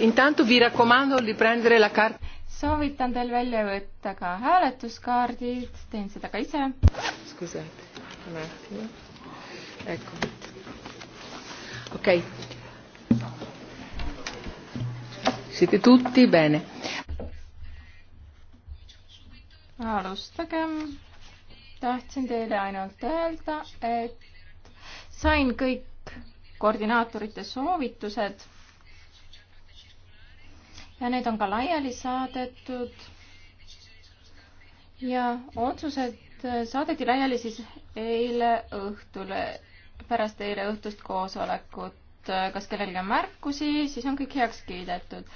intanto vi raccomando di prendere la carta. soovitan teil välja võtta ka hääletuskaardid, teen seda ka ise. Scusate, un attimo. Ecco. Ok. Siete tutti bene. alustagem. tahtsin teile ainult öelda, et sain kõik koordinaatorite soovitused ja need on ka laiali saadetud. ja otsused äh, saadeti laiali siis eile õhtul, pärast eile õhtust koosolekut. Äh, kas kellelgi on märkusi, siis on kõik heaks kiidetud.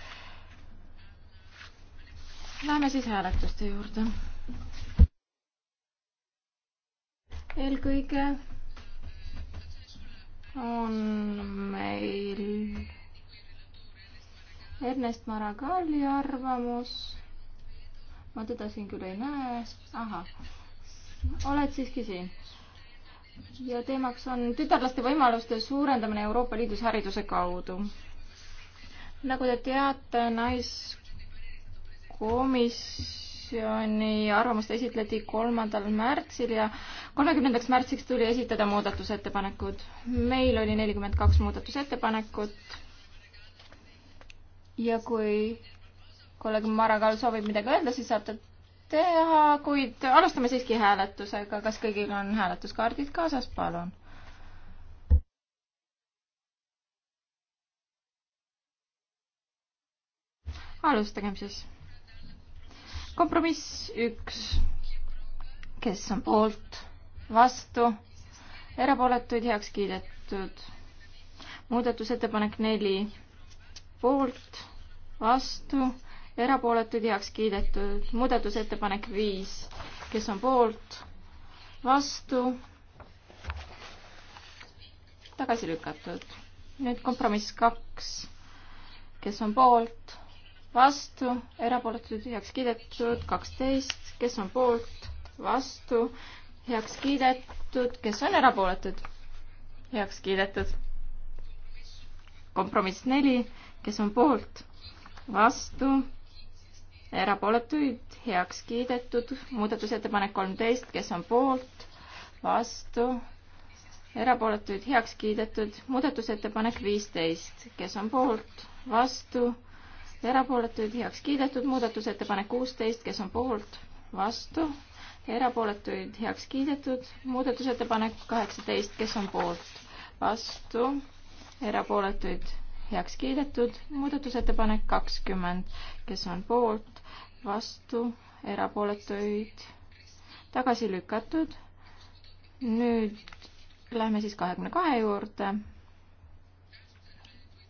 Läheme siis hääletuste juurde. eelkõige on meil Ernest Maragalli arvamus. ma teda siin küll ei näe. ahah, oled siiski siin. ja teemaks on tütarlaste võimaluste suurendamine Euroopa Liidus hariduse kaudu. nagu te teate, naiskomisjoni arvamust esitleti kolmandal märtsil ja kolmekümnendaks märtsiks tuli esitada muudatusettepanekud. meil oli nelikümmend kaks muudatusettepanekut ja kui kolleeg Maragall soovib midagi öelda, siis saab ta teha, kuid alustame siiski hääletusega. kas kõigil on hääletuskaardid kaasas, palun? alustagem siis. kompromiss üks. kes on poolt, vastu, erapooletuid heaks kiidetud. muudatusettepanek neli poolt, vastu, erapooletud, heaks kiidetud. muudatusettepanek viis, kes on poolt, vastu, tagasi lükatud. nüüd kompromiss kaks, kes on poolt, vastu, erapooletud, heaks kiidetud, kaksteist, kes on poolt, vastu, heaks kiidetud, kes on erapooletud, heaks kiidetud. kompromiss neli kes on poolt, vastu, erapooletuid, heaks kiidetud, muudatusettepanek kolmteist, kes on poolt, vastu, erapooletuid, heaks kiidetud, muudatusettepanek viisteist, kes on poolt, vastu, erapooletuid, heaks kiidetud, muudatusettepanek kuusteist, kes on poolt, vastu, erapooletuid heaks kiidetud, muudatusettepanek kaheksateist, kes on poolt, vastu, erapooletuid heaks kiidetud. muudatusettepanek kakskümmend, kes on poolt, vastu, erapooletuid, tagasi lükatud. nüüd lähme siis kahekümne kahe juurde.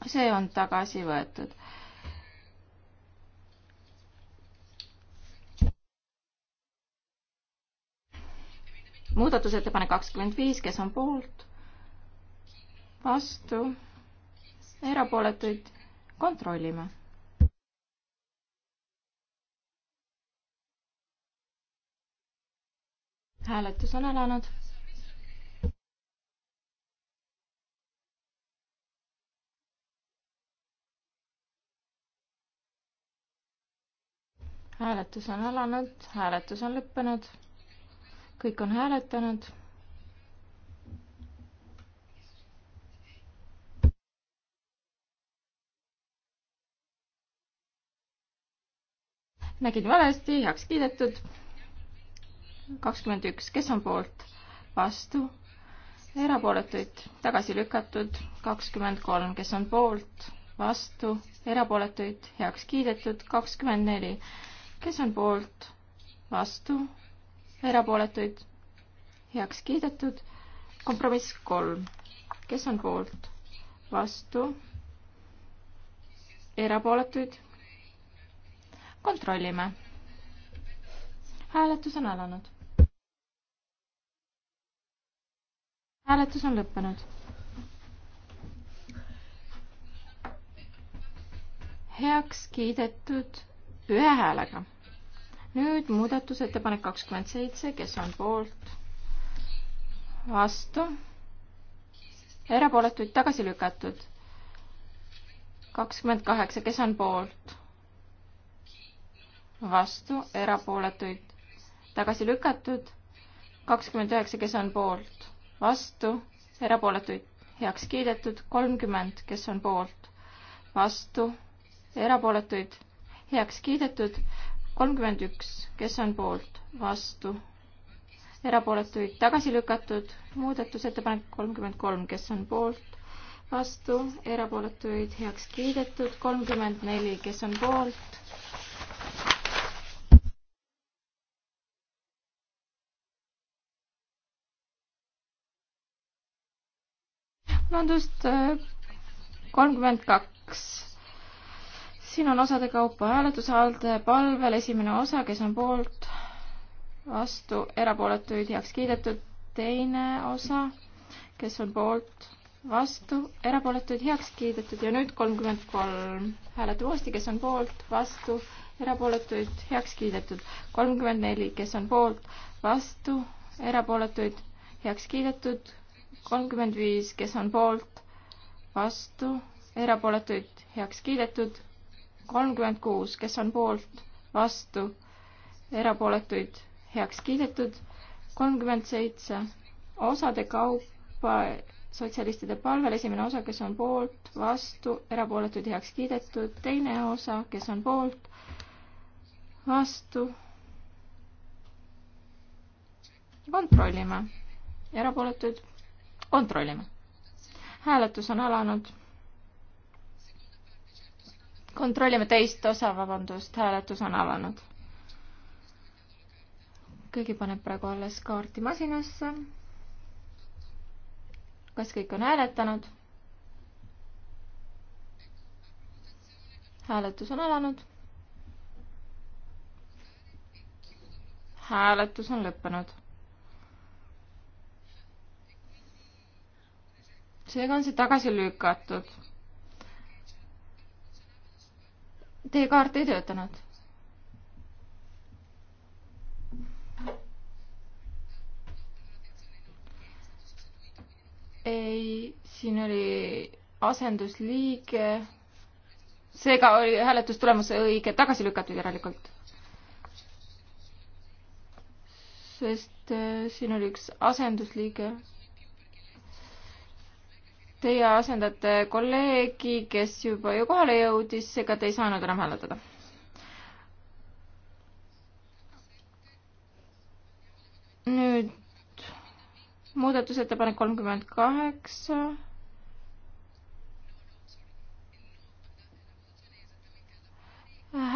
see on tagasi võetud. muudatusettepanek kakskümmend viis, kes on poolt, vastu erapooletuid kontrollime. hääletus on alanud. hääletus on alanud, hääletus on lõppenud. kõik on hääletanud nägin valesti, heaks kiidetud. kakskümmend üks, kes on poolt, vastu, erapooletuid, tagasi lükatud. kakskümmend kolm, kes on poolt, vastu, erapooletuid, heaks kiidetud. kakskümmend neli, kes on poolt, vastu, erapooletuid, heaks kiidetud. kompromiss kolm, kes on poolt, vastu, erapooletuid kontrollime. hääletus on alanud. hääletus on lõppenud. heaks kiidetud ühe häälega. nüüd muudatusettepanek kakskümmend seitse, kes on poolt, vastu, erapooletuid tagasi lükatud. kakskümmend kaheksa, kes on poolt vastu, erapooletuid tagasi lükatud, kakskümmend üheksa, kes on poolt, vastu, erapooletuid heaks kiidetud, kolmkümmend, kes on poolt, vastu, erapooletuid heaks kiidetud, kolmkümmend üks, kes on poolt, vastu, erapooletuid tagasi lükatud, muudatusettepanek kolmkümmend kolm, kes on poolt, vastu, erapooletuid heaks kiidetud, kolmkümmend neli, kes on poolt vabandust, äh, kolmkümmend kaks. siin on osade kaupa hääletuse haldaja palvel esimene osa, kes on poolt, vastu, erapooletuid heaks kiidetud, teine osa, kes on poolt, vastu, erapooletuid heaks kiidetud ja nüüd kolmkümmend kolm. hääletab uuesti, kes on poolt, vastu, erapooletuid heaks kiidetud. kolmkümmend neli, kes on poolt, vastu, erapooletuid heaks kiidetud kolmkümmend viis, kes on poolt, vastu, erapooletuid heaks kiidetud. kolmkümmend kuus, kes on poolt, vastu, erapooletuid heaks kiidetud. kolmkümmend seitse, osade kaupa sotsialistide palvel, esimene osa, kes on poolt, vastu, erapooletuid heaks kiidetud, teine osa, kes on poolt, vastu. kontrollime erapooletuid kontrollime. hääletus on alanud. kontrollime teist osa, vabandust, hääletus on alanud. keegi paneb praegu alles kaarti masinasse. kas kõik on hääletanud? hääletus on alanud. hääletus on lõppenud seega on see tagasi lükatud. Teie kaart ei töötanud. ei, siin oli asendusliige. seega oli hääletustulemus õige, tagasi lükatud järelikult. sest äh, siin oli üks asendusliige Teie asendate kolleegi, kes juba ju kohale jõudis, ega te ei saanud enam hääletada. nüüd muudatusettepanek kolmkümmend kaheksa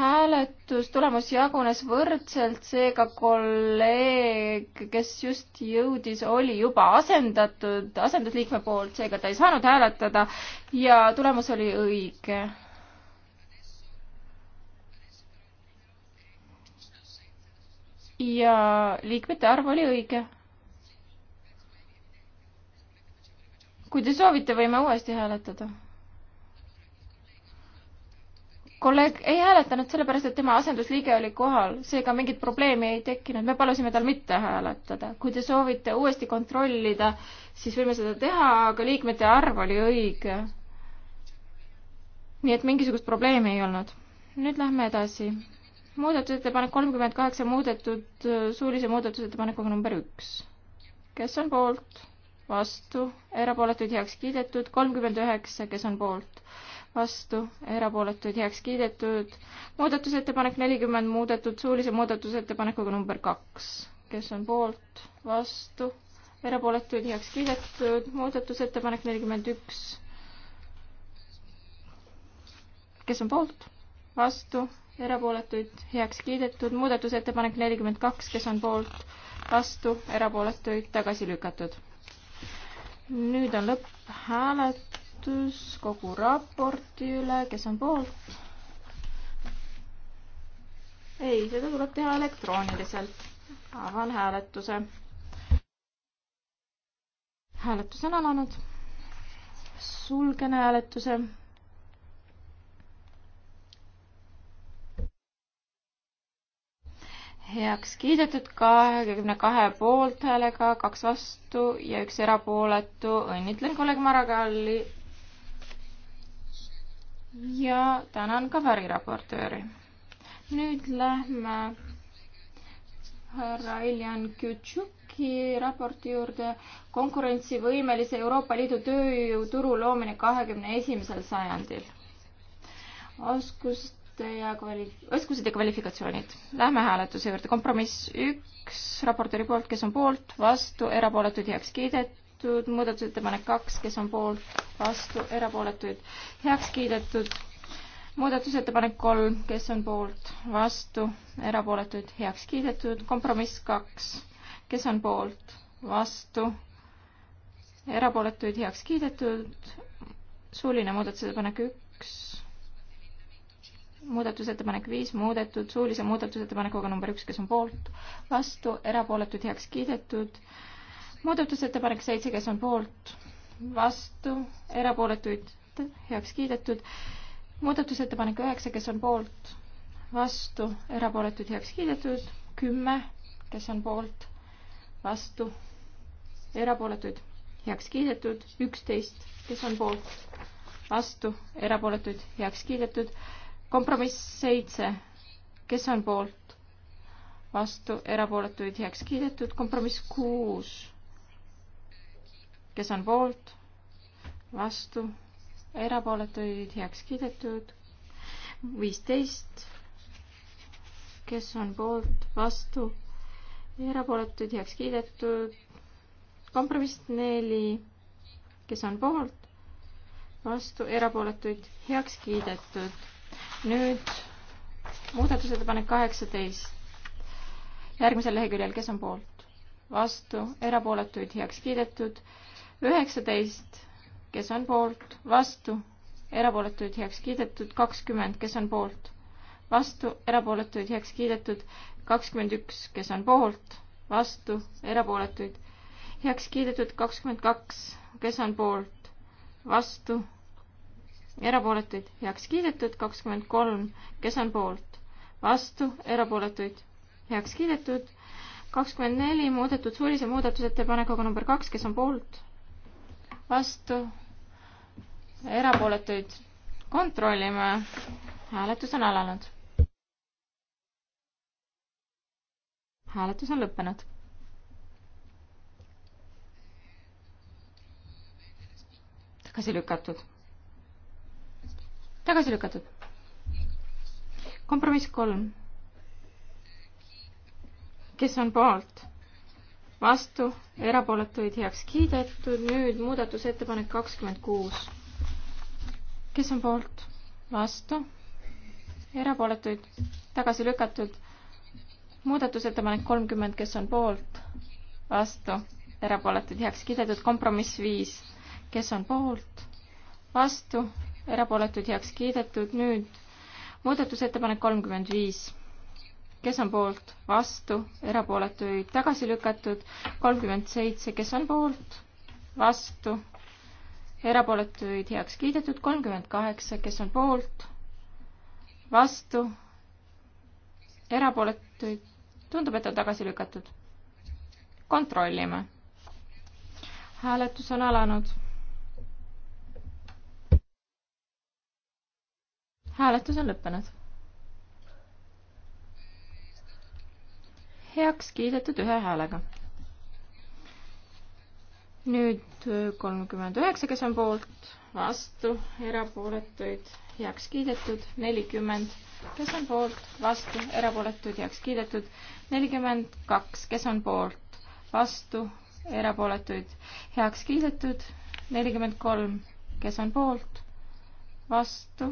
hääletustulemus jagunes võrdselt, seega kolleeg, kes just jõudis, oli juba asendatud asendusliikme poolt, seega ta ei saanud hääletada ja tulemus oli õige. ja liikmete arv oli õige. kui te soovite, võime uuesti hääletada kolleeg ei hääletanud sellepärast, et tema asendusliige oli kohal, seega mingit probleemi ei tekkinud, me palusime tal mitte hääletada. kui te soovite uuesti kontrollida, siis võime seda teha, aga liikmete arv oli õige. nii et mingisugust probleemi ei olnud. nüüd lähme edasi. muudatusettepanek kolmkümmend kaheksa muudetud suulise muudatusettepanekuga number üks. kes on poolt? vastu, erapooletuid heaks kiidetud, kolmkümmend üheksa, kes on poolt vastu, erapooletuid heaks kiidetud. muudatusettepanek nelikümmend muudetud suulise muudatusettepanekuga number kaks, kes on poolt, vastu, erapooletuid heaks kiidetud. muudatusettepanek nelikümmend üks, kes on poolt, vastu, erapooletuid heaks kiidetud. muudatusettepanek nelikümmend kaks, kes on poolt, vastu, erapooletuid tagasi lükatud. nüüd on lõpphääletus hääletus kogu raporti üle, kes on poolt? ei, seda tuleb teha elektrooniliselt. avan hääletuse. hääletus on alanud. sulgen hääletuse. heaks kiidetud kahekümne kahe poolthäälega, kaks vastu ja üks erapooletu. õnnitlen kolleeg Maragalli ja tänan ka variraportööri. nüüd lähme härra Iljan Kütšuki raporti juurde konkurentsivõimelise Euroopa Liidu tööjõuturu loomine kahekümne esimesel sajandil. oskuste ja kvali-, oskused ja kvalifikatsioonid. Lähme hääletuse juurde. kompromiss üks raportööri poolt, kes on poolt, vastu, erapooletud, heaks kiidet, võetud, muudatusettepanek kaks, kes on poolt, vastu, erapooletuid heaks kiidetud. muudatusettepanek kolm, kes on poolt, vastu, erapooletuid heaks kiidetud. kompromiss kaks, kes on poolt, vastu, erapooletuid heaks kiidetud. suuline muudatusettepanek üks muudatusettepanek viis muudetud suulise muudatusettepanekuga number üks, kes on poolt, vastu, erapooletud, heaks kiidetud muudatusettepanek seitse, kes on poolt, vastu, erapooletuid heaks kiidetud. muudatusettepanek üheksa, kes on poolt, vastu, erapooletuid heaks kiidetud. kümme, kes on poolt, vastu, erapooletuid heaks kiidetud. üksteist, kes on poolt, vastu, erapooletuid heaks kiidetud. kompromiss seitse, kes on poolt, vastu, erapooletuid heaks kiidetud. kompromiss kuus kes on poolt, vastu, erapooletuid heaks kiidetud, viisteist, kes on poolt, vastu, erapooletuid heaks kiidetud, kompromiss neli, kes on poolt, vastu, erapooletuid heaks kiidetud. nüüd muudatusettepanek kaheksateist, järgmisel leheküljel, kes on poolt, vastu, erapooletuid heaks kiidetud üheksateist, kes on poolt, vastu, erapooletuid heaks kiidetud, kakskümmend, kes on poolt, vastu, erapooletuid heaks kiidetud, kakskümmend üks, kes on poolt, vastu, erapooletuid heaks kiidetud, kakskümmend kaks, kes on poolt, vastu, erapooletuid heaks kiidetud, kakskümmend kolm, kes on poolt, vastu, erapooletuid heaks kiidetud kakskümmend neli muudetud suulise muudatusettepanekuga number kaks, kes on poolt, vastu, erapooletuid kontrollime. hääletus on alanud. hääletus on lõppenud. tagasi lükatud. tagasi lükatud. kompromiss kolm. kes on poolt? vastu, erapooletuid heaks kiidetud, nüüd muudatusettepanek kakskümmend kuus. kes on poolt? vastu, erapooletuid, tagasi lükatud. muudatusettepanek kolmkümmend, kes on poolt? vastu, erapooletuid heaks kiidetud, kompromiss viis, kes on poolt? vastu, erapooletuid heaks kiidetud, nüüd muudatusettepanek kolmkümmend viis kes on poolt, vastu, erapooletuid tagasi lükatud, kolmkümmend seitse, kes on poolt, vastu, erapooletuid heaks kiidetud, kolmkümmend kaheksa, kes on poolt, vastu, erapooletuid, tundub, et on tagasi lükatud. kontrollime. hääletus on alanud. hääletus on lõppenud heaks kiidetud ühe häälega. nüüd äh, kolmkümmend üheksa, kes on poolt, vastu, erapooletuid, heaks kiidetud, nelikümmend, kes on poolt, vastu, erapooletuid, heaks kiidetud, nelikümmend kaks, kes on poolt, vastu, erapooletuid, heaks kiidetud, nelikümmend kolm, kes on poolt, vastu,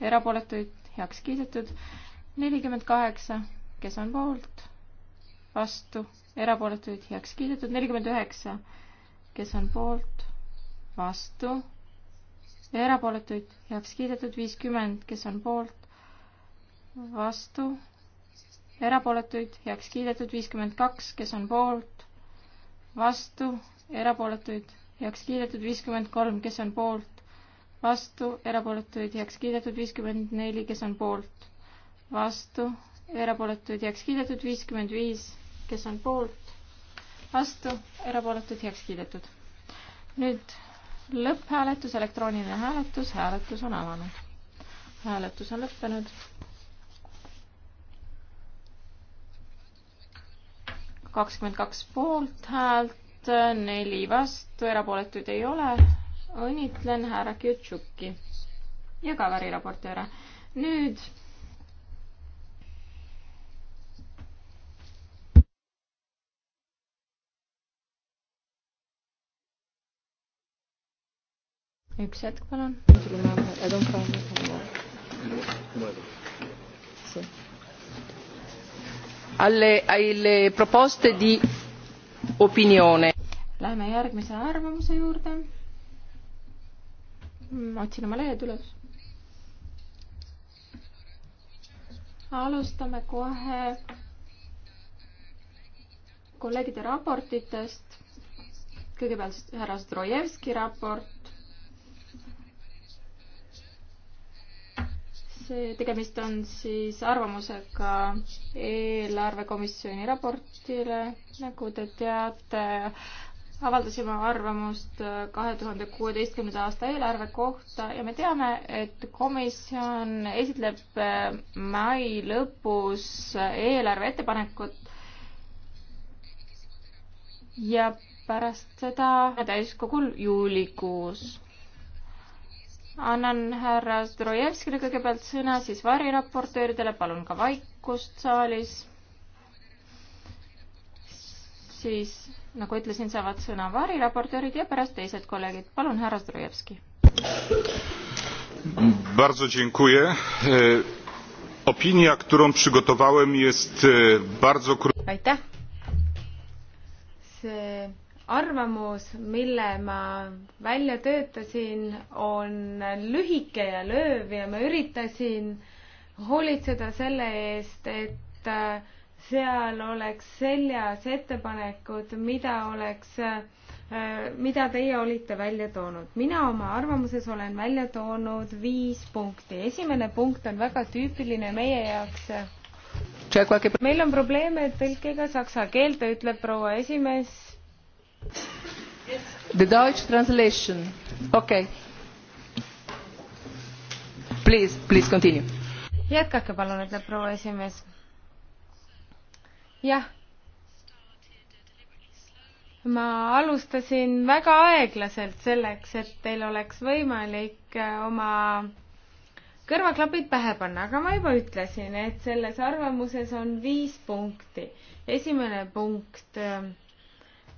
erapooletuid, heaks kiidetud, nelikümmend kaheksa, kes on poolt, vastu, erapooletuid heaks kiidetud, nelikümmend üheksa, kes on poolt, vastu, erapooletuid heaks kiidetud, viiskümmend, kes on poolt, vastu, erapooletuid heaks kiidetud, viiskümmend kaks, kes on poolt, vastu, erapooletuid heaks kiidetud, viiskümmend kolm, kes on poolt, vastu, erapooletuid heaks kiidetud, viiskümmend neli, kes on poolt, vastu, erapooletuid heaks kiidetud, viiskümmend viis kes on poolt, vastu, erapooletud, heaks kiidetud. nüüd lõpphääletus, elektrooniline hääletus, hääletus on avanud. hääletus on lõppenud. kakskümmend kaks poolthäält, neli vastu, erapooletuid ei ole. õnnitlen härra Kjutšuki ja ka variraportööre. nüüd üks hetk, palun. Alle, alle proposte di opinione. Läheme järgmise arvamuse juurde. ma otsin oma lehed üles. alustame kohe kolleegide raportitest. kõigepealt härra Zdrojevski raport see, tegemist on siis arvamusega eelarvekomisjoni raportile, nagu te teate, avaldasime arvamust kahe tuhande kuueteistkümnenda aasta eelarve kohta ja me teame, et komisjon esitleb mai lõpus eelarve ettepanekut ja pärast seda täiskogul juulikuus annan härra Zdrojevskile kõigepealt sõna, siis variraportööridele, palun ka vaikust saalis. siis, nagu ütlesin, saavad sõna variraportöörid ja pärast teised kolleegid. palun, härra Zdrojevski. Bardzo dziękuję. E, opinia, którą przygotowałem, jest e, bardzo krótka. Aitäh. See arvamus, mille ma välja töötasin, on lühike ja lööv ja ma üritasin hoolitseda selle eest, et äh, seal oleks seljas ettepanekud, mida oleks, äh, mida teie olite välja toonud. mina oma arvamuses olen välja toonud viis punkti. esimene punkt on väga tüüpiline meie jaoks meil on probleeme tõlkega saksa keelde, ütleb proua esimees The Deutsch translation. Okay. Please, please continue. jätkake palun, ütleb proua esimees. jah. ma alustasin väga aeglaselt selleks, et teil oleks võimalik äh, oma kõrvaklapid pähe panna, aga ma juba ütlesin, et selles arvamuses on viis punkti. esimene punkt äh,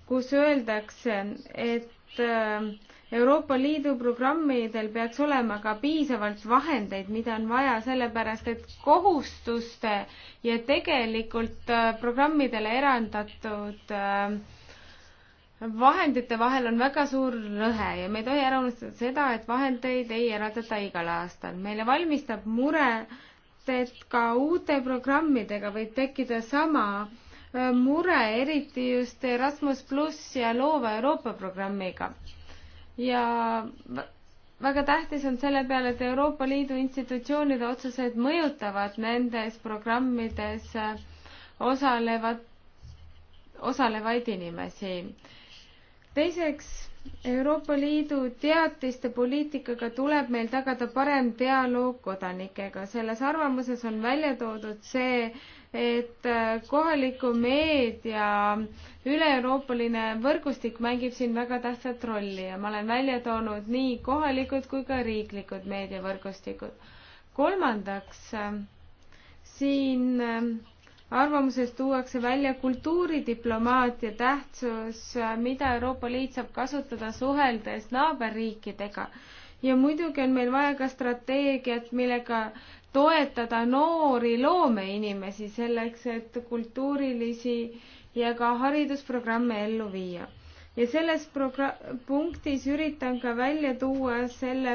kus öeldakse, et äh, Euroopa Liidu programmidel peaks olema ka piisavalt vahendeid, mida on vaja sellepärast, et kohustuste ja tegelikult äh, programmidele erandatud äh, vahendite vahel on väga suur lõhe ja me ei tohi ära unustada seda, et vahendeid ei eraldata igal aastal. meile valmistab mure, et ka uute programmidega võib tekkida sama Äh, mure, eriti just Erasmus pluss ja Loova Euroopa programmiga. ja väga tähtis on selle peale, et Euroopa Liidu institutsioonide otsused mõjutavad nendes programmides äh, osalevad, osalevaid inimesi. teiseks, Euroopa Liidu teatiste poliitikaga tuleb meil tagada parem dialoog kodanikega. selles arvamuses on välja toodud see, et äh, kohaliku meedia üle-euroopaline võrgustik mängib siin väga tähtsat rolli ja ma olen välja toonud nii kohalikud kui ka riiklikud meediavõrgustikud. kolmandaks, äh, siin äh, arvamuses tuuakse välja kultuuridiplomaatia tähtsus, mida Euroopa Liit saab kasutada suheldes naaberriikidega. ja muidugi on meil vaja ka strateegiat, millega toetada noori loomeinimesi selleks, et kultuurilisi ja ka haridusprogramme ellu viia. ja selles progra-, punktis üritan ka välja tuua selle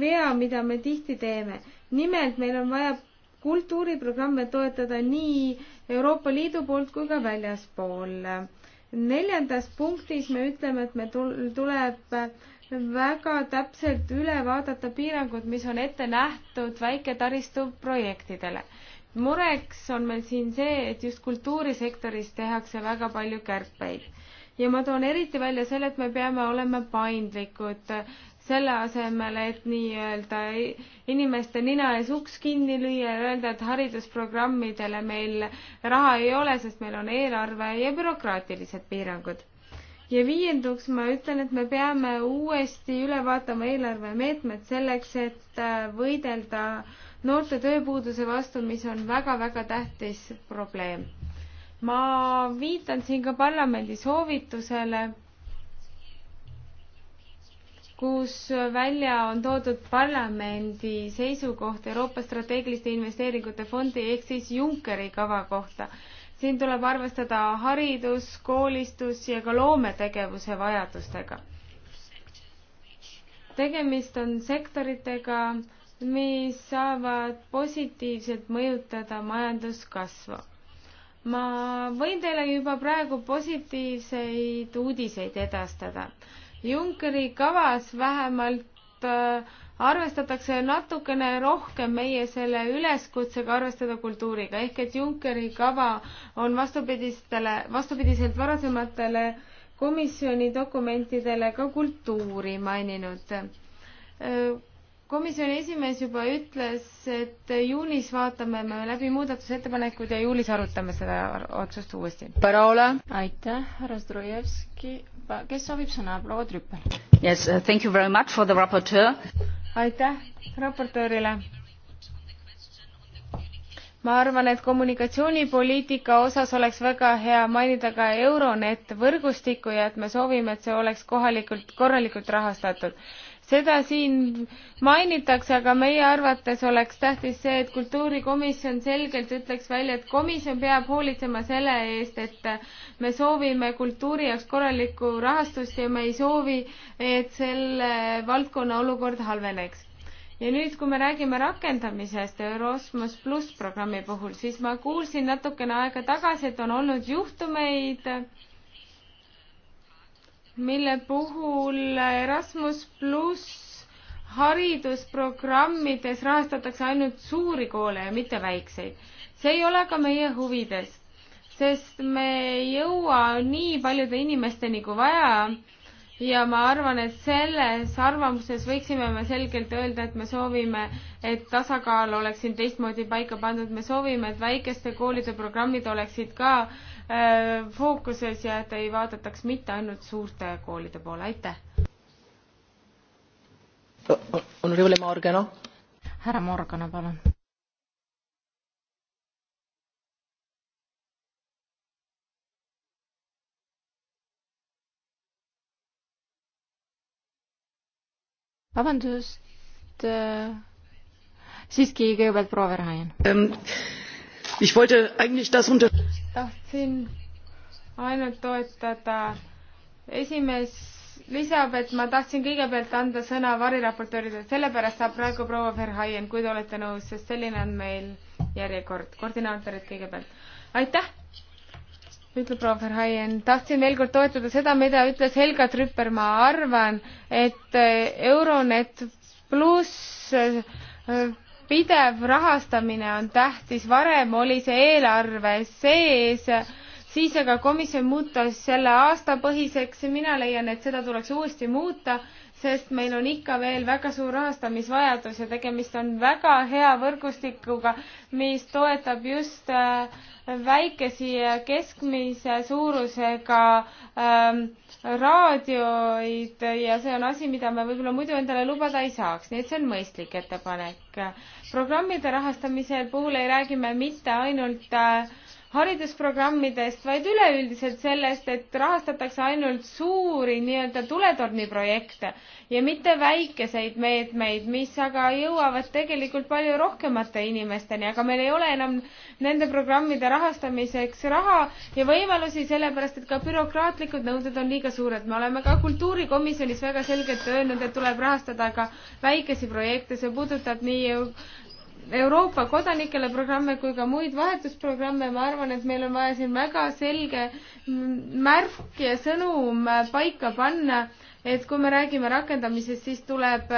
vea, mida me tihti teeme. nimelt meil on vaja kultuuriprogramme toetada nii Euroopa Liidu poolt kui ka väljaspool. neljandas punktis me ütleme, et me tul-, tuleb väga täpselt üle vaadata piirangud, mis on ette nähtud väiketaristu projektidele. mureks on meil siin see, et just kultuurisektoris tehakse väga palju kärpeid ja ma toon eriti välja selle, et me peame olema paindlikud selle asemel, et nii-öelda inimeste nina ees uks kinni lüüa ja öelda, et haridusprogrammidele meil raha ei ole, sest meil on eelarve ja bürokraatilised piirangud ja viiendaks ma ütlen, et me peame uuesti üle vaatama eelarvemeetmed selleks, et äh, võidelda noorte tööpuuduse vastu, mis on väga-väga tähtis probleem. ma viitan siin ka parlamendi soovitusele, kus välja on toodud parlamendi seisukoht Euroopa strateegiliste investeeringute fondi ehk siis Junckeri kava kohta siin tuleb arvestada haridus, koolistus ja ka loometegevuse vajadustega. tegemist on sektoritega, mis saavad positiivselt mõjutada majanduskasvu. ma võin teile juba praegu positiivseid uudiseid edastada. Junckeri kavas vähemalt äh, arvestatakse natukene rohkem meie selle üleskutsega arvestada kultuuriga, ehk et Junckeri kava on vastupidistele, vastupidiselt varasematele komisjoni dokumentidele ka kultuuri maininud äh, komisjoni esimees juba ütles, et juunis vaatame me läbi muudatusettepanekud ja juulis arutame seda otsust uuesti. aitäh, härra Zdrojevski. kes soovib sõna, proua Trüppel? Yes, uh, thank you very much for the raportöör. aitäh raportöörile. ma arvan, et kommunikatsioonipoliitika osas oleks väga hea mainida ka Euronet võrgustikku ja et me soovime, et see oleks kohalikult, korralikult rahastatud seda siin mainitakse, aga meie arvates oleks tähtis see, et kultuurikomisjon selgelt ütleks välja, et komisjon peab hoolitsema selle eest, et me soovime kultuuri jaoks korralikku rahastust ja me ei soovi, et selle valdkonna olukord halveneks. ja nüüd, kui me räägime rakendamisest Eurosmus pluss programmi puhul, siis ma kuulsin natukene aega tagasi, et on olnud juhtumeid, mille puhul Erasmus pluss haridusprogrammides rahastatakse ainult suuri koole ja mitte väikseid. see ei ole ka meie huvides, sest me ei jõua nii paljude inimesteni kui vaja ja ma arvan, et selles arvamuses võiksime me selgelt öelda, et me soovime, et tasakaal oleks siin teistmoodi paika pandud, me soovime, et väikeste koolide programmid oleksid ka äh, Äh, fookuses ja et ei vaadataks mitte ainult suurte koolide poole, aitäh. Honorable Morgano. härra Morgano, palun. vabandust äh,, siiski kõigepealt proua Verhaien ähm,. Ich wollte eigentlich das unter- tahtsin ainult toetada esimees lisab, et ma tahtsin kõigepealt anda sõna variraportööridele, sellepärast saab praegu proua Verhaien, kui te olete nõus, sest selline on meil järjekord. koordinaatorid kõigepealt. aitäh, ütleb proua Verhaien. tahtsin veel kord toetada seda, mida ütles Helga Trüpper. ma arvan, et Euronet pluss äh, pidev rahastamine on tähtis, varem oli see eelarve sees, siis aga komisjon muutus selle aastapõhiseks ja mina leian, et seda tuleks uuesti muuta sest meil on ikka veel väga suur rahastamisvajadus ja tegemist on väga hea võrgustikuga, mis toetab just äh, väikesi ja keskmise suurusega ähm, raadioid ja see on asi, mida me võib-olla muidu endale lubada ei saaks, nii et see on mõistlik ettepanek. programmide rahastamise puhul ei räägi me mitte ainult äh, haridusprogrammidest, vaid üleüldiselt sellest, et rahastatakse ainult suuri nii-öelda tuletorni projekte ja mitte väikeseid meetmeid, mis aga jõuavad tegelikult palju rohkemate inimesteni, aga meil ei ole enam nende programmide rahastamiseks raha ja võimalusi, sellepärast et ka bürokraatlikud nõuded on liiga suured. me oleme ka kultuurikomisjonis väga selgelt öelnud, et tuleb rahastada ka väikesi projekte, see puudutab nii Euroopa kodanikele programme kui ka muid vahetusprogramme, ma arvan, et meil on vaja siin väga selge märk ja sõnum paika panna, et kui me räägime rakendamisest, siis tuleb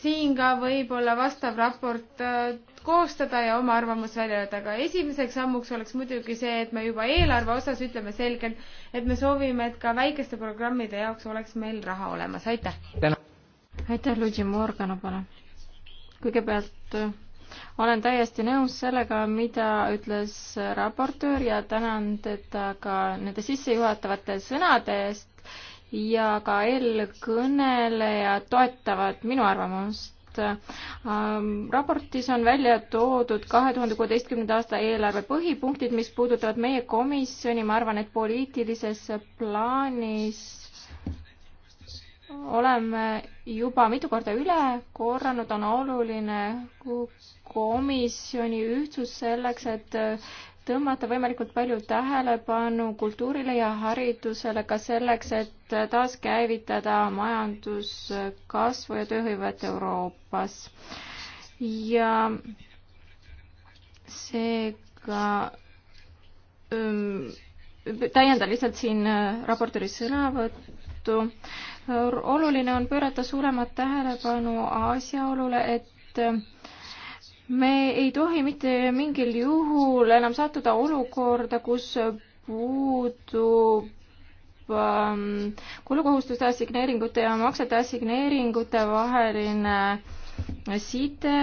siin ka võib-olla vastav raport äh, koostada ja oma arvamus välja öelda, aga esimeseks sammuks oleks muidugi see, et me juba eelarve osas ütleme selgelt, et me soovime, et ka väikeste programmide jaoks oleks meil raha olemas, aitäh! aitäh, Luigi Morgana, palun! kõigepealt äh, olen täiesti nõus sellega, mida ütles raportöör ja tänan teda ka nende sissejuhatavate sõnade eest ja ka eelkõnelejad toetavad minu arvamust. Ähm, raportis on välja toodud kahe tuhande kuueteistkümnenda aasta eelarve põhipunktid, mis puudutavad meie komisjoni, ma arvan, et poliitilises plaanis oleme juba mitu korda üle korranud, on oluline komisjoni ühtsus selleks, et äh, tõmmata võimalikult palju tähelepanu kultuurile ja haridusele ka selleks, et äh, taaskäivitada majanduskasvu ja tööhõivet Euroopas. ja seega ähm, täiendan lihtsalt siin äh, raportööri sõnavõttu. oluline on pöörata suuremat tähelepanu asjaolule, et me ei tohi mitte mingil juhul enam sattuda olukorda, kus puudub ähm, kulukohustuste assigneeringute ja maksete assigneeringute vaheline side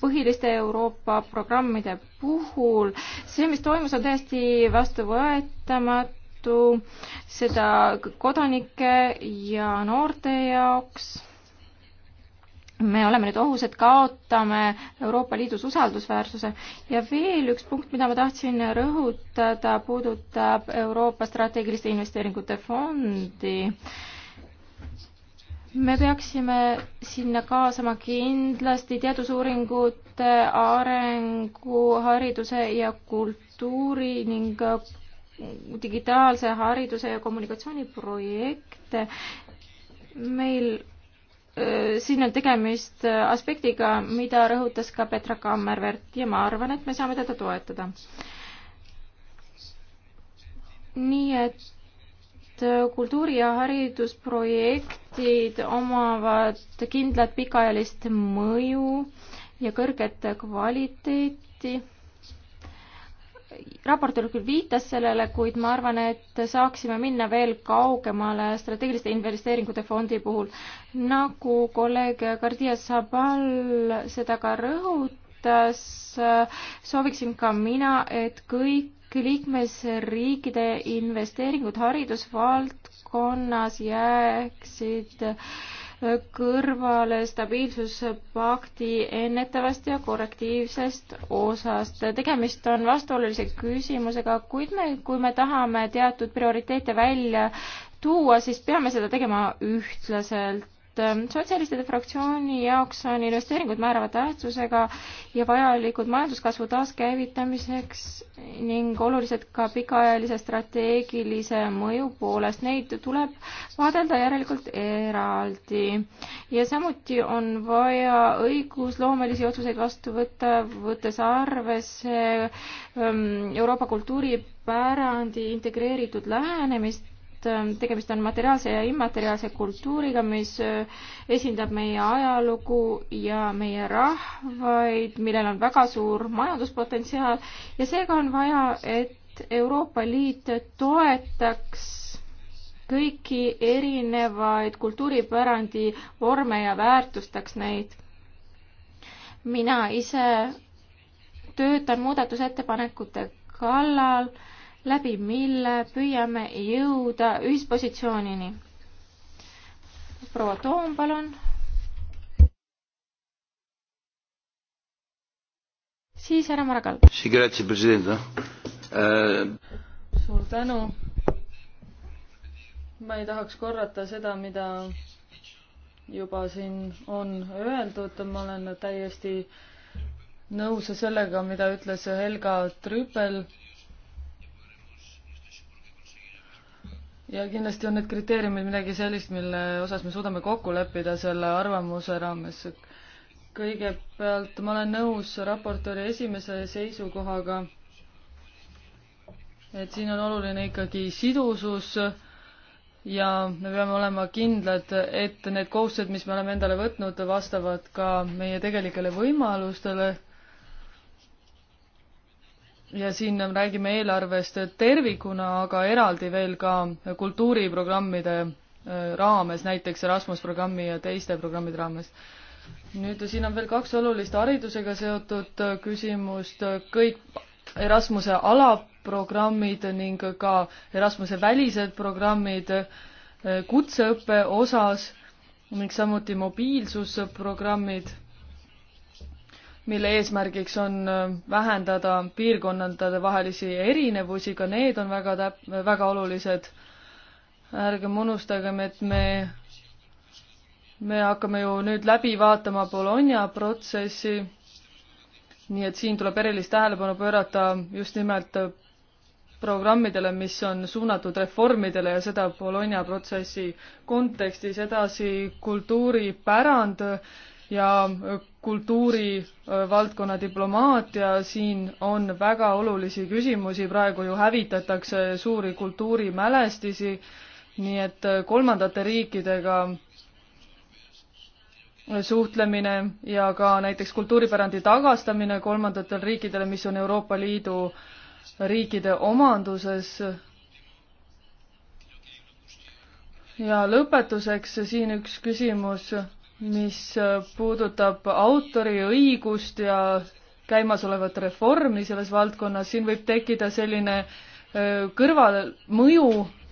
põhiliste Euroopa programmide puhul. see, mis toimus, on täiesti vastuvõetamatu, seda kodanike ja noorte jaoks me oleme nüüd ohus, et kaotame Euroopa Liidus usaldusväärsuse ja veel üks punkt, mida ma tahtsin rõhutada, puudutab Euroopa strateegiliste investeeringute fondi. me peaksime sinna kaasama kindlasti teadusuuringute, arengu, hariduse ja kultuuri ning digitaalse hariduse ja kommunikatsiooniprojekte. meil siin on tegemist aspektiga, mida rõhutas ka Petra Kammervert ja ma arvan, et me saame teda toetada. nii et kultuuri- ja haridusprojektid omavad kindlat pikaajalist mõju ja kõrget kvaliteeti raportöör küll viitas sellele, kuid ma arvan, et saaksime minna veel kaugemale strateegiliste investeeringute fondi puhul. nagu kolleeg Gardia Sabal seda ka rõhutas, sooviksin ka mina, et kõik liikmesriikide investeeringud haridusvaldkonnas jääksid äh, kõrvale stabiilsuspakti ennetavast ja korrektiivsest osast. tegemist on vastuolulise küsimusega, kuid me, kui me tahame teatud prioriteete välja tuua, siis peame seda tegema ühtlaselt et ähm, sotsialistide fraktsiooni jaoks on investeeringud määrava tähtsusega ja vajalikud majanduskasvu taaskäivitamiseks ning olulised ka pikaajalise strateegilise mõju poolest. Neid tuleb vaadelda järelikult eraldi. ja samuti on vaja õigusloomelisi otsuseid vastu võtta, võttes arvesse ähm, Euroopa kultuuripärandi integreeritud lähenemist et ähm, tegemist on materiaalse ja immateriaalse kultuuriga, mis äh, esindab meie ajalugu ja meie rahvaid, millel on väga suur majanduspotentsiaal ja seega on vaja, et Euroopa Liit toetaks kõiki erinevaid kultuuripärandi vorme ja väärtustaks neid. mina ise töötan muudatusettepanekute kallal äh, läbi mille püüame jõuda ühispositsioonini. proua Toom, palun. siis härra Margal. Eh, suur tänu. ma ei tahaks korrata seda, mida juba siin on öeldud, ma olen täiesti nõus sellega, mida ütles Helga Trüpel ja kindlasti on need kriteeriumid midagi sellist, mille osas me suudame kokku leppida selle arvamuse raames. kõigepealt ma olen nõus raportööri esimese seisukohaga, et siin on oluline ikkagi sidusus ja me peame olema kindlad, et need kohustused, mis me oleme endale võtnud, vastavad ka meie tegelikele võimalustele ja siin räägime eelarvest tervikuna, aga eraldi veel ka kultuuriprogrammide äh, raames, näiteks Erasmus programmi ja teiste programmide raames. nüüd siin on veel kaks olulist haridusega seotud äh, küsimust, kõik Erasmuse alaprogrammid ning ka Erasmuse välised programmid äh, kutseõppe osas ning samuti mobiilsusprogrammid mille eesmärgiks on äh, vähendada piirkondade vahelisi erinevusi, ka need on väga täp-, väga olulised. ärgem unustagem, et me, me hakkame ju nüüd läbi vaatama Bologna protsessi, nii et siin tuleb erilist tähelepanu pöörata just nimelt programmidele, mis on suunatud reformidele ja seda Bologna protsessi kontekstis edasi kultuuripärand ja kultuurivaldkonna äh, diplomaatia, siin on väga olulisi küsimusi, praegu ju hävitatakse suuri kultuurimälestisi, nii et äh, kolmandate riikidega äh, suhtlemine ja ka näiteks kultuuripärandi tagastamine kolmandatele riikidele, mis on Euroopa Liidu riikide omanduses, ja lõpetuseks siin üks küsimus mis äh, puudutab autoriõigust ja käimasolevat reformi selles valdkonnas, siin võib tekkida selline äh, kõrvalmõju,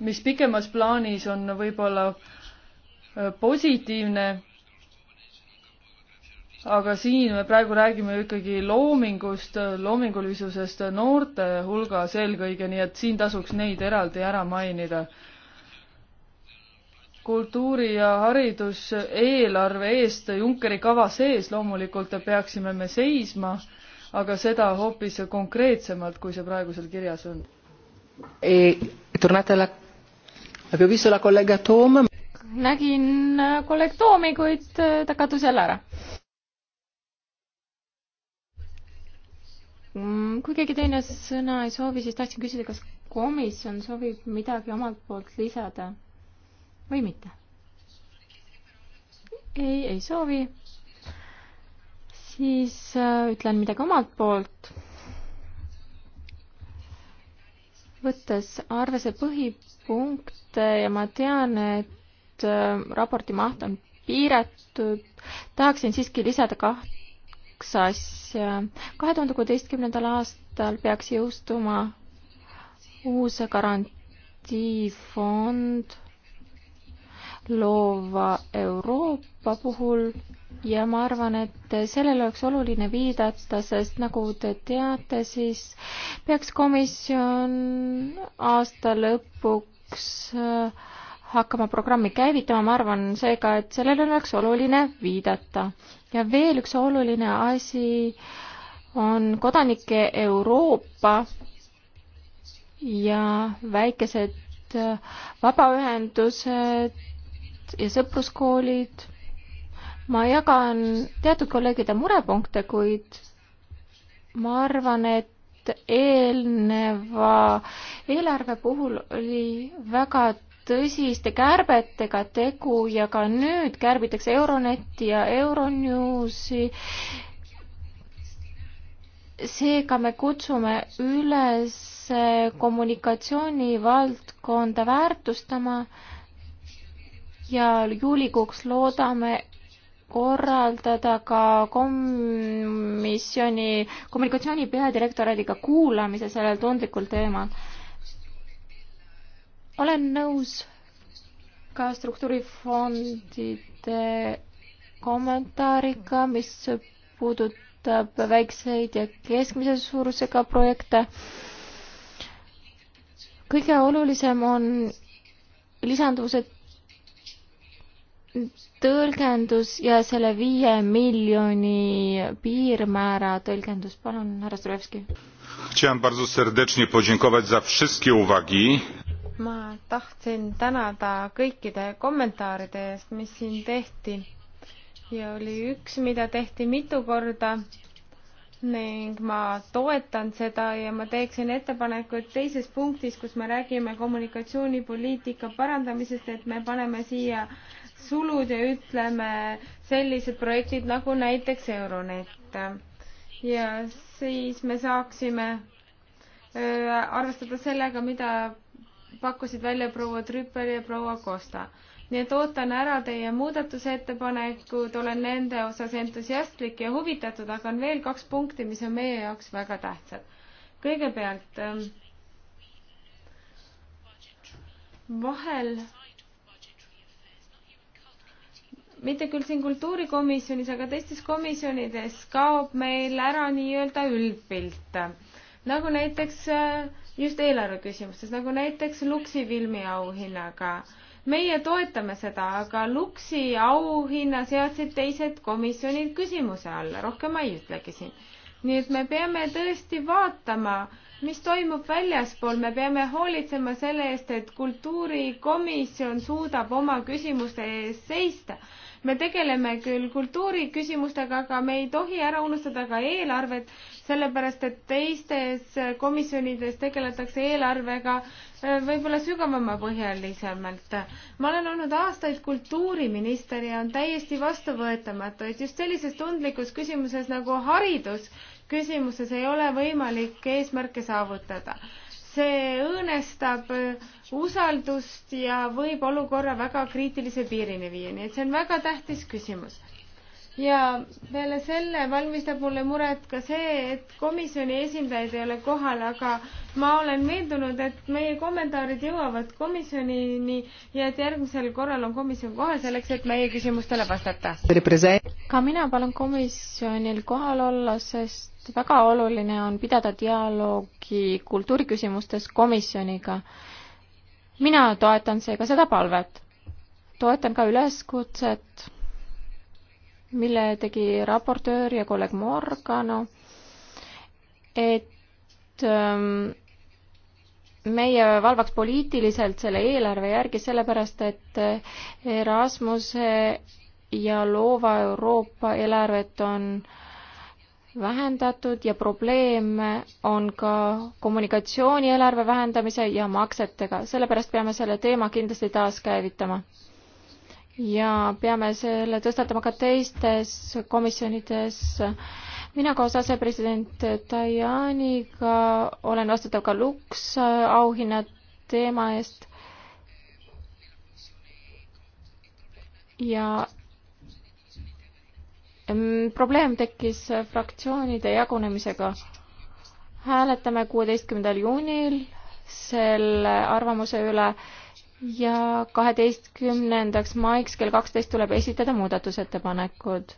mis pikemas plaanis on võib-olla äh, positiivne, aga siin me praegu räägime ikkagi loomingust, loomingulisusest noorte hulgas eelkõige, nii et siin tasuks neid eraldi ära mainida kultuuri ja hariduseelarve eest Junckeri kava sees loomulikult peaksime me seisma, aga seda hoopis konkreetsemalt, kui see praegusel kirjas on e,. nägin äh, kolleeg Toomi, kuid äh, ta kadus jälle ära. Mm, kui keegi teine sõna ei soovi, siis tahtsin küsida, kas komisjon soovib midagi omalt poolt lisada või mitte? ei, ei soovi. siis äh, ütlen midagi omalt poolt. võttes arvesse põhipunkte ja ma tean, et äh, raporti maht on piiratud, tahaksin siiski lisada kahte kaks asja. kahe tuhande kuueteistkümnendal aastal peaks jõustuma uus garantiifond loova Euroopa puhul ja ma arvan, et sellele oleks oluline viidata, sest nagu te teate, siis peaks komisjon aasta lõpuks äh, hakkama programmi käivitama, ma arvan seega, et sellele oleks oluline viidata. ja veel üks oluline asi on kodanike Euroopa ja väikesed äh, vabaühendused ja sõpruskoolid. ma jagan teatud kolleegide murepunkte, kuid ma arvan, et eelneva eelarve puhul oli väga tõsiste kärbetega tegu ja ka nüüd kärbitakse Euronetti ja Euronewsi. seega me kutsume üles kommunikatsioonivaldkonda väärtustama ja juulikuuks loodame korraldada ka komisjoni kommunikatsiooni peadirektoraadiga kuulamise sellel tundlikul teemal. olen nõus ka struktuurifondide kommentaariga, mis puudutab väikseid ja keskmise suurusega projekte. kõige olulisem on lisanduvuse tõlgendus ja selle viie miljoni piirmäära tõlgendus, palun, härra Zdrojevski. ma tahtsin tänada kõikide kommentaaride eest, mis siin tehti ja oli üks, mida tehti mitu korda ning ma toetan seda ja ma teeksin ettepaneku, et teises punktis, kus me räägime kommunikatsioonipoliitika parandamisest, et me paneme siia sulud ja ütleme sellised projektid nagu näiteks Euronet. ja siis me saaksime äh, arvestada sellega, mida pakkusid välja proua Trüppel ja proua Costa. nii et ootan ära teie muudatusettepanekud, olen nende osas entusiastlik ja huvitatud, aga on veel kaks punkti, mis on meie jaoks väga tähtsad. kõigepealt ähm, vahel mitte küll siin kultuurikomisjonis, aga teistes komisjonides kaob meil ära nii-öelda üldpilt. nagu näiteks äh, just eelarve küsimustes, nagu näiteks Luksi filmiauhinnaga. meie toetame seda, aga Luksi auhinna seadsid teised komisjonid küsimuse alla, rohkem ma ei ütlegi siin. nii et me peame tõesti vaatama, mis toimub väljaspool, me peame hoolitsema selle eest, et kultuurikomisjon suudab oma küsimuste eest seista me tegeleme küll kultuuriküsimustega, aga me ei tohi ära unustada ka eelarvet, sellepärast et teistes komisjonides tegeletakse eelarvega äh, võib-olla sügavamapõhjalisemalt. ma olen olnud aastaid kultuuriminister ja on täiesti vastuvõetamatu, et just sellises tundlikus küsimuses nagu haridus küsimuses ei ole võimalik eesmärke saavutada see õõnestab usaldust ja võib olukorra väga kriitilise piirini viia, nii et see on väga tähtis küsimus ja peale selle valmistab mulle muret ka see, et komisjoni esindajaid ei ole kohal, aga ma olen veendunud, et meie kommentaarid jõuavad komisjonini ja et järgmisel korral on komisjon kohal selleks, et meie küsimustele vastata. ka mina palun komisjonil kohal olla, sest väga oluline on pidada dialoogi kultuuriküsimustes komisjoniga. mina toetan seega seda palvet. toetan ka üleskutset mille tegi raportöör ja kolleeg Morgano, et ähm, meie valvaks poliitiliselt selle eelarve järgi, sellepärast et äh, Erasmuse ja loova Euroopa eelarvet on vähendatud ja probleem on ka kommunikatsioonieelarve vähendamise ja maksetega, sellepärast peame selle teema kindlasti taaskäivitama ja peame selle tõstatama ka teistes komisjonides. mina koos asepresident Tajaniga olen vastutav ka Lux auhinna teema eest. ja mm, probleem tekkis fraktsioonide jagunemisega. hääletame kuueteistkümnendal juunil selle arvamuse üle ja kaheteistkümnendaks maiks kell kaksteist tuleb esitada muudatusettepanekud.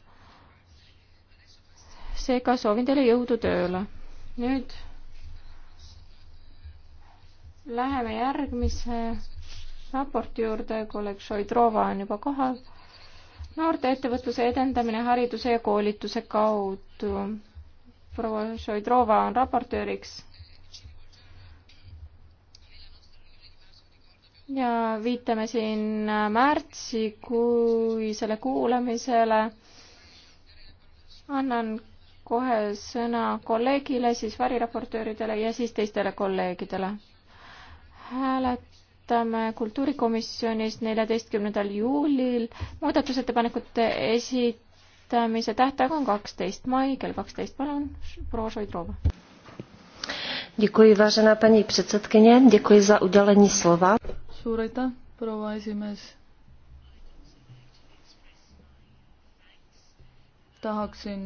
seega soovin teile jõudu tööle. nüüd läheme järgmise raporti juurde, kolleeg Šoidrova on juba kohal. noorte ettevõtluse edendamine hariduse ja koolituse kaudu. proua Šoidrova on raportööriks ja viitame siin äh, märtsikuisele kuulamisele. annan kohe sõna kolleegile, siis variraportööridele ja siis teistele kolleegidele. hääletame kultuurikomisjonis neljateistkümnendal juulil. muudatusettepanekute esitamise tähtaeg on kaksteist mai kell kaksteist. palun, proua Šoidrova. Děkuji, vážená paní předsedkyně, děkuji za udělení slova suur aitäh, proua esimees. tahaksin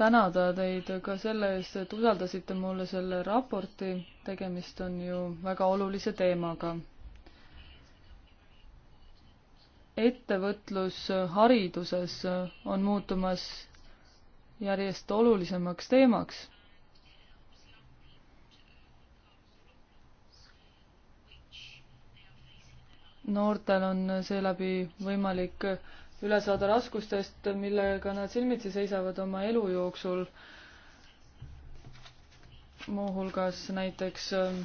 tänada teid ka selle eest, et usaldasite mulle selle raporti, tegemist on ju väga olulise teemaga. ettevõtlus hariduses on muutumas järjest olulisemaks teemaks noortel on seeläbi võimalik üle saada raskustest, millega nad silmitsi seisavad oma elu jooksul. muuhulgas näiteks ähm,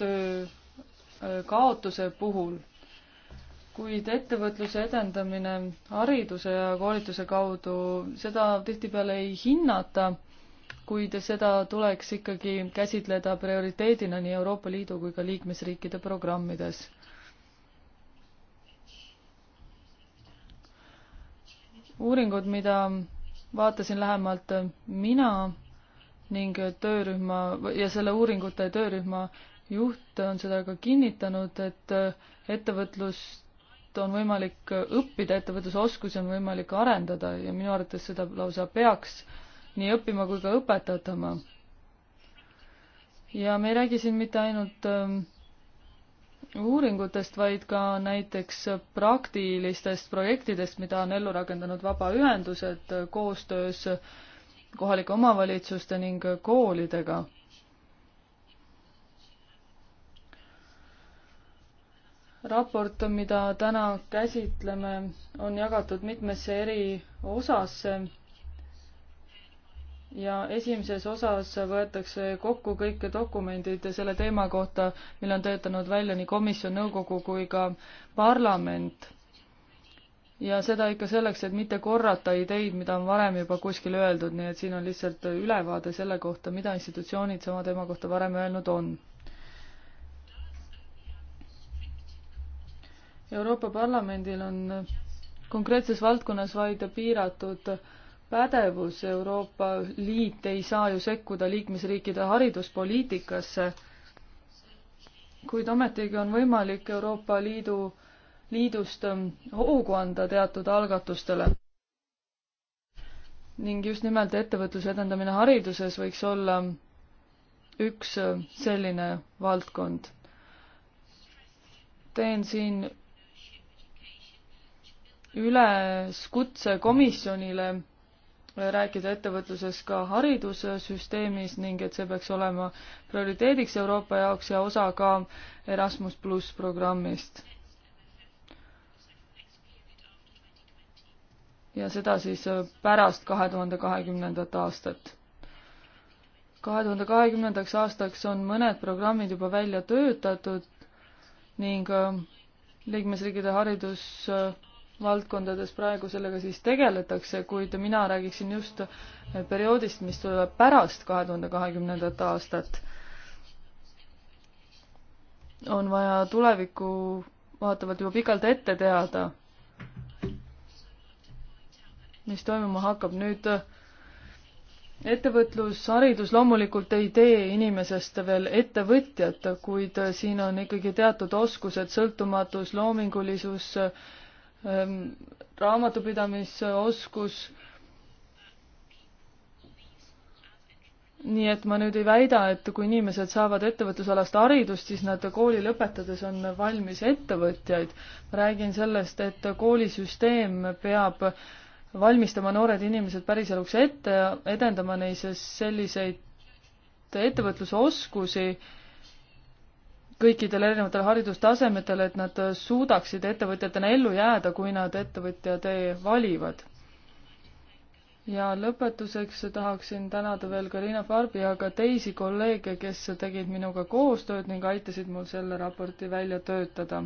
töö äh, kaotuse puhul. kuid ettevõtluse edendamine hariduse ja koolituse kaudu, seda tihtipeale ei hinnata, kuid seda tuleks ikkagi käsitleda prioriteedina nii Euroopa Liidu kui ka liikmesriikide programmides uuringud, mida vaatasin lähemalt äh, mina ning töörühma ja selle uuringute töörühma juht on seda ka kinnitanud, et äh, ettevõtlust on võimalik äh, õppida, ettevõtlusoskusi on võimalik arendada ja minu arvates seda lausa peaks nii õppima kui ka õpetatama. ja me ei räägi siin mitte ainult äh, uuringutest, vaid ka näiteks praktilistest projektidest, mida on ellu rakendanud vabaühendused koostöös kohalike omavalitsuste ning koolidega. raport, mida täna käsitleme, on jagatud mitmesse eri osasse ja esimeses osas võetakse kokku kõik dokumendid selle teema kohta, mille on töötanud välja nii komisjon, nõukogu kui ka parlament. ja seda ikka selleks, et mitte korrata ideid, mida on varem juba kuskil öeldud, nii et siin on lihtsalt ülevaade selle kohta, mida institutsioonid sama teema kohta varem öelnud on. Euroopa Parlamendil on konkreetses valdkonnas vaid piiratud äh, pädevus, Euroopa Liit ei saa ju sekkuda liikmesriikide hariduspoliitikasse, kuid ometigi on võimalik Euroopa Liidu, Liidust ähm, hoogu anda teatud algatustele. ning just nimelt ettevõtluse edendamine hariduses võiks olla üks ähm, selline valdkond. teen siin üleskutse komisjonile rääkida ettevõtluses ka haridussüsteemis ning et see peaks olema prioriteediks Euroopa jaoks ja osa ka Erasmus pluss programmist. ja seda siis äh, pärast kahe tuhande kahekümnendat aastat kahe tuhande kahekümnendaks aastaks on mõned programmid juba välja töötatud ning äh, liikmesriikide haridus- äh, valdkondades praegu sellega siis tegeletakse, kuid mina räägiksin just perioodist, mis tuleb pärast kahe tuhande kahekümnendat aastat. on vaja tulevikku vaatavalt juba pikalt ette teada, mis toimuma hakkab. nüüd ettevõtlus, haridus loomulikult ei tee inimesest veel ettevõtjat, kuid siin on ikkagi teatud oskused, sõltumatus, loomingulisus äh,, Ehm, raamatupidamisoskus. nii et ma nüüd ei väida, et kui inimesed saavad ettevõtlusalast haridust, siis nad kooli lõpetades on valmis ettevõtjaid. ma räägin sellest, et koolisüsteem peab valmistama noored inimesed päriseluks ette ja edendama neis selliseid ettevõtluse oskusi kõikidel erinevatel haridustasemetel, et nad suudaksid ettevõtjatena ellu jääda, kui nad ettevõtja tee valivad. ja lõpetuseks tahaksin tänada veel Karina Farbi ja ka teisi kolleege, kes tegid minuga koostööd ning aitasid mul selle raporti välja töötada.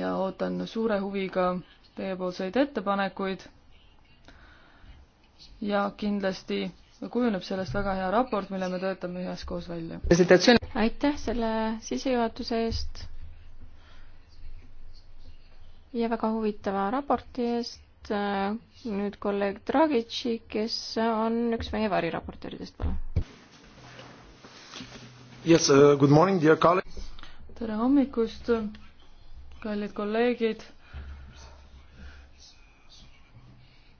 ja ootan suure huviga teiepoolseid ettepanekuid ja kindlasti kujuneb sellest väga hea raport, mille me töötame üheskoos välja. aitäh selle sissejuhatuse eest ja väga huvitava raporti eest. nüüd kolleeg Dragitši, kes on üks meie variraportööridest, palun. Yes, uh, good morning, dear colleagues. tere hommikust, kallid kolleegid.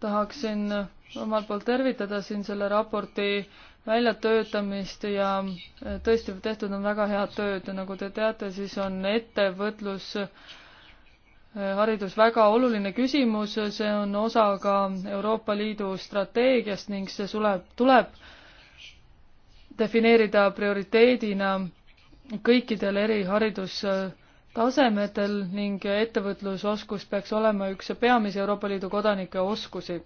tahaksin omalt poolt tervitada siin selle raporti väljatöötamist ja eh, tõesti tehtud on väga head tööd ja nagu te teate, siis on ettevõtlus eh, haridus väga oluline küsimus, see on osa ka Euroopa Liidu strateegiast ning see tuleb, tuleb defineerida prioriteedina kõikidel eri haridustasemetel ning ettevõtlusoskus peaks olema üks peamisi Euroopa Liidu kodanike oskusi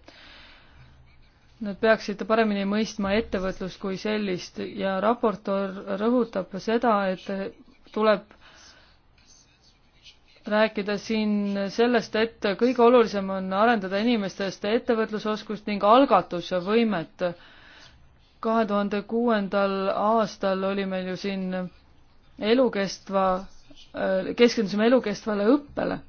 Nad peaksid paremini mõistma ettevõtlust kui sellist ja raportöör rõhutab seda, et tuleb rääkida siin sellest, et kõige olulisem on arendada inimestest ettevõtlusoskust ning algatusvõimet. kahe tuhande kuuendal aastal oli meil ju siin elukestva, keskendusime elukestvale õppele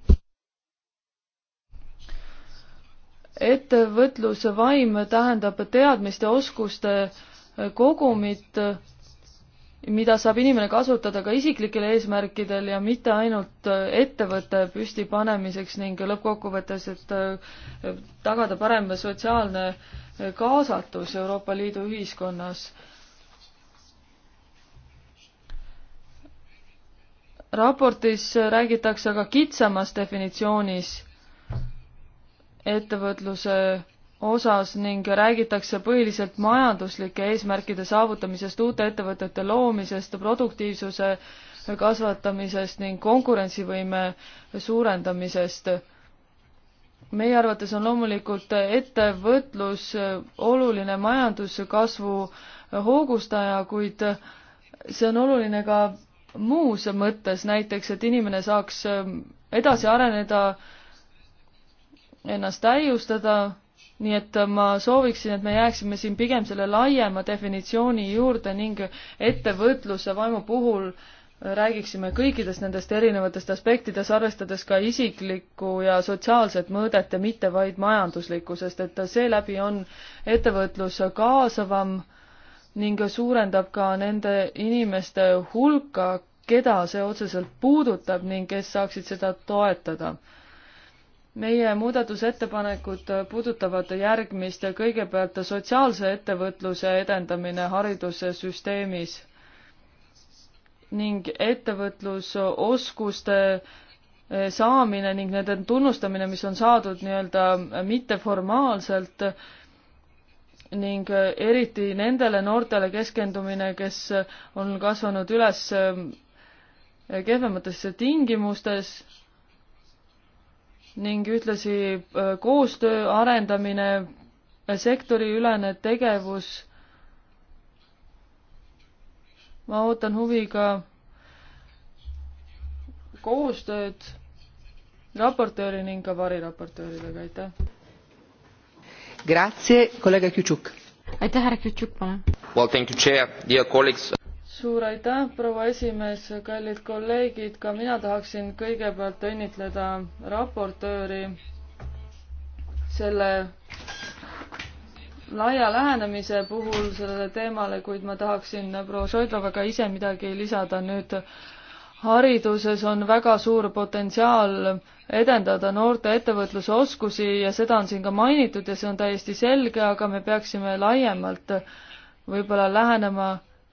ettevõtlusvaim tähendab teadmiste, oskuste eh, kogumit, eh, mida saab inimene kasutada ka isiklikel eesmärkidel ja mitte ainult eh, ettevõtte püstipanemiseks ning lõppkokkuvõttes, et tagada parem sotsiaalne kaasatus Euroopa Liidu ühiskonnas. raportis räägitakse aga kitsamas definitsioonis ettevõtluse osas ning räägitakse põhiliselt majanduslike eesmärkide saavutamisest, uute ettevõtete loomisest, produktiivsuse kasvatamisest ning konkurentsivõime suurendamisest. meie arvates on loomulikult ettevõtlus oluline majanduskasvu hoogustaja, kuid see on oluline ka muus mõttes, näiteks et inimene saaks edasi areneda, ennast täiustada, nii et ma sooviksin, et me jääksime siin pigem selle laiema definitsiooni juurde ning ettevõtluse vaimu puhul räägiksime kõikidest nendest erinevatest aspektidest, arvestades ka isiklikku ja sotsiaalset mõõdet ja mitte vaid majanduslikku, sest et seeläbi on ettevõtlus kaasavam ning suurendab ka nende inimeste hulka, keda see otseselt puudutab ning kes saaksid seda toetada meie muudatusettepanekud puudutavad järgmist, kõigepealt sotsiaalse ettevõtluse edendamine haridussüsteemis ning ettevõtlusoskuste saamine ning nende tunnustamine, mis on saadud nii-öelda mitteformaalselt ning eriti nendele noortele keskendumine, kes on kasvanud üles kehvemates tingimustes ning ühtlasi äh, koostöö arendamine, äh, sektoriülene tegevus. ma ootan huviga koostööd raportööri ning ka variraportööridega, aitäh. Grazie, kolleeg Kütšuk. aitäh, härra Kütšuk, palun. Well, thank you, chair, dear colleagues suur aitäh, proua esimees, kallid kolleegid, ka mina tahaksin kõigepealt õnnitleda raportööri selle laia lähenemise puhul sellele teemale, kuid ma tahaksin proua Šoidlovaga ise midagi lisada nüüd. hariduses on väga suur potentsiaal edendada noorte ettevõtlusoskusi ja seda on siin ka mainitud ja see on täiesti selge, aga me peaksime laiemalt võib-olla lähenema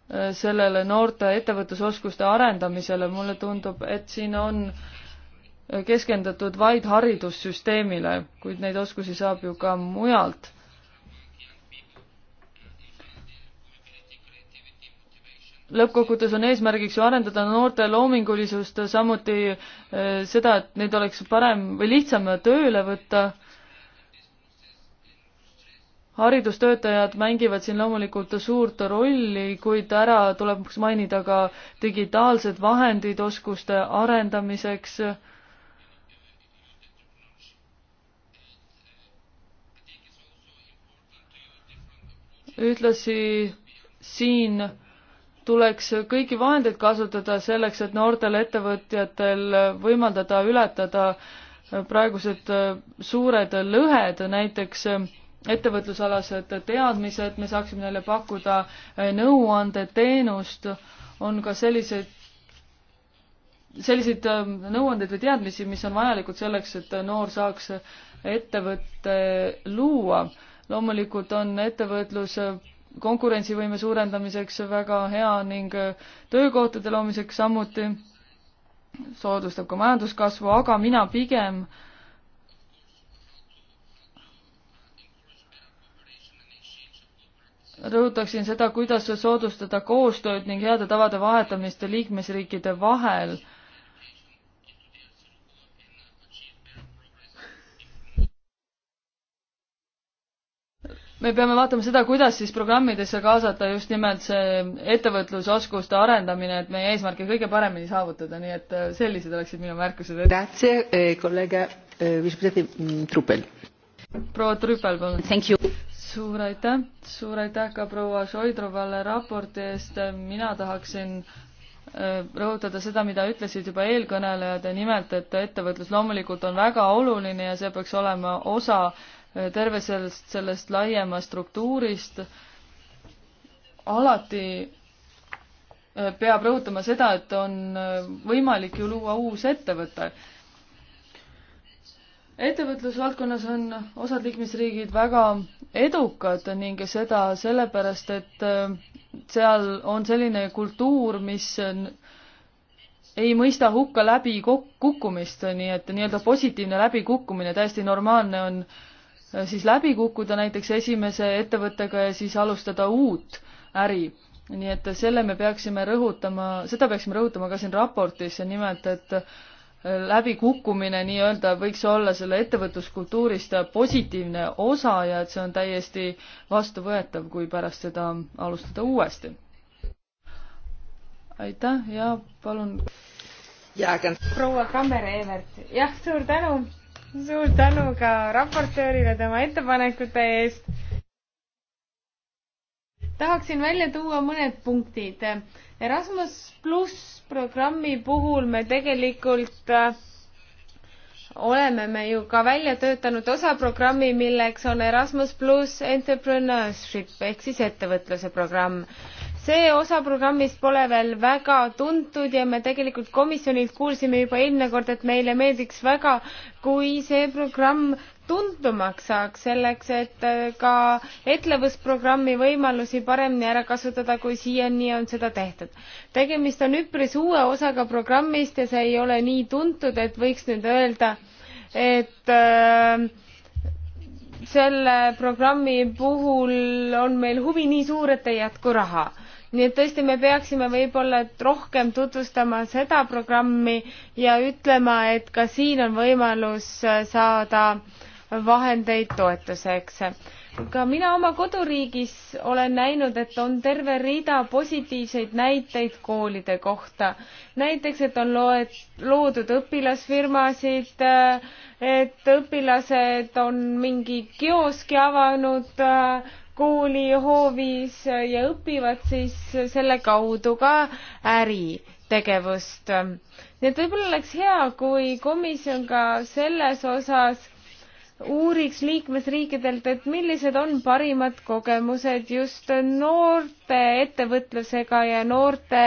Äh, sellele noorte ettevõtlusoskuste arendamisele, mulle tundub, et siin on äh, keskendatud vaid haridussüsteemile, kuid neid oskusi saab ju ka mujalt. lõppkokkuvõttes on eesmärgiks ju arendada noorte loomingulisust, samuti äh, seda, et neid oleks parem või lihtsam tööle võtta haridustöötajad mängivad siin loomulikult suurt rolli, kuid ära tuleb mainida ka digitaalsed vahendid oskuste arendamiseks. ühtlasi siin tuleks kõiki vahendeid kasutada selleks, et noortel ettevõtjatel võimaldada ületada praegused suured lõhed, näiteks ettevõtlusalased teadmised, me saaksime neile pakkuda eh, nõuandeteenust, on ka selliseid, selliseid ähm, nõuandeid või teadmisi, mis on vajalikud selleks, et noor saaks ettevõtte luua. loomulikult on ettevõtlus äh, konkurentsivõime suurendamiseks väga hea ning äh, töökohtade loomiseks samuti soodustab ka majanduskasvu, aga mina pigem äh, rõhutaksin seda, kuidas soodustada koostööd ning heade tavade vahetamist liikmesriikide vahel. me peame vaatama seda, kuidas siis programmidesse kaasata just nimelt see ettevõtlusoskuste arendamine, et meie eesmärke kõige paremini saavutada, nii et äh, sellised oleksid minu märkused. Eh, eh, proua Trüpel, palun suur aitäh, suur aitäh ka proua Šoidrovale raporti eest, mina tahaksin äh, rõhutada seda, mida ütlesid juba eelkõnelejad ja nimelt, et ettevõtlus loomulikult on väga oluline ja see peaks olema osa äh, terve sellest, sellest laiemast struktuurist. alati äh, peab rõhutama seda, et on võimalik ju luua uus ettevõte. ettevõtlusvaldkonnas on osad liikmesriigid väga edukad ning seda sellepärast, et äh, seal on selline kultuur, mis ei mõista hukka läbi kukkumist, nii et nii-öelda positiivne läbikukkumine, täiesti normaalne on äh, siis läbi kukkuda näiteks esimese ettevõttega ja siis alustada uut äri. nii et selle me peaksime rõhutama, seda peaksime rõhutama ka siin raportis, nimelt et läbikukkumine nii-öelda võiks olla selle ettevõtluskultuurist positiivne osa ja et see on täiesti vastuvõetav, kui pärast seda alustada uuesti. aitäh ja palun. proua Kammer-Evert, jah, suur tänu, suur tänu ka raportöörile tema ettepanekute eest. tahaksin välja tuua mõned punktid. Erasmus pluss programmi puhul me tegelikult äh, oleme me ju ka välja töötanud osa programmi, milleks on Erasmus pluss entrepreneurship ehk siis ettevõtluse programm. see osa programmist pole veel väga tuntud ja me tegelikult komisjonilt kuulsime juba eelmine kord, et meile meeldiks väga, kui see programm tuntumaks saaks, selleks et äh, ka ettevõtlusprogrammi võimalusi paremini ära kasutada, kui siiani on seda tehtud. tegemist on üpris uue osaga programmist ja see ei ole nii tuntud, et võiks nüüd öelda, et äh, selle programmi puhul on meil huvi nii suur, et ei jätku raha nii et tõesti, me peaksime võib-olla rohkem tutvustama seda programmi ja ütlema, et ka siin on võimalus äh, saada äh, vahendeid toetuseks. ka mina oma koduriigis olen näinud, et on terve rida positiivseid näiteid koolide kohta. näiteks, et on loed, loodud õpilasfirmasid, et õpilased on mingi kioski avanud äh, koolihoovis ja õpivad siis selle kaudu ka äri tegevust. nii et võib-olla oleks hea, kui komisjon ka selles osas uuriks liikmesriikidelt, et millised on parimad kogemused just noorte ettevõtlusega ja noorte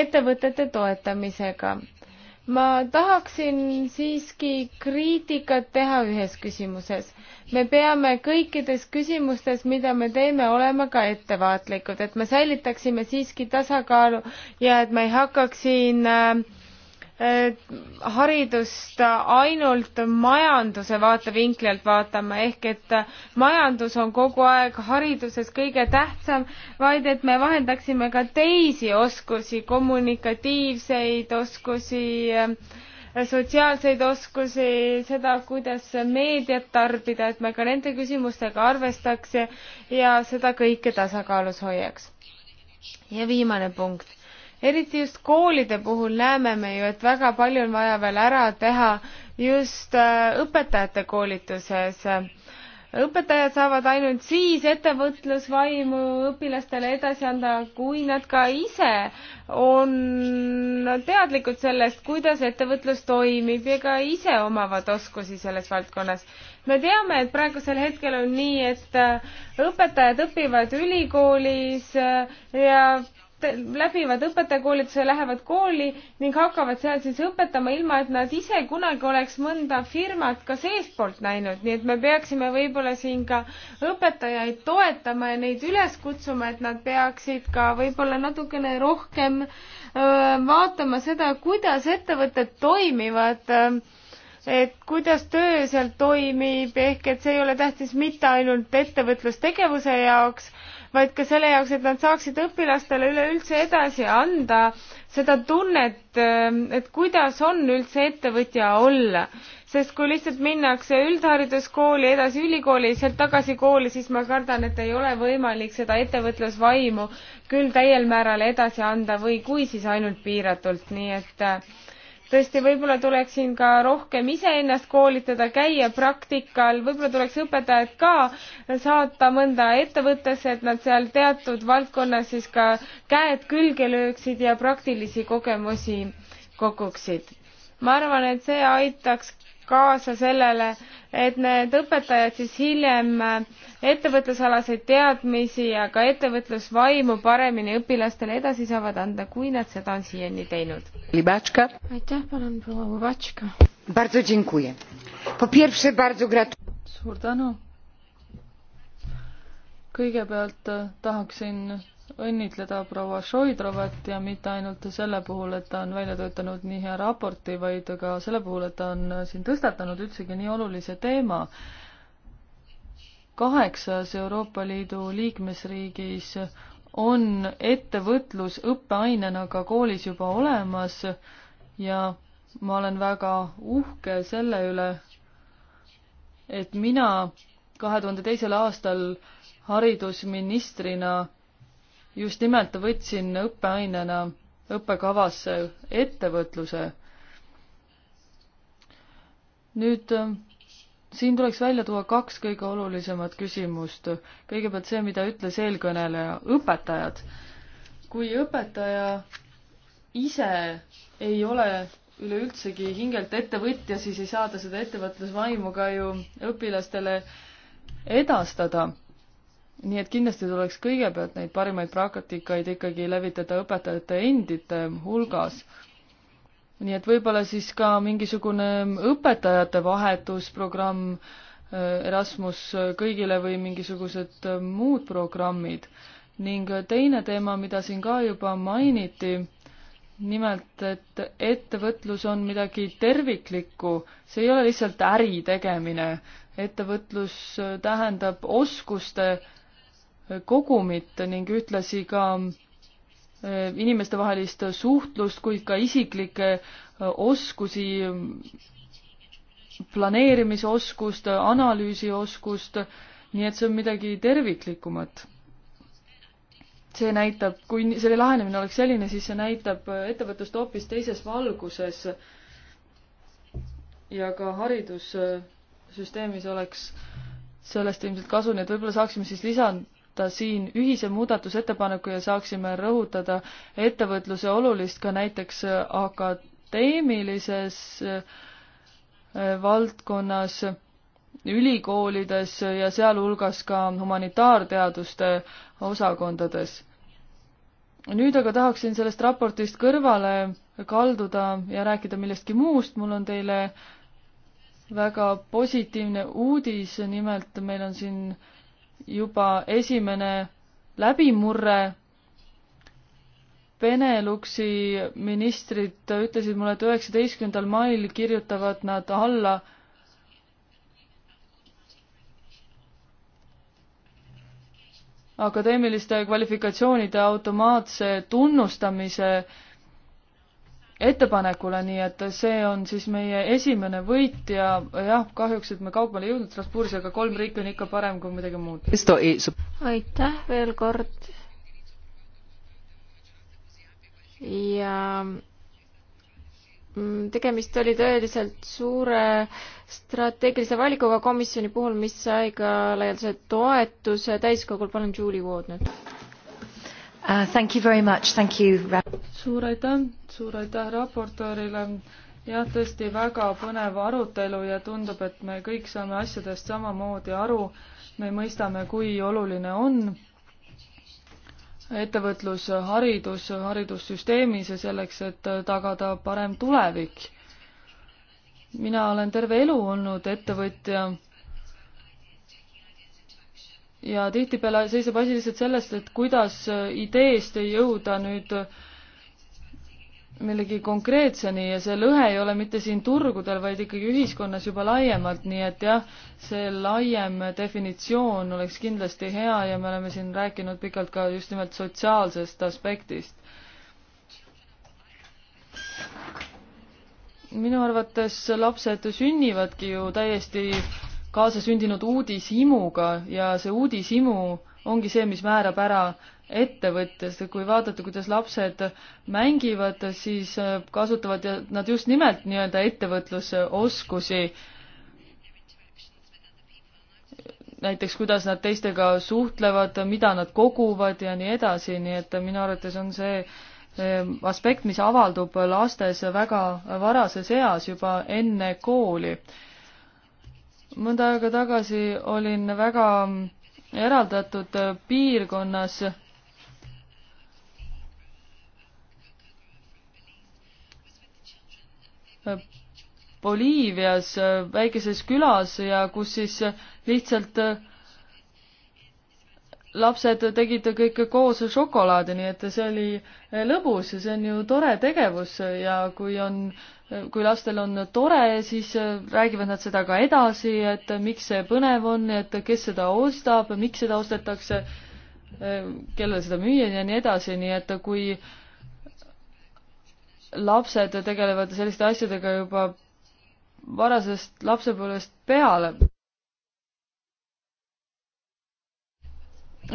ettevõtete toetamisega. ma tahaksin siiski kriitikat teha ühes küsimuses. me peame kõikides küsimustes, mida me teeme, olema ka ettevaatlikud, et me säilitaksime siiski tasakaalu ja et me ei hakkaks siin äh, Äh, haridust ainult majanduse vaatevinkli alt vaatama, ehk et majandus on kogu aeg hariduses kõige tähtsam, vaid et me vahendaksime ka teisi oskusi, kommunikatiivseid oskusi, äh, sotsiaalseid oskusi, seda, kuidas meediat tarbida, et me ka nende küsimustega arvestaks ja seda kõike tasakaalus hoiaks. ja viimane punkt eriti just koolide puhul näeme me ju, et väga palju on vaja veel ära teha just äh, õpetajate koolituses. õpetajad saavad ainult siis ettevõtlusvaimu õpilastele edasi anda, kui nad ka ise on teadlikud sellest, kuidas ettevõtlus toimib ja ka ise omavad oskusi selles valdkonnas me teame, et praegusel hetkel on nii, et äh, õpetajad õpivad ülikoolis äh, ja läbivad õpetajakoolituse, lähevad kooli ning hakkavad seal siis õpetama, ilma et nad ise kunagi oleks mõnda firmat ka seestpoolt näinud, nii et me peaksime võib-olla siin ka õpetajaid toetama ja neid üles kutsuma, et nad peaksid ka võib-olla natukene rohkem öö, vaatama seda, kuidas ettevõtted toimivad öö, et kuidas töö seal toimib, ehk et see ei ole tähtis mitte ainult ettevõtlustegevuse jaoks, vaid ka selle jaoks, et nad saaksid õpilastele üleüldse edasi anda seda tunnet, äh, et kuidas on üldse ettevõtja olla. sest kui lihtsalt minnakse üldhariduskooli, edasi ülikooli, sealt tagasi kooli, siis ma kardan, et ei ole võimalik seda ettevõtlusvaimu küll täiel määral edasi anda või kui, siis ainult piiratult, nii et äh, tõesti, võib-olla tuleks siin ka rohkem iseennast koolitada, käia praktikal, võib-olla tuleks õpetajad ka saata mõnda ettevõttesse, et nad seal teatud valdkonnas siis ka käed külge lööksid ja praktilisi kogemusi koguksid. ma arvan, et see aitaks kaasa sellele, et need õpetajad siis hiljem ettevõtlusalaseid teadmisi ja ka ettevõtlusvaimu paremini õpilastele edasi saavad anda, kui nad seda on siiani teinud. aitäh, palun proua Libatška. suur tänu. kõigepealt tahaksin õnnitleda proua Šoidrovat ja mitte ainult selle puhul, et ta on välja töötanud nii hea raporti, vaid ka selle puhul, et ta on siin tõstatanud üldsegi nii olulise teema. kaheksas Euroopa Liidu liikmesriigis on ettevõtlus õppeainena ka koolis juba olemas ja ma olen väga uhke selle üle, et mina kahe tuhande teisel aastal haridusministrina just nimelt võtsin õppeainena õppekavasse ettevõtluse. nüüd äh, siin tuleks välja tuua kaks kõige olulisemat küsimust. kõigepealt see, mida ütles eelkõneleja, õpetajad. kui õpetaja ise ei ole üleüldsegi hingelt ettevõtja, siis ei saa ta seda ettevõtlusvaimu ka ju õpilastele edastada nii et kindlasti tuleks kõigepealt neid parimaid praktikaid ikkagi levitada õpetajate endite hulgas. nii et võib-olla siis ka mingisugune õpetajate vahetusprogramm, äh, Erasmus kõigile või mingisugused äh, muud programmid. ning äh, teine teema, mida siin ka juba mainiti, nimelt, et ettevõtlus on midagi terviklikku, see ei ole lihtsalt äri tegemine. ettevõtlus tähendab oskuste kogumit ning ühtlasi ka eh, inimestevahelist suhtlust, kuid ka isiklikke eh, oskusi, planeerimisoskust, analüüsioskust, nii et see on midagi terviklikumat. see näitab, kui selle lähenemine oleks selline, siis see näitab ettevõtlust hoopis teises valguses ja ka haridussüsteemis oleks sellest ilmselt kasu, nii et võib-olla saaksime siis lisada võtta siin ühise muudatusettepaneku ja saaksime rõhutada ettevõtluse olulist ka näiteks akadeemilises äh, valdkonnas, ülikoolides ja sealhulgas ka humanitaarteaduste osakondades. nüüd aga tahaksin sellest raportist kõrvale kalduda ja rääkida millestki muust, mul on teile väga positiivne uudis, nimelt meil on siin juba esimene läbimurre. Beneluxi ministrid ütlesid mulle, et üheksateistkümnendal mail kirjutavad nad alla akadeemiliste kvalifikatsioonide automaatse tunnustamise äh, ettepanekule, nii et see on siis meie esimene võit ja jah, kahjuks, et me kaugemale ei jõudnud Strasbourgis, aga kolm riiki on ikka parem kui midagi muud. aitäh veel kord. ja mm, tegemist oli tõeliselt suure strateegilise valikuga komisjoni puhul, mis sai ka laialdase toetuse täiskogul. palun, Julie Wood nüüd Uh, thank you very much, thank you. suur aitäh, suur aitäh raportöörile. jah, tõesti väga põnev arutelu ja tundub, et me kõik saame asjadest samamoodi aru. me mõistame, kui oluline on ettevõtlus, haridus, haridussüsteemis ja selleks, et tagada parem tulevik. mina olen terve elu olnud ettevõtja ja tihtipeale seisab asi lihtsalt sellest, et kuidas ideest jõuda nüüd millegi konkreetseni ja see lõhe ei ole mitte siin turgudel, vaid ikkagi ühiskonnas juba laiemalt, nii et jah, see laiem definitsioon oleks kindlasti hea ja me oleme siin rääkinud pikalt ka just nimelt sotsiaalsest aspektist. minu arvates lapsed sünnivadki ju täiesti kaasasündinud uudishimuga ja see uudishimu ongi see, mis määrab ära ettevõtjast, kui vaadata, kuidas lapsed mängivad, siis äh, kasutavad nad just nimelt nii-öelda ettevõtlusoskusi. näiteks, kuidas nad teistega suhtlevad, mida nad koguvad ja nii edasi, nii et minu arvates on see äh, aspekt, mis avaldub lastes väga varases eas, juba enne kooli mõnda aega tagasi olin väga eraldatud äh, piirkonnas Boliivias äh, väikeses külas ja kus siis äh, lihtsalt lapsed tegid kõik koos šokolaadi, nii et see oli lõbus ja see on ju tore tegevus ja kui on äh, kui lastel on tore, siis äh, räägivad nad seda ka edasi, et äh, miks see põnev on, et kes seda ostab, miks seda ostetakse, äh, kellele seda müüa ja nii edasi, nii et kui lapsed tegelevad selliste asjadega juba varasest lapsepõlvest peale.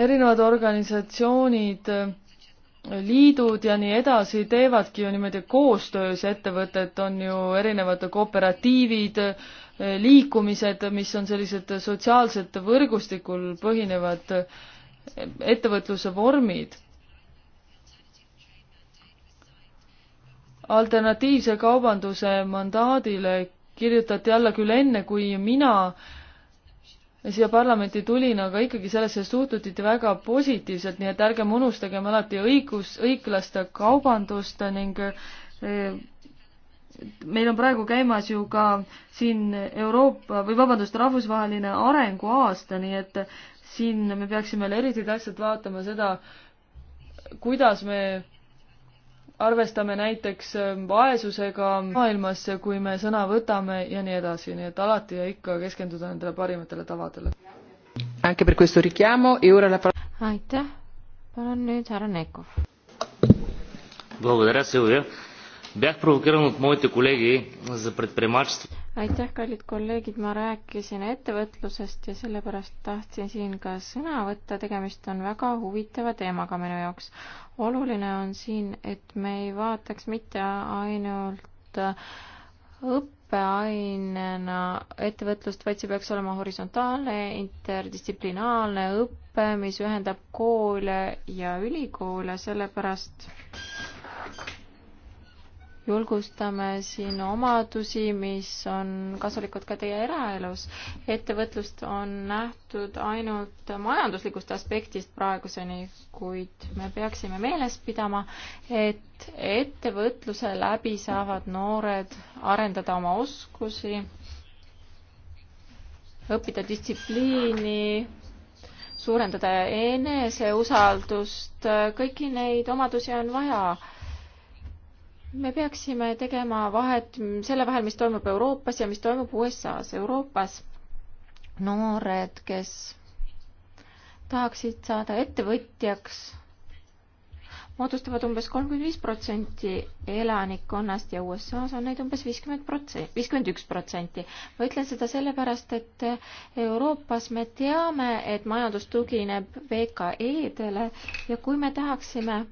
erinevad organisatsioonid liidud ja nii edasi teevadki ju niimoodi koostöös, ettevõtted on ju erinevad kooperatiivid, liikumised, mis on sellised sotsiaalsed võrgustikul põhinevad ettevõtluse vormid. alternatiivse kaubanduse mandaadile kirjutati alla küll enne, kui mina äh, siia parlamenti tulin, aga ikkagi sellesse suhtuti väga positiivselt, nii et ärgem unustagem alati õigus, õiglast kaubandust ning eh, meil on praegu käimas ju ka siin Euroopa või vabandust, rahvusvaheline arenguaasta, nii et siin me peaksime eriti täpselt vaatama seda, kuidas me arvestame näiteks ähm, vaesusega maailmas, kui me sõna võtame ja nii edasi, nii et alati ja ikka keskenduda nendele parimatele tavadele. E aitäh, palun nüüd härra Neikov. Благодаря, Силвия. Бях провокиран от моите колеги за предприемачество aitäh, kallid kolleegid, ma rääkisin ettevõtlusest ja sellepärast tahtsin siin ka sõna võtta, tegemist on väga huvitava teemaga minu jaoks. oluline on siin, et me ei vaataks mitte ainult õppeainena ettevõtlust, vaid see peaks olema horisontaalne, interdistsiplinaarne õpe, mis ühendab koole ja ülikoole, sellepärast julgustame siin omadusi, mis on kasulikud ka teie eraelus. ettevõtlust on nähtud ainult majanduslikust aspektist praeguseni, kuid me peaksime meeles pidama, et ettevõtluse läbi saavad noored arendada oma oskusi, õppida distsipliini, suurendada eneseusaldust, kõiki neid omadusi on vaja me peaksime tegema vahet selle vahel, mis toimub Euroopas ja mis toimub USA-s. Euroopas noored, kes tahaksid saada ettevõtjaks, moodustavad umbes kolmkümmend viis protsenti elanikkonnast ja USA-s on neid umbes viiskümmend protsenti, viiskümmend üks protsenti. ma ütlen seda sellepärast, et Euroopas me teame, et majandus tugineb VKE-dele ja kui me tahaksime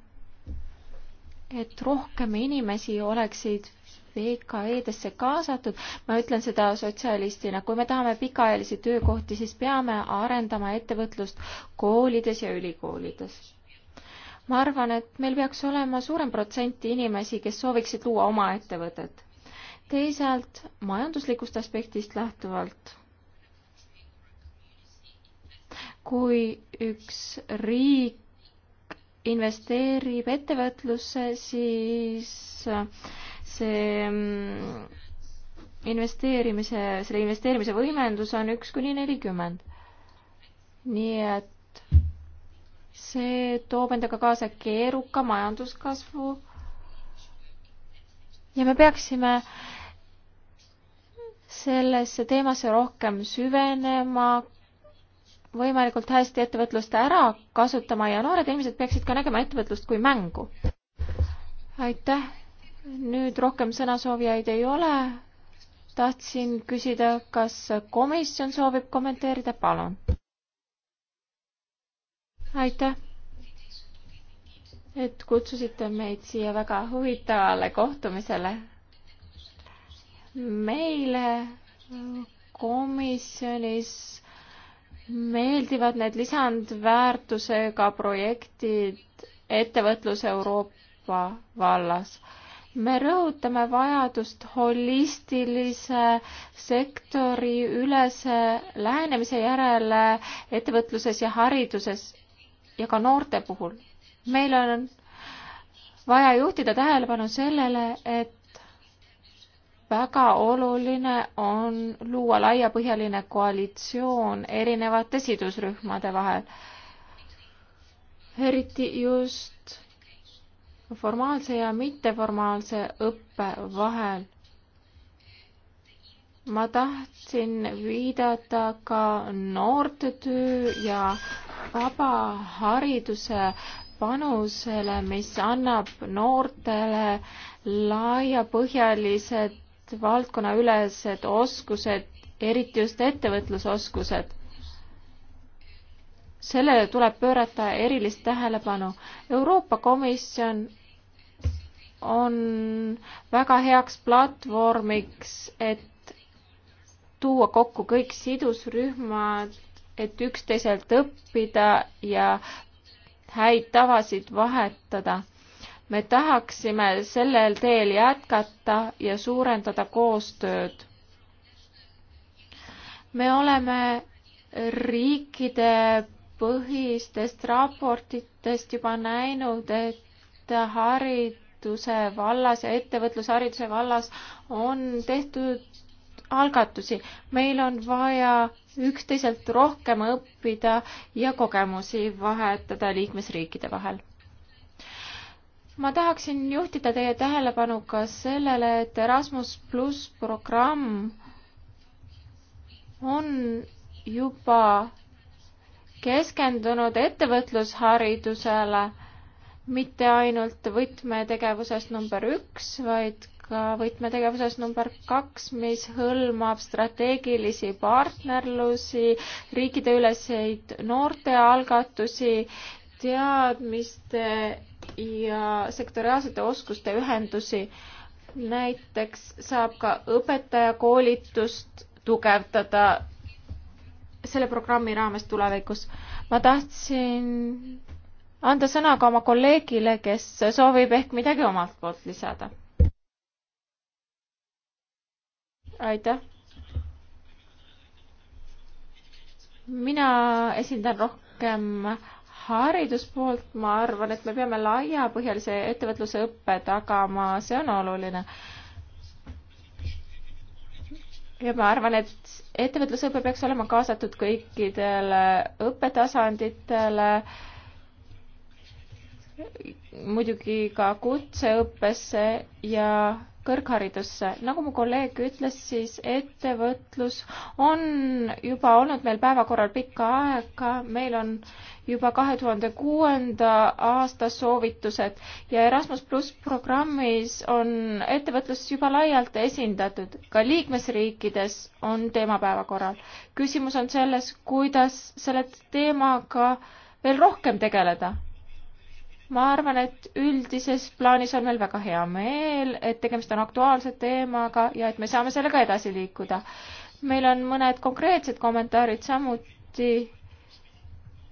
et rohkem inimesi oleksid VKE-desse kaasatud, ma ütlen seda sotsialistina, kui me tahame pikaajalisi töökohti, siis peame arendama ettevõtlust koolides ja ülikoolides. ma arvan, et meil peaks olema suurem protsent inimesi, kes sooviksid luua oma ettevõtet. teisalt majanduslikust aspektist lähtuvalt, kui üks riik investeerib ettevõtlusse, siis äh, see mm, investeerimise, selle investeerimise võimendus on üks kuni nelikümmend. nii et see toob endaga kaasa keeruka majanduskasvu ja me peaksime sellesse teemasse rohkem süvenema, võimalikult hästi ettevõtlust ära kasutama ja noored inimesed peaksid ka nägema ettevõtlust kui mängu. aitäh, nüüd rohkem sõnasoovijaid ei ole. tahtsin küsida, kas komisjon soovib kommenteerida, palun. aitäh, et kutsusite meid siia väga huvitavale kohtumisele. meile komisjonis meeldivad need lisandväärtusega projektid ettevõtluse Euroopa vallas. me rõhutame vajadust holistilise sektori ülese lähenemise järele ettevõtluses ja hariduses ja ka noorte puhul. meil on vaja juhtida tähelepanu sellele, et väga oluline on luua laiapõhjaline koalitsioon erinevate sidusrühmade vahel. eriti just formaalse ja mitteformaalse õppe vahel. ma tahtsin viidata ka noortetöö ja vaba hariduse panusele, mis annab noortele laiapõhjalise valdkonnaülesed oskused, eriti just ettevõtlusoskused. sellele tuleb pöörata erilist tähelepanu. Euroopa Komisjon on väga heaks platvormiks, et tuua kokku kõik sidusrühmad, et üksteiselt õppida ja häid tavasid vahetada me tahaksime sellel teel jätkata ja suurendada koostööd. me oleme riikide põhistest raportitest juba näinud, et hariduse vallas ja ettevõtlushariduse vallas on tehtud algatusi. meil on vaja üksteiselt rohkem õppida ja kogemusi vahetada liikmesriikide vahel ma tahaksin juhtida teie tähelepanu ka sellele, et Erasmus pluss programm on juba keskendunud ettevõtlusharidusele, mitte ainult võtmetegevusest number üks, vaid ka võtmetegevuses number kaks, mis hõlmab strateegilisi partnerlusi, riikideüleseid noortealgatusi, teadmiste ja sektoriaalsete oskuste ühendusi. näiteks saab ka õpetajakoolitust tugevdada selle programmi raames tulevikus. ma tahtsin anda sõna ka oma kolleegile, kes soovib ehk midagi omalt poolt lisada. aitäh. mina esindan rohkem hariduspoolt ma arvan, et me peame laiapõhjalise ettevõtluse õppe tagama, see on oluline. ja ma arvan, et ettevõtlusõpe peaks olema kaasatud kõikidele õppetasanditele, muidugi ka kutseõppesse ja kõrgharidusse. nagu mu kolleeg ütles, siis ettevõtlus on juba olnud meil päevakorral pikka aega, meil on juba kahe tuhande kuuenda aasta soovitused ja Erasmus pluss programmis on ettevõtlus juba laialt esindatud, ka liikmesriikides on teema päevakorral. küsimus on selles, kuidas selle teemaga veel rohkem tegeleda ma arvan, et üldises plaanis on meil väga hea meel, et tegemist on aktuaalse teemaga ja et me saame sellega edasi liikuda. meil on mõned konkreetsed kommentaarid samuti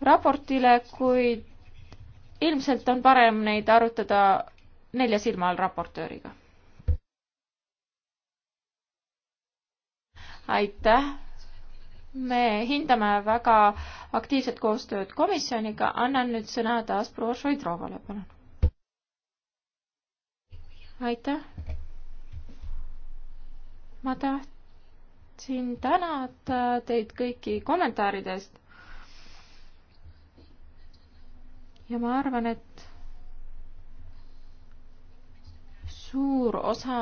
raportile, kuid ilmselt on parem neid arutada nelja silma all raportööriga. aitäh! me hindame väga aktiivset koostööd komisjoniga, annan nüüd sõna taas proua Šoidrovale, palun. aitäh! ma tahtsin tänada teid kõiki kommentaaride eest ja ma arvan, et suur osa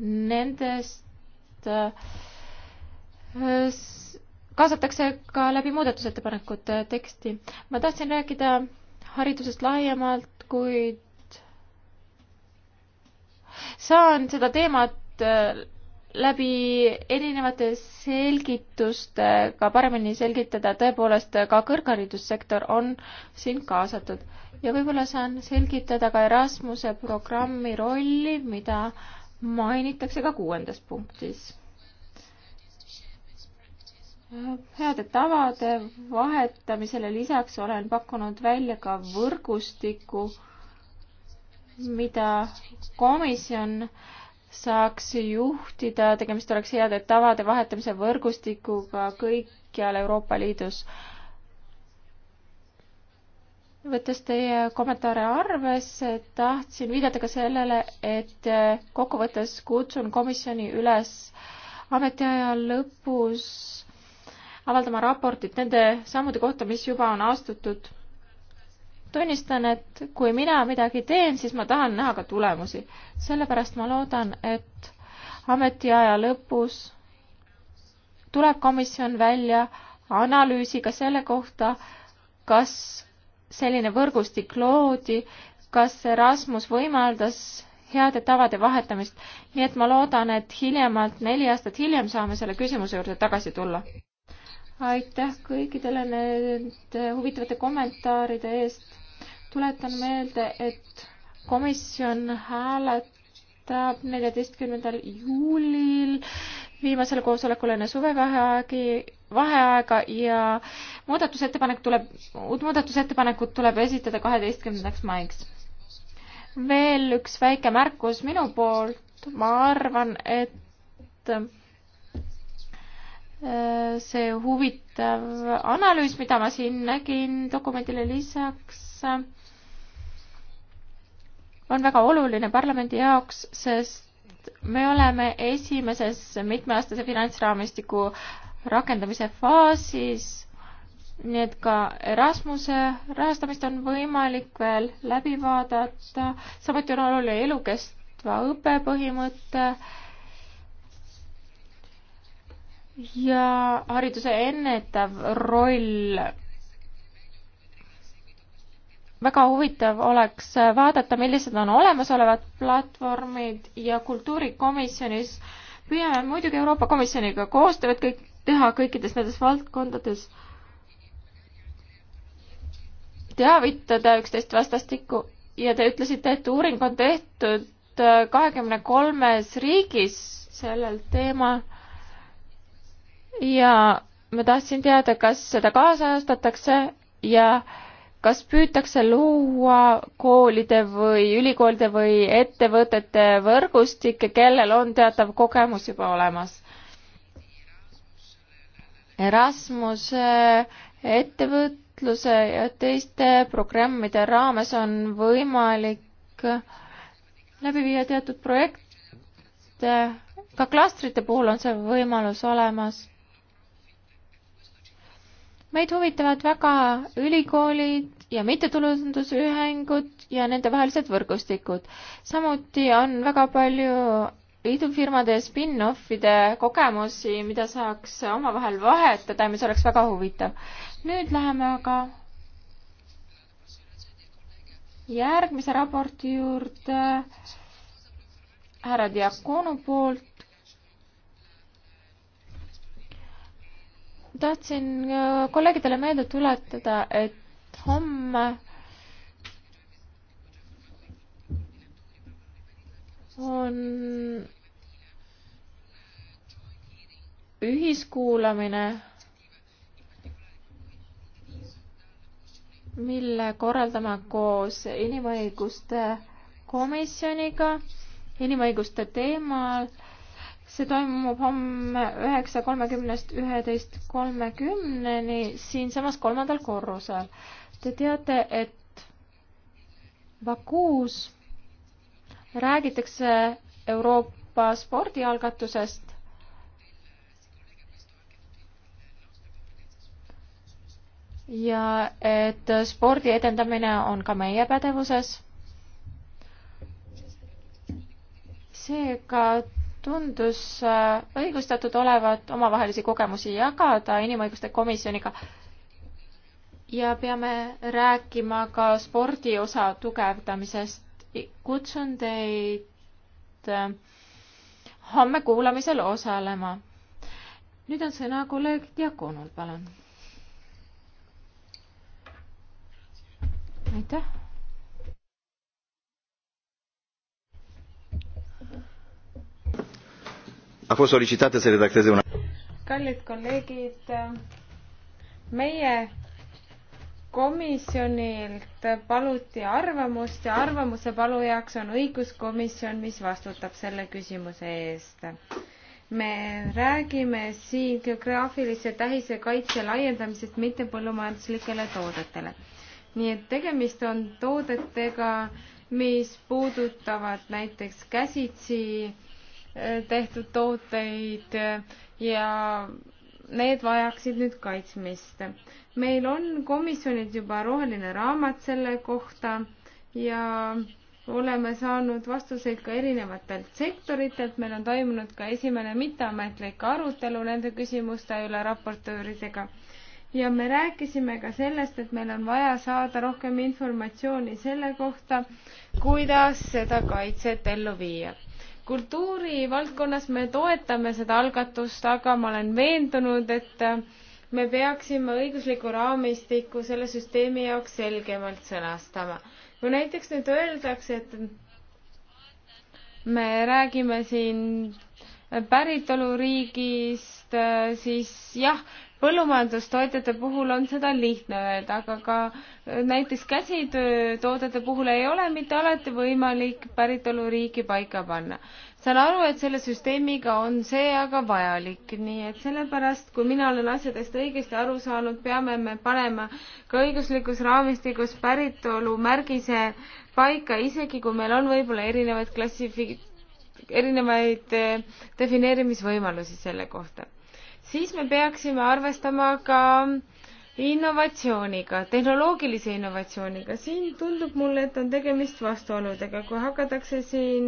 nendest äh, kaasatakse ka läbi muudatusettepanekute teksti. ma tahtsin rääkida haridusest laiemalt, kuid saan seda teemat äh, läbi erinevate selgitustega paremini selgitada, tõepoolest ka kõrgharidussektor on siin kaasatud. ja võib-olla saan selgitada ka Erasmuse programmi rolli, mida mainitakse ka kuuendas punktis. heade tavade vahetamisele lisaks olen pakkunud välja ka võrgustiku, mida komisjon äh, saaks juhtida, tegemist oleks heade tavade vahetamise võrgustikuga kõikjal Euroopa Liidus. võttes teie kommentaare arvesse, tahtsin viidata ka sellele, et kokkuvõttes kutsun komisjoni üles ametiaja lõpus avaldama raportit nende sammude kohta, mis juba on astutud tunnistan, et kui mina midagi teen, siis ma tahan näha ka tulemusi. sellepärast ma loodan, et ametiaja lõpus tuleb komisjon välja analüüsiga selle kohta, kas selline võrgustik loodi, kas Erasmus võimaldas heade tavade vahetamist, nii et ma loodan, et hiljemalt neli aastat hiljem saame selle küsimuse juurde tagasi tulla. aitäh kõikidele nende huvitavate kommentaaride eest tuletan meelde, et komisjon hääletab neljateistkümnendal juulil viimasel koosolekul enne suvevaheaegi, vaheaega ja muudatusettepanek tuleb, uut muudatusettepanekut tuleb esitada kaheteistkümnendaks maiks. veel üks väike märkus minu poolt, ma arvan, et äh, see huvitav analüüs, mida ma siin nägin dokumendile lisaks, on väga oluline parlamendi jaoks, sest me oleme esimeses mitmeaastase finantsraamistiku rakendamise faasis, nii et ka Erasmuse rahastamist on võimalik veel läbi vaadata, samuti on oluline elukestva õppe põhimõte ja hariduse ennetav roll väga huvitav oleks vaadata, millised on olemasolevad platvormid ja kultuurikomisjonis püüame muidugi Euroopa Komisjoniga koostööd kõik teha kõikides nendes valdkondades. teavitada üksteist vastastikku ja te ütlesite, et uuring on tehtud äh, kahekümne kolmes riigis sellel teemal. ja ma tahtsin teada, kas seda kaasajastatakse ja äh, kas püütakse luua koolide või ülikoolide või ettevõtete võrgustikke, kellel on teatav kogemus juba olemas? Erasmuse ettevõtluse ja teiste programmide raames on võimalik läbi viia teatud projekte, ka klastrite puhul on see võimalus olemas meid huvitavad väga ülikoolid ja mittetulundusühingud ja nendevahelised võrgustikud. samuti on väga palju idufirmade spin-offide kogemusi, mida saaks omavahel vahetada ja mis oleks väga huvitav. nüüd läheme aga järgmise raporti juurde härra Diakonu poolt tahtsin äh, kolleegidele meelde tuletada, et homme on ühiskuulamine, mille korraldame koos inimõiguste komisjoniga inimõiguste teemal see toimub homme üheksa kolmekümnest üheteist kolmekümneni siinsamas kolmandal korrusel. Te teate, et Bakuus räägitakse Euroopa spordialgatusest. ja et spordi edendamine on ka meie pädevuses. seega tundus äh, õigustatud olevat omavahelisi kogemusi jagada inimõiguste komisjoniga ja peame rääkima ka spordi osa tugevdamisest. kutsun teid äh, homme kuulamisel osalema. nüüd on sõna kolleeg Diakonul, palun. aitäh a fost solicitată să redacteze un kallid kolleegid, meie komisjonilt paluti arvamust ja arvamuse palujaks on õiguskomisjon, mis vastutab selle küsimuse eest. me räägime siin geograafilise tähise kaitse laiendamisest mittepõllumajanduslikele toodetele. nii et tegemist on toodetega, mis puudutavad näiteks käsitsi tehtud tooteid ja need vajaksid nüüd kaitsmist. meil on komisjonid juba roheline raamat selle kohta ja oleme saanud vastuseid ka erinevatelt sektoritelt, meil on toimunud ka esimene mitteametlik arutelu nende küsimuste üle raportööridega. ja me rääkisime ka sellest, et meil on vaja saada rohkem informatsiooni selle kohta, kuidas seda kaitset ellu viia kultuurivaldkonnas me toetame seda algatust, aga ma olen veendunud, et me peaksime õigusliku raamistiku selle süsteemi jaoks selgemalt sõnastama. kui näiteks nüüd öeldakse, et me räägime siin päritoluriigist, siis jah, põllumajandustootjate puhul on seda lihtne öelda, aga ka näiteks käsitöötoodete puhul ei ole mitte alati võimalik päritoluriiki paika panna. saan aru, et selle süsteemiga on see aga vajalik, nii et sellepärast, kui mina olen asjadest õigesti aru saanud, peame me panema ka õiguslikus raamistikus päritolumärgise paika, isegi kui meil on võib-olla erinevaid klassifi-, erinevaid eh, defineerimisvõimalusi selle kohta siis me peaksime arvestama ka innovatsiooniga, tehnoloogilise innovatsiooniga. siin tundub mulle, et on tegemist vastuoludega, kui hakatakse siin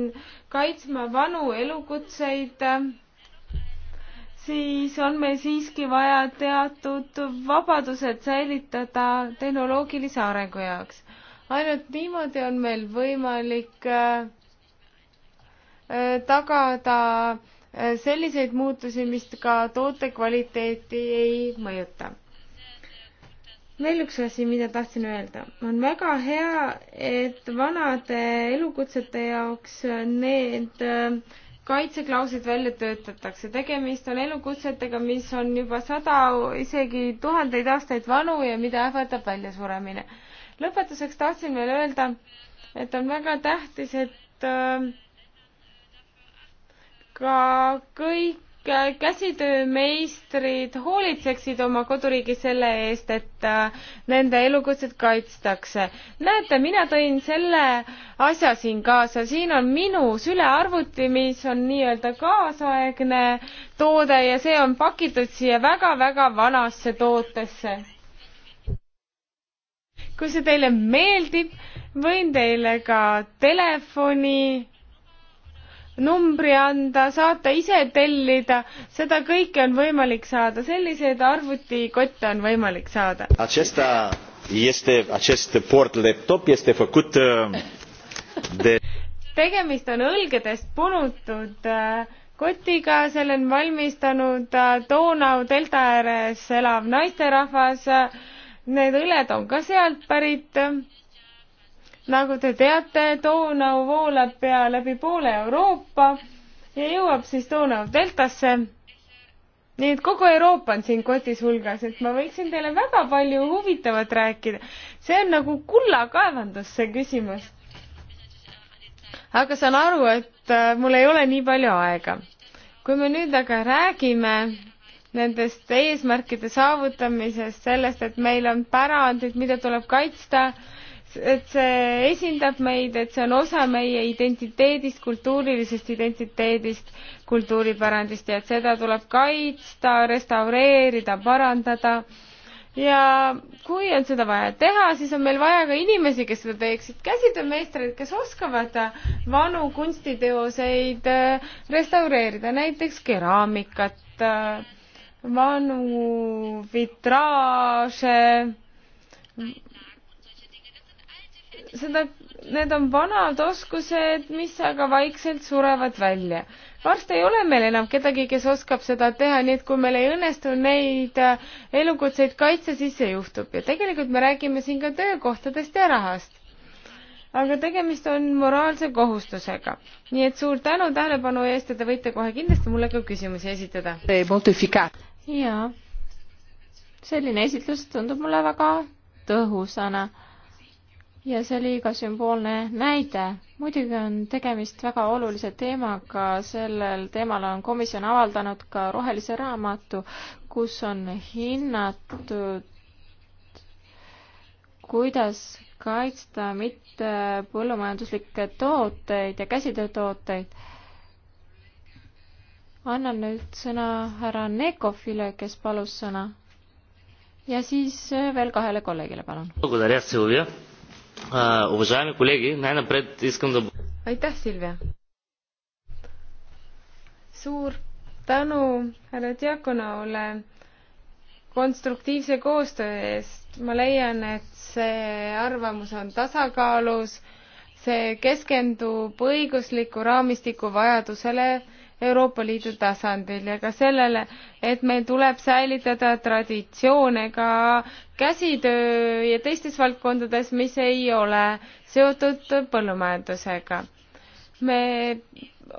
kaitsma vanu elukutseid, siis on meil siiski vaja teatud vabadused säilitada tehnoloogilise arengu jaoks. ainult niimoodi on meil võimalik äh, tagada äh, Äh, selliseid muutusi, mis ka toote kvaliteeti ei mõjuta. veel üks asi, mida tahtsin öelda. on väga hea, et vanade elukutsete jaoks need äh, kaitseklauslid välja töötatakse. tegemist on elukutsetega, mis on juba sada, isegi tuhandeid aastaid vanu ja mida ähvardab väljasuremine. lõpetuseks tahtsin veel öelda, et on väga tähtis, et äh, ka kõik käsitöömeistrid hoolitseksid oma koduriigis selle eest, et äh, nende elukutset kaitstakse. näete, mina tõin selle asja siin kaasa, siin on minu sülearvuti, mis on nii-öelda kaasaegne toode ja see on pakitud siia väga-väga vanasse tootesse. kui see teile meeldib, võin teile ka telefoni numbri anda, saate ise tellida, seda kõike on võimalik saada, selliseid arvutikotte on võimalik saada. Acesta este, acest port laptop este făcut um, de tegemist on õlgedest punutud äh, kotiga, selle on valmistanud äh, Donau delta ääres elav naisterahvas. Äh, need õled on ka sealt pärit nagu te teate, Donau voolab pea läbi poole Euroopa ja jõuab siis Donau deltasse. nii et kogu Euroopa on siin kotis hulgas, et ma võiksin teile väga palju huvitavat rääkida. see on nagu kullakaevandus, see küsimus. aga saan aru, et äh, mul ei ole nii palju aega. kui me nüüd aga räägime nendest eesmärkide saavutamisest, sellest, et meil on pärandid, mida tuleb kaitsta et see esindab meid, et see on osa meie identiteedist, kultuurilisest identiteedist, kultuuripärandist ja et seda tuleb kaitsta, restaureerida, parandada. ja kui on seda vaja teha, siis on meil vaja ka inimesi, kes seda teeksid, käsitöömeistreid, kes oskavad vanu kunstiteoseid äh, restaureerida, näiteks keraamikat, äh, vanu vitraaže seda, need on vanad oskused, mis aga vaikselt surevad välja. varsti ei ole meil enam kedagi, kes oskab seda teha, nii et kui meil ei õnnestu neid äh, elukutseid kaitsta, siis see juhtub ja tegelikult me räägime siin ka töökohtadest ja rahast. aga tegemist on moraalse kohustusega. nii et suur tänu tähelepanu eest ja te võite kohe kindlasti mulle ka küsimusi esitada. jaa, selline esitlus tundub mulle väga tõhusana ja see oli ka sümboolne näide. muidugi on tegemist väga olulise teemaga, sellel teemal on komisjon avaldanud ka rohelise raamatu, kus on hinnatud, kuidas kaitsta mitte põllumajanduslikke tooteid ja käsitöötooteid. annan nüüd sõna härra Nekofile, kes palus sõna. ja siis veel kahele kolleegile, palun. Уважаеми колеги, най-напред искам да... Aitäh, Silvia! Suur tänu härra Diakonaule konstruktiivse koostöö eest. ma leian, et see arvamus on tasakaalus, see keskendub õigusliku raamistiku vajadusele Euroopa Liidu tasandil ja ka sellele, et meil tuleb säilitada traditsioone ka käsitöö ja teistes valdkondades, mis ei ole seotud põllumajandusega. me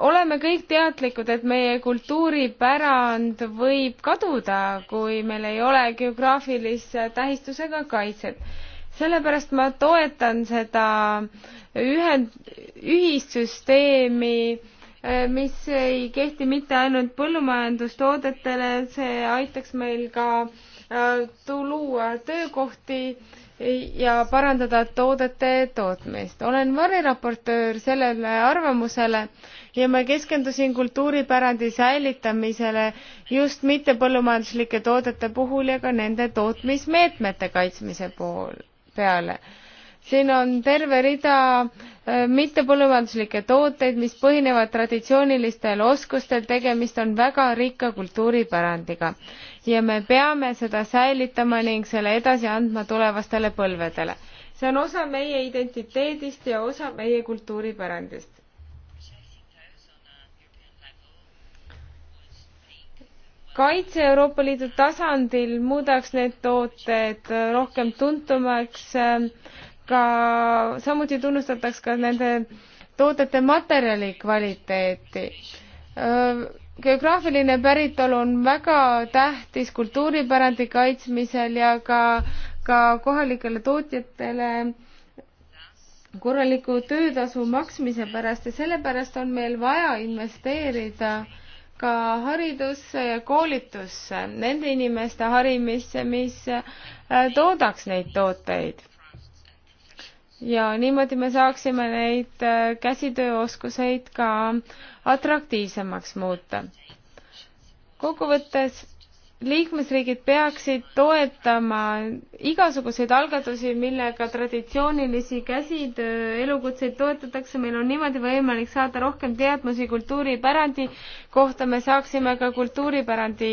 oleme kõik teadlikud, et meie kultuuripärand võib kaduda, kui meil ei ole geograafilise tähistusega kaitset sellepärast ma toetan seda ühend, ühissüsteemi Äh, mis ei kehti mitte ainult põllumajandustoodetele, see aitaks meil ka äh, luua töökohti ja parandada toodete tootmist. olen variraportöör sellele arvamusele ja ma keskendusin kultuuripärandi säilitamisele just mittepõllumajanduslike toodete puhul ja ka nende tootmismeetmete kaitsmise pool, peale siin on terve rida äh, mittepõllumajanduslikke tooteid, mis põhinevad traditsioonilistel oskustel, tegemist on väga rikka kultuuripärandiga ja me peame seda säilitama ning selle edasi andma tulevastele põlvedele. see on osa meie identiteedist ja osa meie kultuuripärandist. kaitse Euroopa Liidu tasandil muudaks need tooted rohkem tuntumaks ka, samuti tunnustataks ka nende toodete materjali kvaliteeti. geograafiline päritolu on väga tähtis kultuuripärandi kaitsmisel ja ka, ka kohalikele tootjatele korraliku töötasu maksmise pärast ja sellepärast on meil vaja investeerida ka haridusse ja koolitusse, nende inimeste harimisse, mis äh, toodaks neid tooteid ja niimoodi me saaksime neid äh, käsitööoskuseid ka atraktiivsemaks muuta. kokkuvõttes liikmesriigid peaksid toetama igasuguseid algatusi, millega traditsioonilisi käsitöö äh, elukutseid toetatakse, meil on niimoodi võimalik saada rohkem teadmusi kultuuripärandi kohta, me saaksime ka kultuuripärandi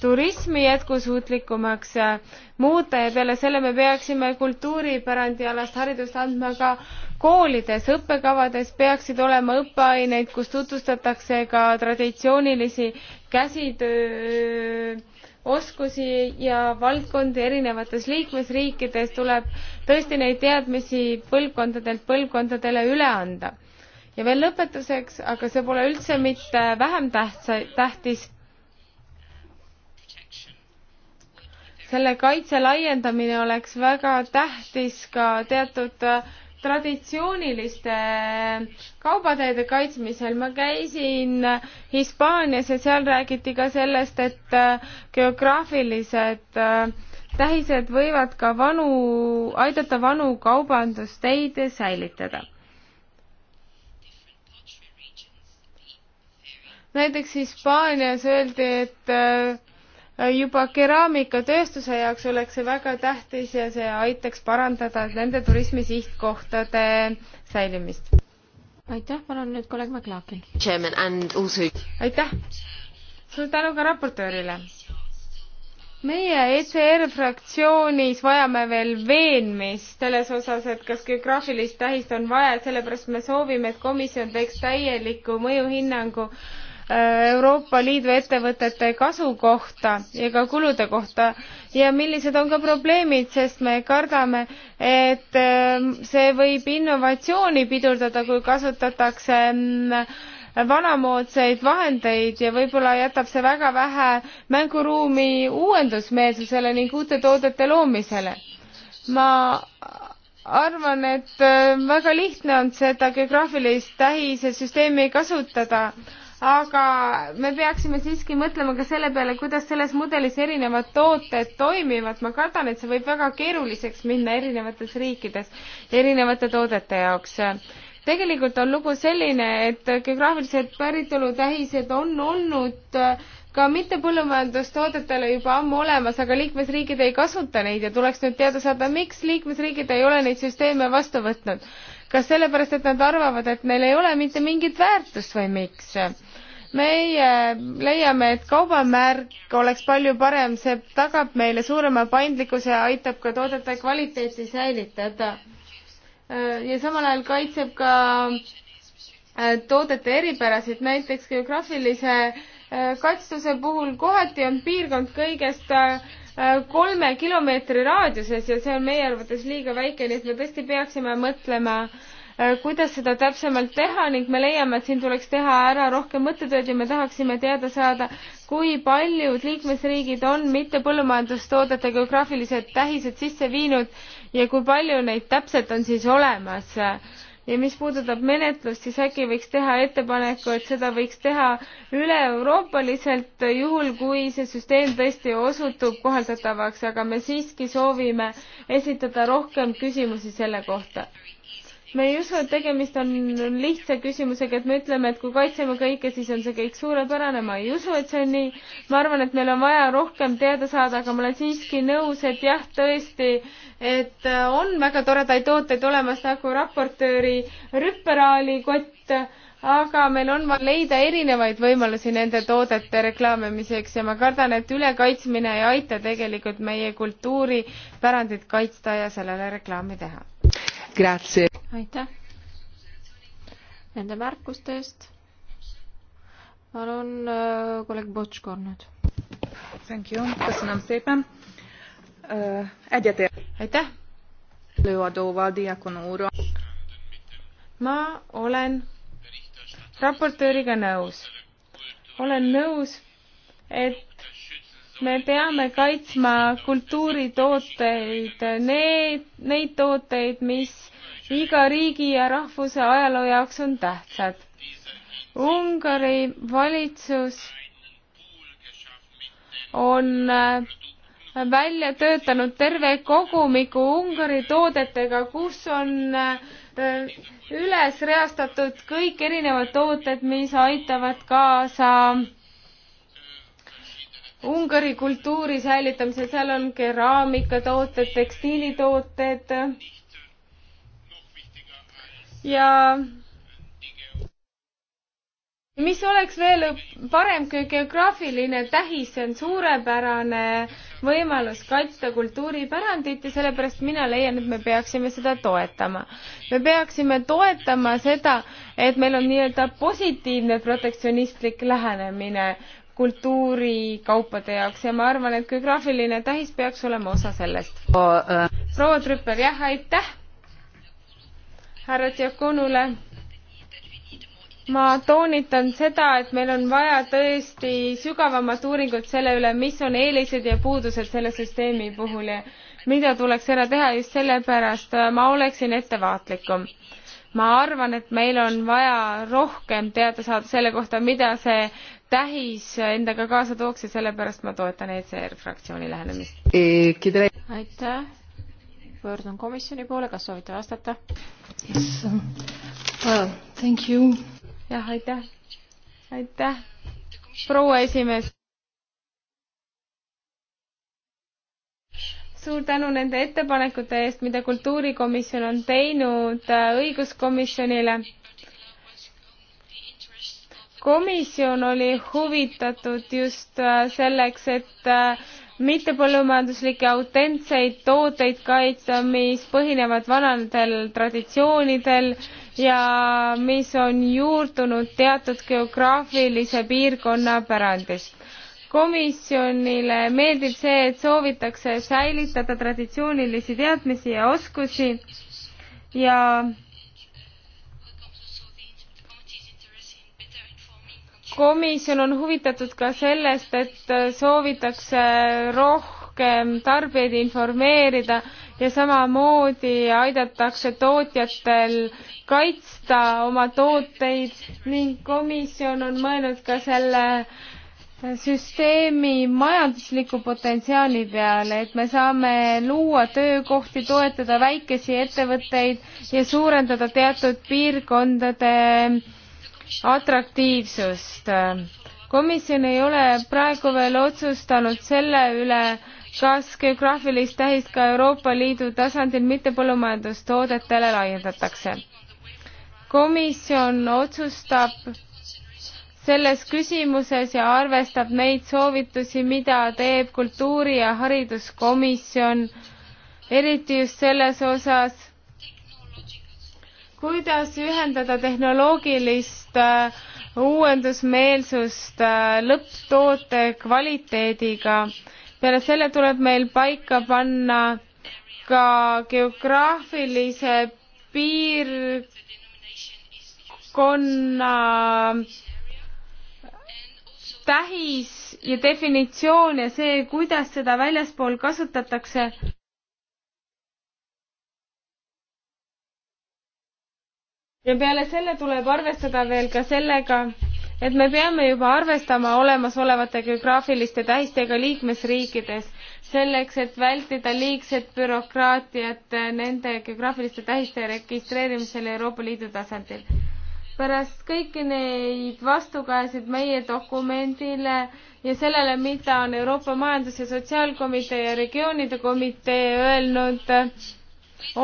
turismi jätkusuutlikumaks äh, muuta ja peale selle me peaksime kultuuripärandialast haridust andma ka koolides, õppekavades peaksid olema õppeaineid, kus tutvustatakse ka traditsioonilisi käsitöö äh, oskusi ja valdkondi erinevates liikmesriikides, tuleb tõesti neid teadmisi põlvkondadelt põlvkondadele üle anda. ja veel lõpetuseks, aga see pole üldse mitte vähem tähtsa, tähtis, selle kaitse laiendamine oleks väga tähtis ka teatud traditsiooniliste kaubateede kaitsmisel. ma käisin Hispaanias ja seal räägiti ka sellest, et äh, geograafilised äh, tähised võivad ka vanu, aidata vanu kaubandusteid säilitada. näiteks Hispaanias öeldi, et äh, juba keraamikatööstuse jaoks oleks see väga tähtis ja see aitaks parandada nende turismi sihtkohtade säilimist. aitäh, palun nüüd kolleeg McLaughlin. aitäh, suur tänu ka raportöörile. meie ECR fraktsioonis vajame veel veenmist selles osas, et kas geograafilist tähist on vaja, sellepärast me soovime, et komisjon teeks täieliku mõjuhinnangu äh, Euroopa Liidu ettevõtete kasu kohta ja ka kulude kohta ja millised on ka probleemid, sest me kardame, et ähm, see võib innovatsiooni pidurdada, kui kasutatakse mm, vanamoodsaid vahendeid ja võib-olla jätab see väga vähe mänguruumi uuendusmeelsusele ning uute toodete loomisele. ma arvan, et äh, väga lihtne on seda geograafilist tähise süsteemi kasutada aga me peaksime siiski mõtlema ka selle peale, kuidas selles mudelis erinevad tooted toimivad. ma kardan, et see võib väga keeruliseks minna erinevates riikides erinevate toodete jaoks tegelikult on lugu selline, et geograafilised päritolu tähised on olnud ka mittepõllumajandustoodetele juba ammu olemas, aga liikmesriigid ei kasuta neid ja tuleks nüüd teada saada, miks liikmesriigid ei ole neid süsteeme vastu võtnud. kas sellepärast, et nad arvavad, et neil ei ole mitte mingit väärtust või miks? meie leiame, et kaubamärk oleks palju parem, see tagab meile suurema paindlikkuse ja aitab ka toodete kvaliteeti säilitada. Äh, ja samal ajal kaitseb ka äh, toodete eripärasid, näiteks geograafilise äh, katstuse puhul kohati on piirkond kõigest kolme kilomeetri raadiuses ja see on meie arvates liiga väike, nii et me tõesti peaksime mõtlema äh, Äh, kuidas seda täpsemalt teha ning me leiame, et siin tuleks teha ära rohkem mõttetööd ja me tahaksime teada saada, kui paljud liikmesriigid on mitte põllumajandustoodete geograafilised tähised sisse viinud ja kui palju neid täpselt on siis olemas. ja mis puudutab menetlust, siis äkki võiks teha ettepaneku, et seda võiks teha üle-euroopaliselt, juhul kui see süsteem tõesti osutub kohaldatavaks, aga me siiski soovime esitada rohkem küsimusi selle kohta me ei usu, et tegemist on lihtsa küsimusega, et me ütleme, et kui kaitseme kõike, siis on see kõik suurepärane. ma ei usu, et see on nii. ma arvan, et meil on vaja rohkem teada saada, aga ma olen siiski nõus, et jah, tõesti, et äh, on väga toredaid tooteid olemas nagu raportööri rüperaalikott, aga meil on vaja leida erinevaid võimalusi nende toodete reklaamimiseks ja ma kardan, et ülekaitsmine ei aita tegelikult meie kultuuripärandit kaitsta ja sellele reklaami teha aitäh nende märkuste eest. palun äh, kolleeg Botško nüüd. Äh, aitäh. ma olen raportööriga nõus. olen nõus, et me peame kaitsma kultuuritooteid, need, neid tooteid, mis iga riigi ja rahvuse ajaloo jaoks on tähtsad. Ungari valitsus on äh, välja töötanud terve kogumiku Ungari toodetega, kus on äh, üles reastatud kõik erinevad tooted, mis aitavad kaasa äh, Ungari kultuuri säilitamisel, seal on keraamikatooted, tekstiilitooted ja mis oleks veel parem kui geograafiline tähis, see on suurepärane võimalus kaitsta kultuuripärandit ja sellepärast mina leian, et me peaksime seda toetama. me peaksime toetama seda, et meil on nii-öelda positiivne protektsionistlik lähenemine kultuurikaupade jaoks ja ma arvan, et geograafiline tähis peaks olema osa sellest. proua Trüppel, jah, aitäh härra Diakonule. ma toonitan seda, et meil on vaja tõesti sügavamat uuringut selle üle, mis on eelised ja puudused selle süsteemi puhul ja mida tuleks ära teha just sellepärast ma oleksin ettevaatlikum ma arvan, et meil on vaja rohkem teada saada selle kohta, mida see tähis endaga kaasa tooks ja sellepärast ma toetan ECR fraktsiooni lähenemist. aitäh, pöördun komisjoni poole, kas soovite vastata yes.? Um, well, jah, aitäh, aitäh, proua esimees suur tänu nende ettepanekute eest, mida kultuurikomisjon on teinud äh, õiguskomisjonile. komisjon oli huvitatud just äh, selleks, et äh, mittepõllumajanduslikke autentseid tooteid kaitsta, mis põhinevad vanadel traditsioonidel ja mis on juurdunud teatud geograafilise piirkonna pärandist komisjonile meeldib see, et soovitakse säilitada traditsioonilisi teadmisi ja oskusi ja komisjon on huvitatud ka sellest, et soovitakse rohkem tarbijaid informeerida ja samamoodi aidatakse tootjatel kaitsta oma tooteid ning komisjon on mõelnud ka selle äh, süsteemi majandusliku potentsiaali peale, et me saame luua töökohti, toetada väikesi ettevõtteid ja suurendada teatud piirkondade atraktiivsust. komisjon ei ole praegu veel otsustanud selle üle, kas geograafilist tähist ka Euroopa Liidu tasandil mittepõllumajandustoodetele laiendatakse. komisjon otsustab selles küsimuses ja arvestab neid soovitusi, mida teeb kultuuri- ja hariduskomisjon, eriti just selles osas, kuidas ühendada tehnoloogilist äh, uuendusmeelsust äh, lõpptoote kvaliteediga. peale selle tuleb meil paika panna ka geograafilise piirkonna äh, tähis ja definitsioon ja see, kuidas seda väljaspool kasutatakse. ja peale selle tuleb arvestada veel ka sellega, et me peame juba arvestama olemasolevate geograafiliste tähistega liikmesriikides selleks, et vältida liigset bürokraatiat nende geograafiliste tähiste registreerimisel Euroopa Liidu tasandil pärast kõiki neid vastukajasid meie dokumendile ja sellele, mida on Euroopa Majandus- ja Sotsiaalkomitee ja Regioonide Komitee öelnud,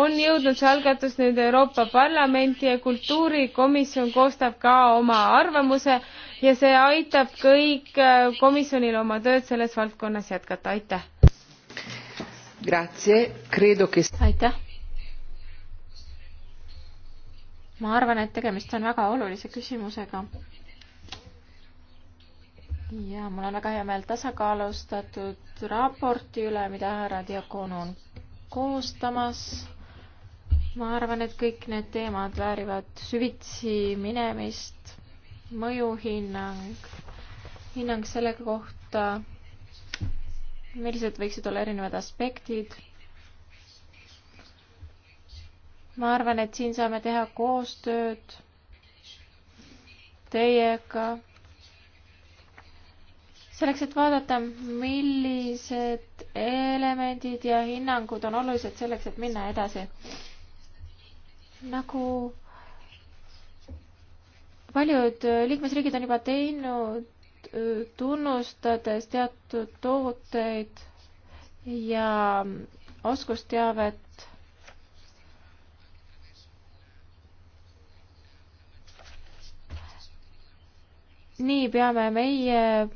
on jõudnud see algatus nüüd Euroopa Parlamenti ja Kultuurikomisjon koostab ka oma arvamuse ja see aitab kõik äh, komisjonil oma tööd selles valdkonnas jätkata, aitäh! aitäh! ma arvan, et tegemist on väga olulise küsimusega. ja mul on väga hea meel tasakaalustatud raporti üle, mida härra Diakon on koostamas. ma arvan, et kõik need teemad väärivad süvitsi minemist, mõjuhinnang, hinnang selle kohta, millised võiksid olla erinevad aspektid ma arvan, et siin saame teha koostööd teiega selleks, et vaadata, millised elemendid ja hinnangud on olulised selleks, et minna edasi. nagu paljud liikmesriigid on juba teinud, tunnustades teatud tooteid ja oskusteavet nii peame meie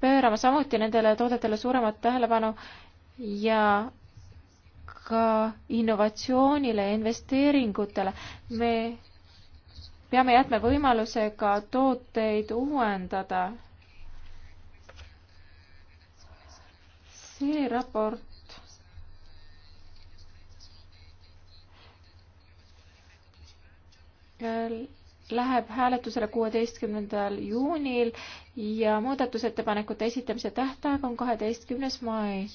pöörama samuti nendele toodetele suuremat tähelepanu ja ka innovatsioonile ja investeeringutele. me peame jätma võimaluse ka tooteid uuendada. see raport läheb hääletusele kuueteistkümnendal juunil ja muudatusettepanekute esitamise tähtaeg on kaheteistkümnes mai.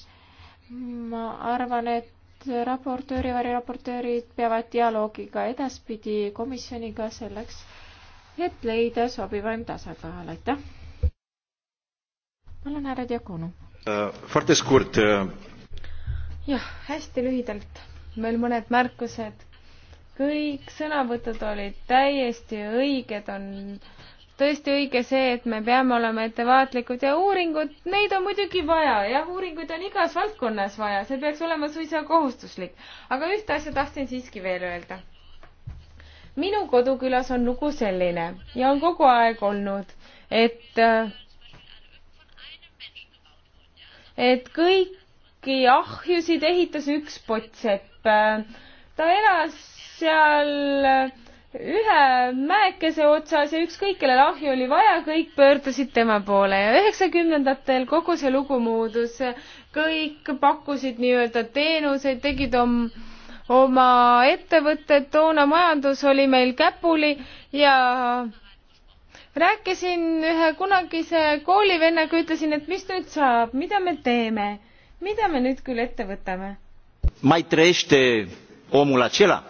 ma arvan, et raportöör ja variraportöörid peavad dialoogiga edaspidi komisjoniga selleks, et leida sobivaim tasakaal, aitäh. palun, härra Diakonu uh,. jah, hästi lühidalt, veel mõned märkused kõik sõnavõtud olid täiesti õiged, on tõesti õige see, et me peame olema ettevaatlikud ja uuringud, neid on muidugi vaja, jah, uuringuid on igas valdkonnas vaja, see peaks olema suisa kohustuslik. aga ühte asja tahtsin siiski veel öelda. minu kodukülas on lugu selline ja on kogu aeg olnud, et, et kõiki ahjusid ehitas üks pottsepp. ta elas seal ühe mäekese otsas ja ükskõik kellel ahju oli vaja, kõik pöördusid tema poole ja üheksakümnendatel kogu see lugu muudus. kõik pakkusid nii-öelda teenuseid, tegid om-, oma ettevõtted, toona majandus oli meil käpuli ja rääkisin ühe kunagise koolivennaga, ütlesin, et mis nüüd saab, mida me teeme, mida me nüüd küll ette võtame? ma ei tea omul acela.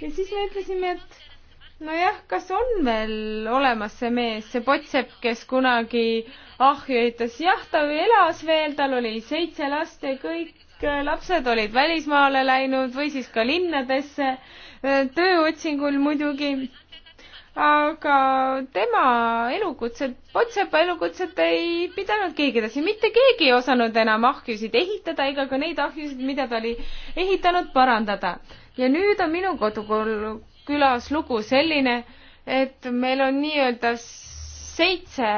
ja siis me ütlesime, et nojah, kas on veel olemas see mees, see Potsepp, kes kunagi ahju ütles, jah, ta elas veel, tal oli seitse last ja kõik äh, lapsed olid välismaale läinud või siis ka linnadesse, äh, tööotsingul muidugi aga tema elukutset, Potsepa elukutset ei pidanud keegi edasi, mitte keegi ei osanud enam ahjusid ehitada ega ka neid ahjusid, mida ta oli ehitanud, parandada. ja nüüd on minu kodukülas lugu selline, et meil on nii-öelda seitse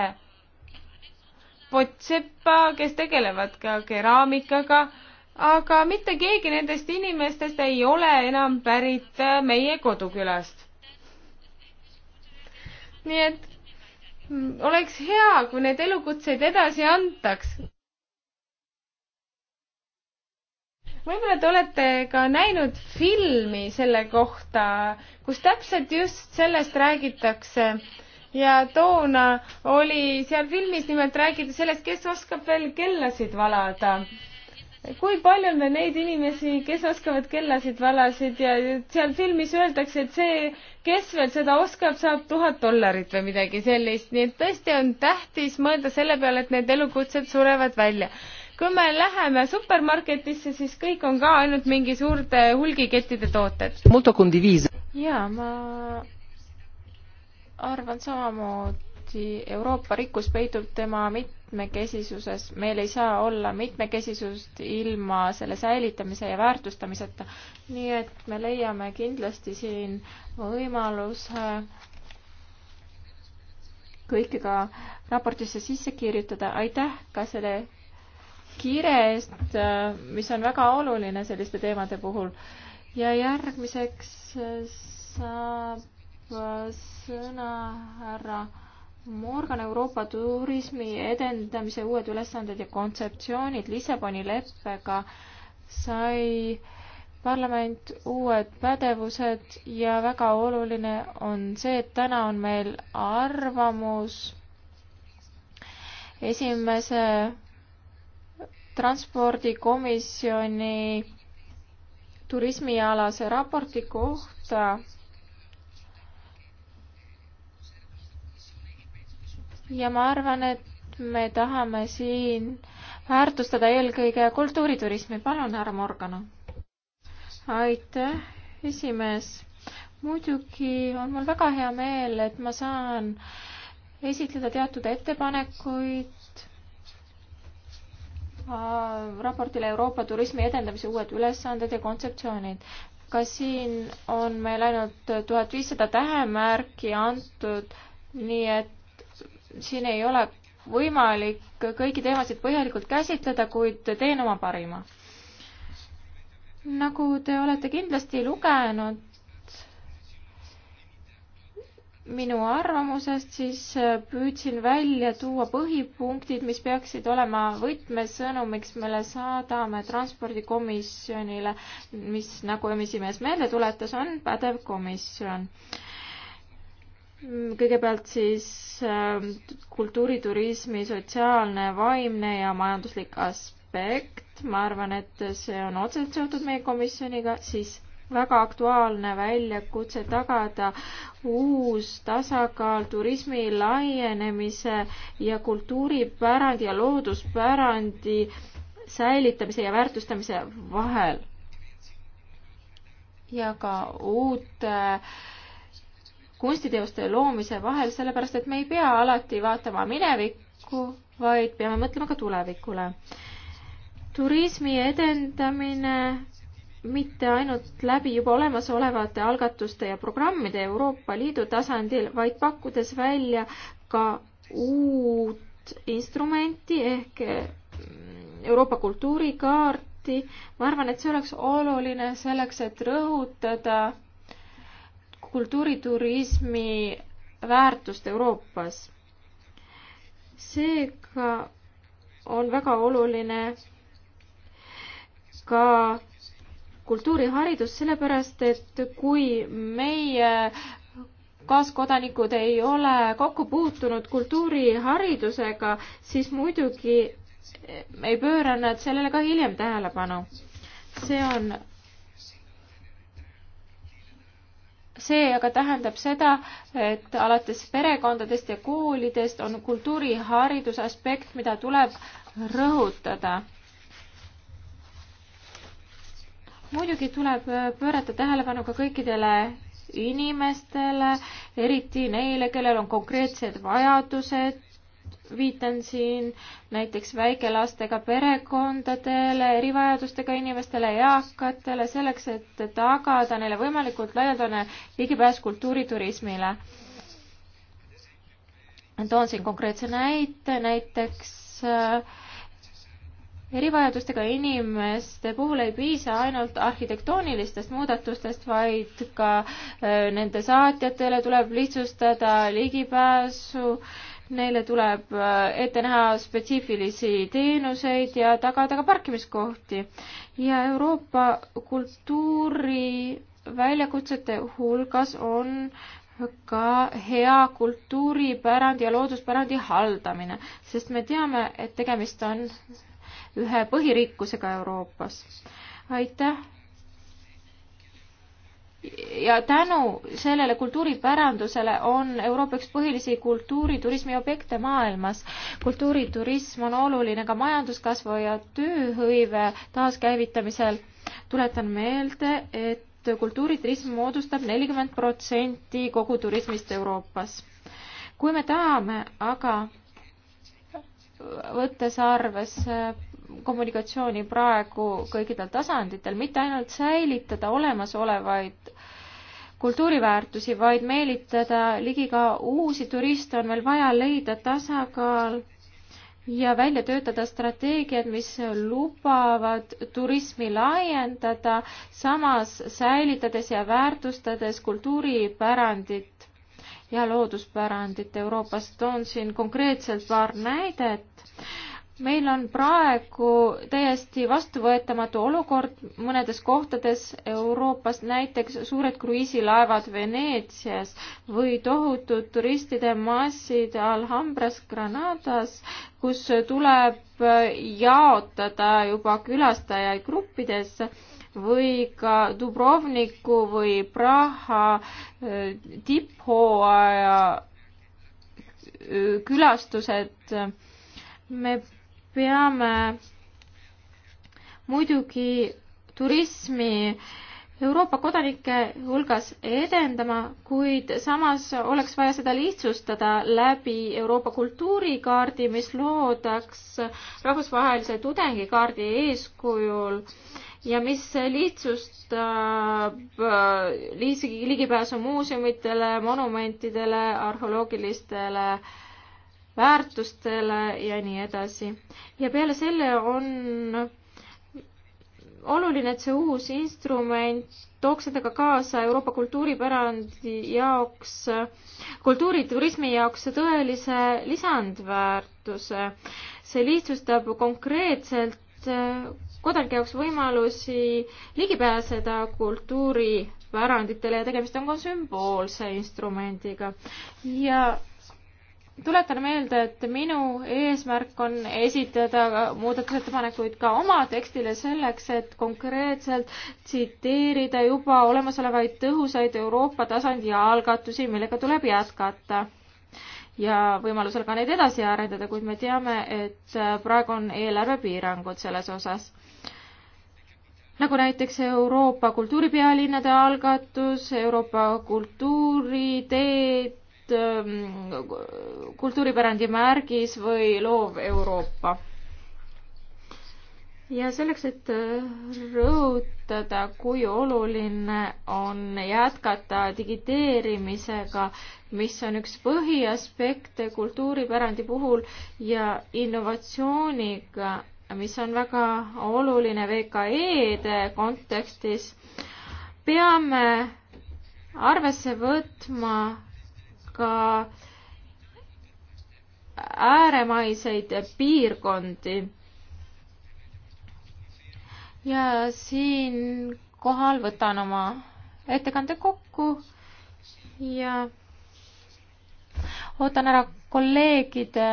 Potsepa, kes tegelevad ka keraamikaga, aga mitte keegi nendest inimestest ei ole enam pärit meie kodukülast nii et oleks hea, kui neid elukutseid edasi antaks. võib-olla te olete ka näinud filmi selle kohta, kus täpselt just sellest räägitakse ja toona oli seal filmis nimelt räägida sellest, kes oskab veel kellasid valada. kui palju on veel neid inimesi, kes oskavad kellasid valasid ja seal filmis öeldakse, et see kes veel seda oskab, saab tuhat dollarit või midagi sellist, nii et tõesti on tähtis mõelda selle peale, et need elukutsed surevad välja. kui me läheme supermarketisse, siis kõik on ka ainult mingi suurte hulgikettide tooted. jaa, ma arvan samamoodi tõesti, Euroopa rikkus peitub tema mitmekesisuses. meil ei saa olla mitmekesisust ilma selle säilitamise ja väärtustamiseta. nii et me leiame kindlasti siin võimaluse kõike ka raportisse sisse kirjutada. aitäh ka selle kire eest, mis on väga oluline selliste teemade puhul. ja järgmiseks saab sõna härra Morgan Euroopa turismi edendamise uued ülesanded ja kontseptsioonid Lissaboni leppega sai parlament uued pädevused ja väga oluline on see, et täna on meil arvamus esimese transpordikomisjoni turismialase raporti kohta ja ma arvan, et me tahame siin väärtustada eelkõige kultuuriturismi. palun, härra Morgana. aitäh, esimees. muidugi on mul väga hea meel, et ma saan esitleda teatud ettepanekuid äh, raportile Euroopa turismi edendamise uued ülesanded ja kontseptsioonid. ka siin on meil ainult tuhat viissada tähemärki antud, nii et siin ei ole võimalik kõiki teemasid põhjalikult käsitleda, kuid teen oma parima. nagu te olete kindlasti lugenud minu arvamusest, siis püüdsin välja tuua põhipunktid, mis peaksid olema võtmesõnumiks, mille saadame transpordikomisjonile, mis, nagu esimees meelde tuletas, on pädev komisjon kõigepealt siis ähm, kultuuriturismi sotsiaalne, vaimne ja majanduslik aspekt. ma arvan, et see on otseselt seotud meie komisjoniga, siis väga aktuaalne väljakutse tagada uus tasakaal turismi laienemise ja kultuuripärandi ja looduspärandi säilitamise ja väärtustamise vahel. ja ka uute äh, kunstiteoste loomise vahel, sellepärast et me ei pea alati vaatama minevikku, vaid peame mõtlema ka tulevikule. turismi edendamine mitte ainult läbi juba olemasolevate algatuste ja programmide Euroopa Liidu tasandil, vaid pakkudes välja ka uut instrumenti ehk mm, Euroopa kultuurikaarti. ma arvan, et see oleks oluline selleks, et rõhutada kultuuriturismi väärtust Euroopas. seega on väga oluline ka kultuuriharidus, sellepärast et kui meie kaaskodanikud ei ole kokku puutunud kultuuriharidusega, siis muidugi ei pööra nad sellele ka hiljem tähelepanu. see on see aga tähendab seda, et alates perekondadest ja koolidest on kultuurihariduse aspekt, mida tuleb rõhutada. muidugi tuleb pöörata tähelepanu ka kõikidele inimestele, eriti neile, kellel on konkreetsed vajadused viitan siin näiteks väikelastega perekondadele, erivajadustega inimestele, eakatele, selleks, et tagada neile võimalikult laialdane ligipääs kultuuriturismile. toon siin konkreetse näite, näiteks äh, erivajadustega inimeste puhul ei piisa ainult arhitektoonilistest muudatustest, vaid ka äh, nende saatjatele tuleb lihtsustada ligipääsu äh, neile tuleb äh, ette näha spetsiifilisi teenuseid ja tagada ka parkimiskohti. ja Euroopa kultuuri väljakutsete hulgas on ka hea kultuuripärandi ja looduspärandi haldamine, sest me teame, et tegemist on ühe põhirikkusega Euroopas. aitäh ja tänu sellele kultuuripärandusele on Euroopa üks põhilisi kultuuriturismi objekte maailmas. kultuuriturism on oluline ka majanduskasvu ja tööhõive taaskäivitamisel. tuletan meelde, et kultuuriturism moodustab nelikümmend protsenti kogu turismist Euroopas. kui me tahame aga võttes arvesse kommunikatsiooni praegu kõikidel tasanditel, mitte ainult säilitada olemasolevaid kultuuriväärtusi, vaid meelitada ligi ka uusi turiste, on meil vaja leida tasakaal ja välja töötada strateegiad, mis lubavad turismi laiendada, samas säilitades ja väärtustades kultuuripärandit ja looduspärandit Euroopas. toon siin konkreetselt paar näidet meil on praegu täiesti vastuvõetamatu olukord mõnedes kohtades Euroopas, näiteks suured kruiisilaevad Veneetsias või tohutud turistide massid Alhambras, Granadas, kus tuleb jaotada juba külastajaid gruppides või ka Dubrovniku või Praha eh, tipphooaja eh, külastused me peame muidugi turismi Euroopa kodanike hulgas edendama, kuid samas oleks vaja seda lihtsustada läbi Euroopa kultuurikaardi, mis loodaks rahvusvahelise tudengikaardi eeskujul ja mis lihtsustab äh, liigi, ligipääsu muuseumidele, monumentidele, arheoloogilistele äh, väärtustele ja nii edasi. ja peale selle on oluline, et see uus instrument tooks endaga kaasa Euroopa kultuuripärandi jaoks, kultuuriturismi jaoks tõelise lisandväärtuse. see lihtsustab konkreetselt kodanike jaoks võimalusi ligi pääseda kultuuripäranditele ja tegemist on ka sümboolse instrumendiga. ja tuletan meelde, et minu eesmärk on esitada muudatusettepanekuid ka oma tekstile selleks, et konkreetselt tsiteerida juba olemasolevaid tõhusaid Euroopa tasandi algatusi, millega tuleb jätkata ja võimalusel ka neid edasi arendada, kuid me teame, et praegu on eelarvepiirangud selles osas nagu näiteks Euroopa kultuuripealinnade algatus, Euroopa kultuuriteed, Ähm, kultuuripärandi märgis või loov Euroopa. ja selleks, et äh, rõhutada, kui oluline on jätkata digiteerimisega, mis on üks põhiaspekte kultuuripärandi puhul ja innovatsiooniga, mis on väga oluline VKE-de kontekstis, peame arvesse võtma ka ääremaiseid piirkondi. ja siinkohal võtan oma ettekande kokku ja ootan ära kolleegide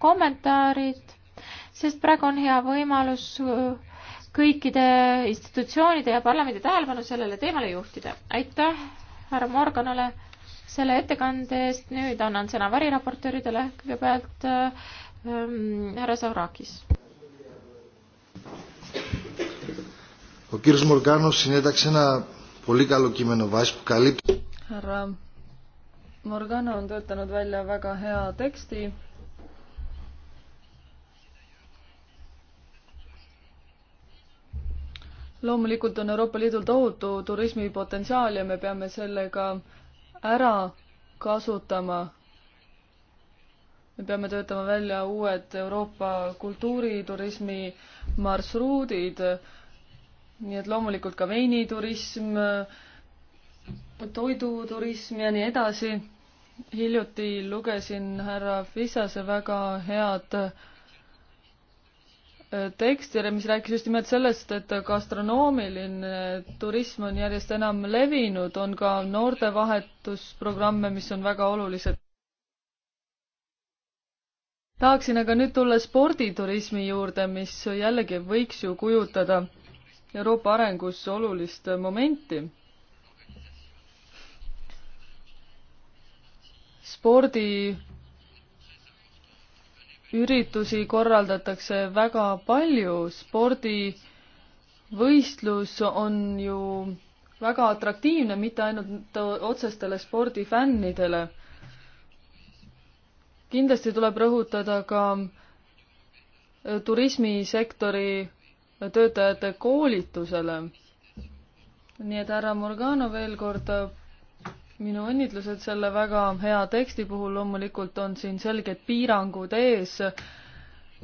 kommentaarid, sest praegu on hea võimalus kõikide institutsioonide ja parlamendi tähelepanu sellele teemale juhtida. aitäh härra Morganale selle ettekande eest, nüüd annan sõna variraportööridele, kõigepealt ähm, härra Savrakis. härra Morgana on töötanud välja väga hea teksti loomulikult on Euroopa Liidul tohutu turismipotentsiaal ja me peame sellega ära kasutama. me peame töötama välja uued Euroopa kultuuriturismi marsruudid, nii et loomulikult ka veiniturism, toiduturism ja nii edasi. hiljuti lugesin härra Fissase väga head teksti, mis rääkis just nimelt sellest, et gastronoomiline turism on järjest enam levinud, on ka noortevahetusprogramme, mis on väga olulised. tahaksin aga nüüd tulla sporditurismi juurde, mis jällegi võiks ju kujutada Euroopa arengus olulist momenti spordi üritusi korraldatakse väga palju, spordivõistlus on ju väga atraktiivne mitte ainult otsestele spordifännidele. kindlasti tuleb rõhutada ka turismisektori töötajate koolitusele. nii et härra Morgano veel kord minu õnnitlused selle väga hea teksti puhul, loomulikult on siin selged piirangud ees,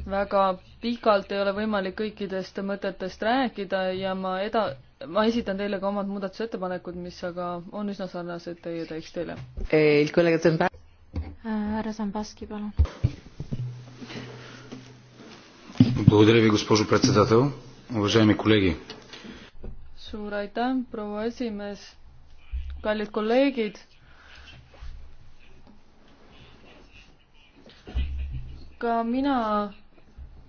väga pikalt ei ole võimalik kõikidest mõtetest rääkida ja ma eda-, ma esitan teile ka omad muudatusettepanekud, mis aga on üsna sarnased teie tekstile. härra Zambaski, palun. Благодаря ви, госпожо председател. Уважаеми колеги. Suur aitäh, proua esimees kallid kolleegid. ka mina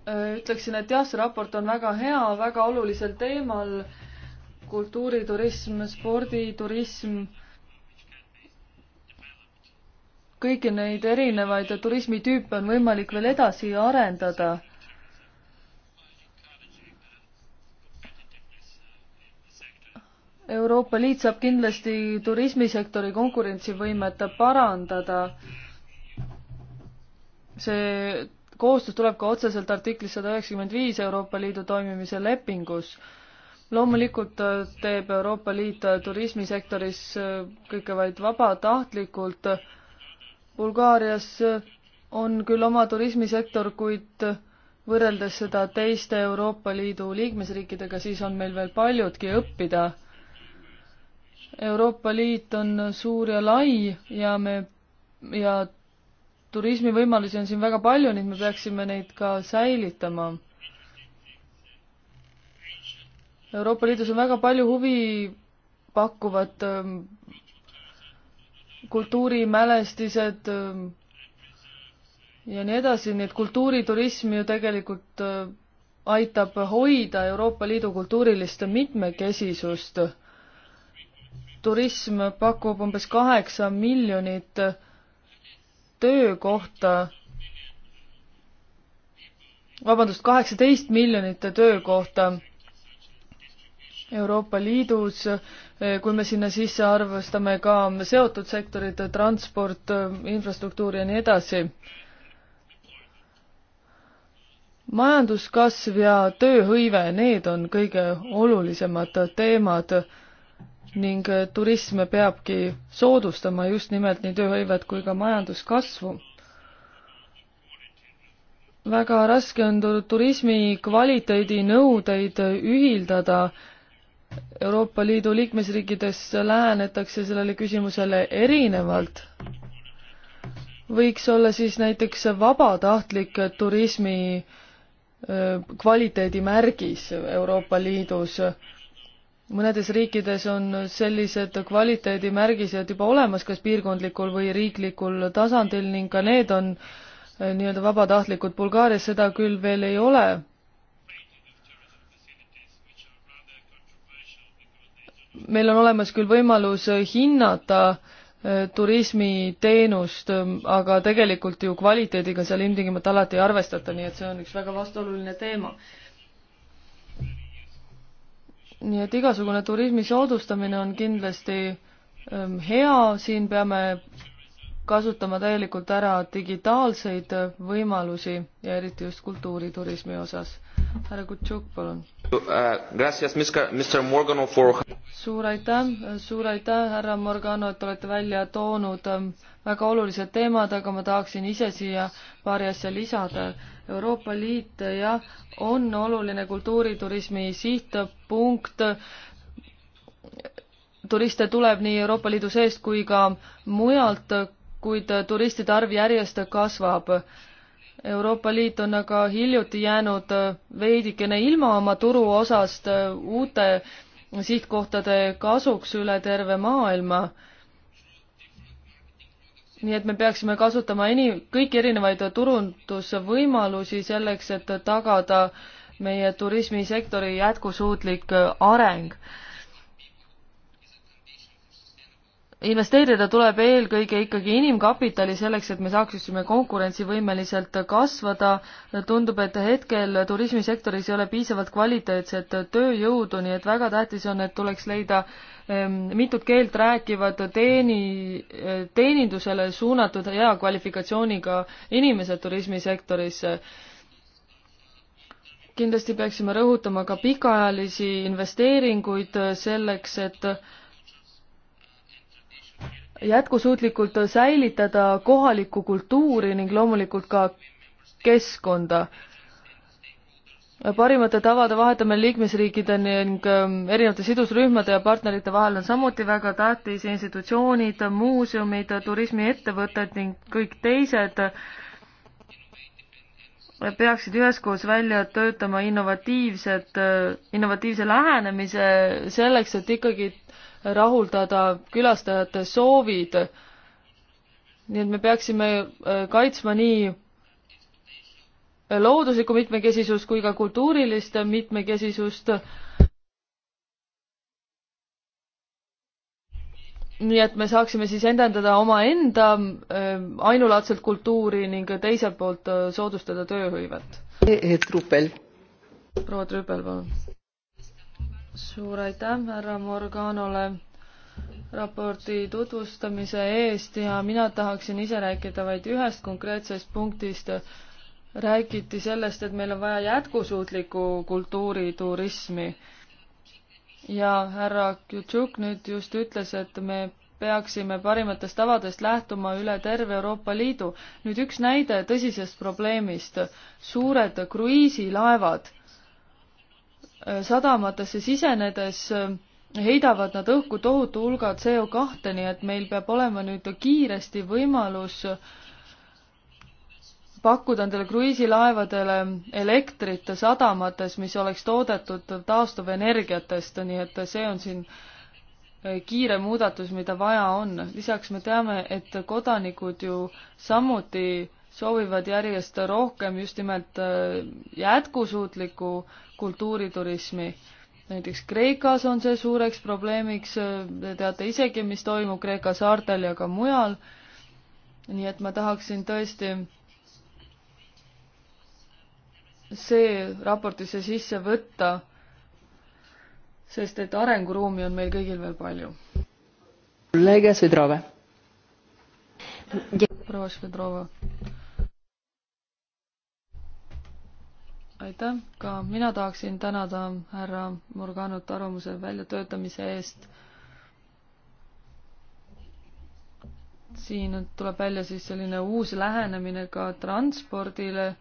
äh, ütleksin, et jah, see raport on väga hea, väga olulisel teemal. kultuuriturism, sporditurism kõiki neid erinevaid turismitüüpe on võimalik veel edasi arendada Euroopa Liit saab kindlasti turismisektori konkurentsivõimet parandada. see kohustus tuleb ka otseselt artiklis sada üheksakümmend viis Euroopa Liidu toimimise lepingus. loomulikult äh, teeb Euroopa Liit äh, turismisektoris äh, kõike vaid vabatahtlikult. Bulgaarias on küll oma turismisektor, kuid võrreldes seda teiste Euroopa Liidu liikmesriikidega, siis on meil veel paljudki õppida Euroopa Liit on suur ja lai ja me ja turismivõimalusi on siin väga palju, nii et me peaksime neid ka säilitama. Euroopa Liidus on väga palju huvi pakkuvat ähm, kultuurimälestised ähm, ja nii edasi, nii et kultuuriturism ju tegelikult äh, aitab hoida Euroopa Liidu kultuurilist mitmekesisust turism pakub umbes kaheksa miljonit töökohta, vabandust, kaheksateist miljonit töökohta Euroopa Liidus, kui me sinna sisse arvestame ka seotud sektorid, transport, infrastruktuur ja nii edasi. majanduskasv ja tööhõive, need on kõige olulisemad teemad ning äh, turism peabki soodustama just nimelt nii tööhõivet kui ka majanduskasvu. väga raske on turismi kvaliteedinõudeid ühildada. Euroopa Liidu liikmesriikides lähenetakse sellele küsimusele erinevalt. võiks olla siis näiteks vabatahtlik turismi äh, kvaliteedimärgis Euroopa Liidus mõnedes riikides on sellised kvaliteedimärgised juba olemas, kas piirkondlikul või riiklikul tasandil ning ka need on eh, nii-öelda vabatahtlikud, Bulgaarias seda küll veel ei ole. meil on olemas küll võimalus hinnata eh, turismiteenust, eh, aga tegelikult ju kvaliteediga seal ilmtingimata alati ei arvestata, nii et see on üks väga vastuoluline teema nii et igasugune turismi soodustamine on kindlasti ähm, hea, siin peame kasutama täielikult ära digitaalseid võimalusi ja eriti just kultuuriturismi osas. härra Kutšuk, palun. Uh, suur aitäh, suur aitäh, härra Morgano, et olete välja toonud ähm, väga olulised teemad, aga ma tahaksin ise siia paari asja lisada Euroopa Liit jah, on oluline kultuuriturismi sihtpunkt, turiste tuleb nii Euroopa Liidu seest kui ka mujalt, kuid turistide arv järjest kasvab. Euroopa Liit on aga hiljuti jäänud veidikene ilma oma turuosast uute sihtkohtade kasuks üle terve maailma nii et me peaksime kasutama eni-, kõiki erinevaid turundusvõimalusi selleks, et tagada meie turismisektori jätkusuutlik areng investeerida tuleb eelkõige ikkagi inimkapitali selleks, et me saaksime konkurentsivõimeliselt kasvada. tundub, et hetkel turismisektoris ei ole piisavalt kvaliteetset tööjõudu, nii et väga tähtis on, et tuleks leida ehm, mitut keelt rääkivad teeni, teenindusele suunatud hea kvalifikatsiooniga inimesed turismisektoris kindlasti peaksime rõhutama ka pikaajalisi investeeringuid selleks, et jätkusuutlikult säilitada kohalikku kultuuri ning loomulikult ka keskkonda. parimate tavade vahetamine liikmesriikide ning ähm, erinevate sidusrühmade ja partnerite vahel on samuti väga tähtis, institutsioonid, muuseumid, turismiettevõtted ning kõik teised peaksid üheskoos välja töötama innovatiivsed, äh, innovatiivse lähenemise selleks, et ikkagi rahuldada külastajate soovid. nii et me peaksime äh, kaitsma nii äh, looduslikku mitmekesisust kui ka kultuurilist mitmekesisust. nii et me saaksime siis edendada omaenda äh, ainulaadset kultuuri ning teiselt poolt soodustada tööhõivet. proua Trüpel, palun suur aitäh härra Morganole raporti tutvustamise eest ja mina tahaksin ise rääkida vaid ühest konkreetsest punktist. räägiti sellest, et meil on vaja jätkusuutlikku kultuuriturismi. ja härra Kjutšuk nüüd just ütles, et me peaksime parimatest tavadest lähtuma üle terve Euroopa Liidu. nüüd üks näide tõsisest probleemist. suured kruiisilaevad sadamatesse sisenedes äh, heidavad nad õhku tohutu hulga CO kahte, nii et meil peab olema nüüd kiiresti võimalus pakkuda nendele kruiisilaevadele elektrit sadamates, mis oleks toodetud taastuvenergiatest, nii et see on siin äh, kiire muudatus, mida vaja on. lisaks me teame, et kodanikud ju samuti soovivad järjest rohkem just nimelt äh, jätkusuutlikku kultuuriturismi. näiteks Kreekas on see suureks probleemiks, äh, te teate isegi, mis toimub Kreeka saartel ja ka mujal. nii et ma tahaksin tõesti see raportisse sisse võtta, sest et arenguruumi on meil kõigil veel palju. proua Svedrova aitäh, ka mina tahaksin tänada härra Morganot arvamuse väljatöötamise eest. siin tuleb välja siis selline uus lähenemine ka transpordile.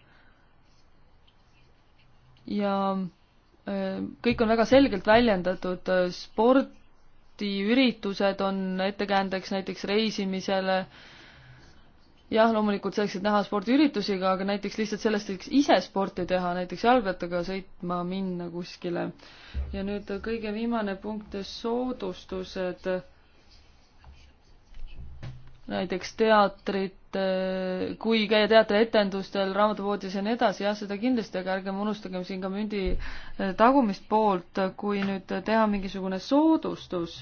ja äh, kõik on väga selgelt väljendatud, spordiüritused on ettekäändeks näiteks reisimisele jah, loomulikult selleks, et näha spordiüritusi, aga näiteks lihtsalt sellest, et ise sporti teha, näiteks jalgrattaga sõitma minna kuskile. ja nüüd kõige viimane punkt, soodustused. näiteks teatrit, kui käia teatrietendustel, raamatupoodides ja nii edasi, jah, seda kindlasti, aga ärgem unustagem siin ka mündi tagumist poolt, kui nüüd teha mingisugune soodustus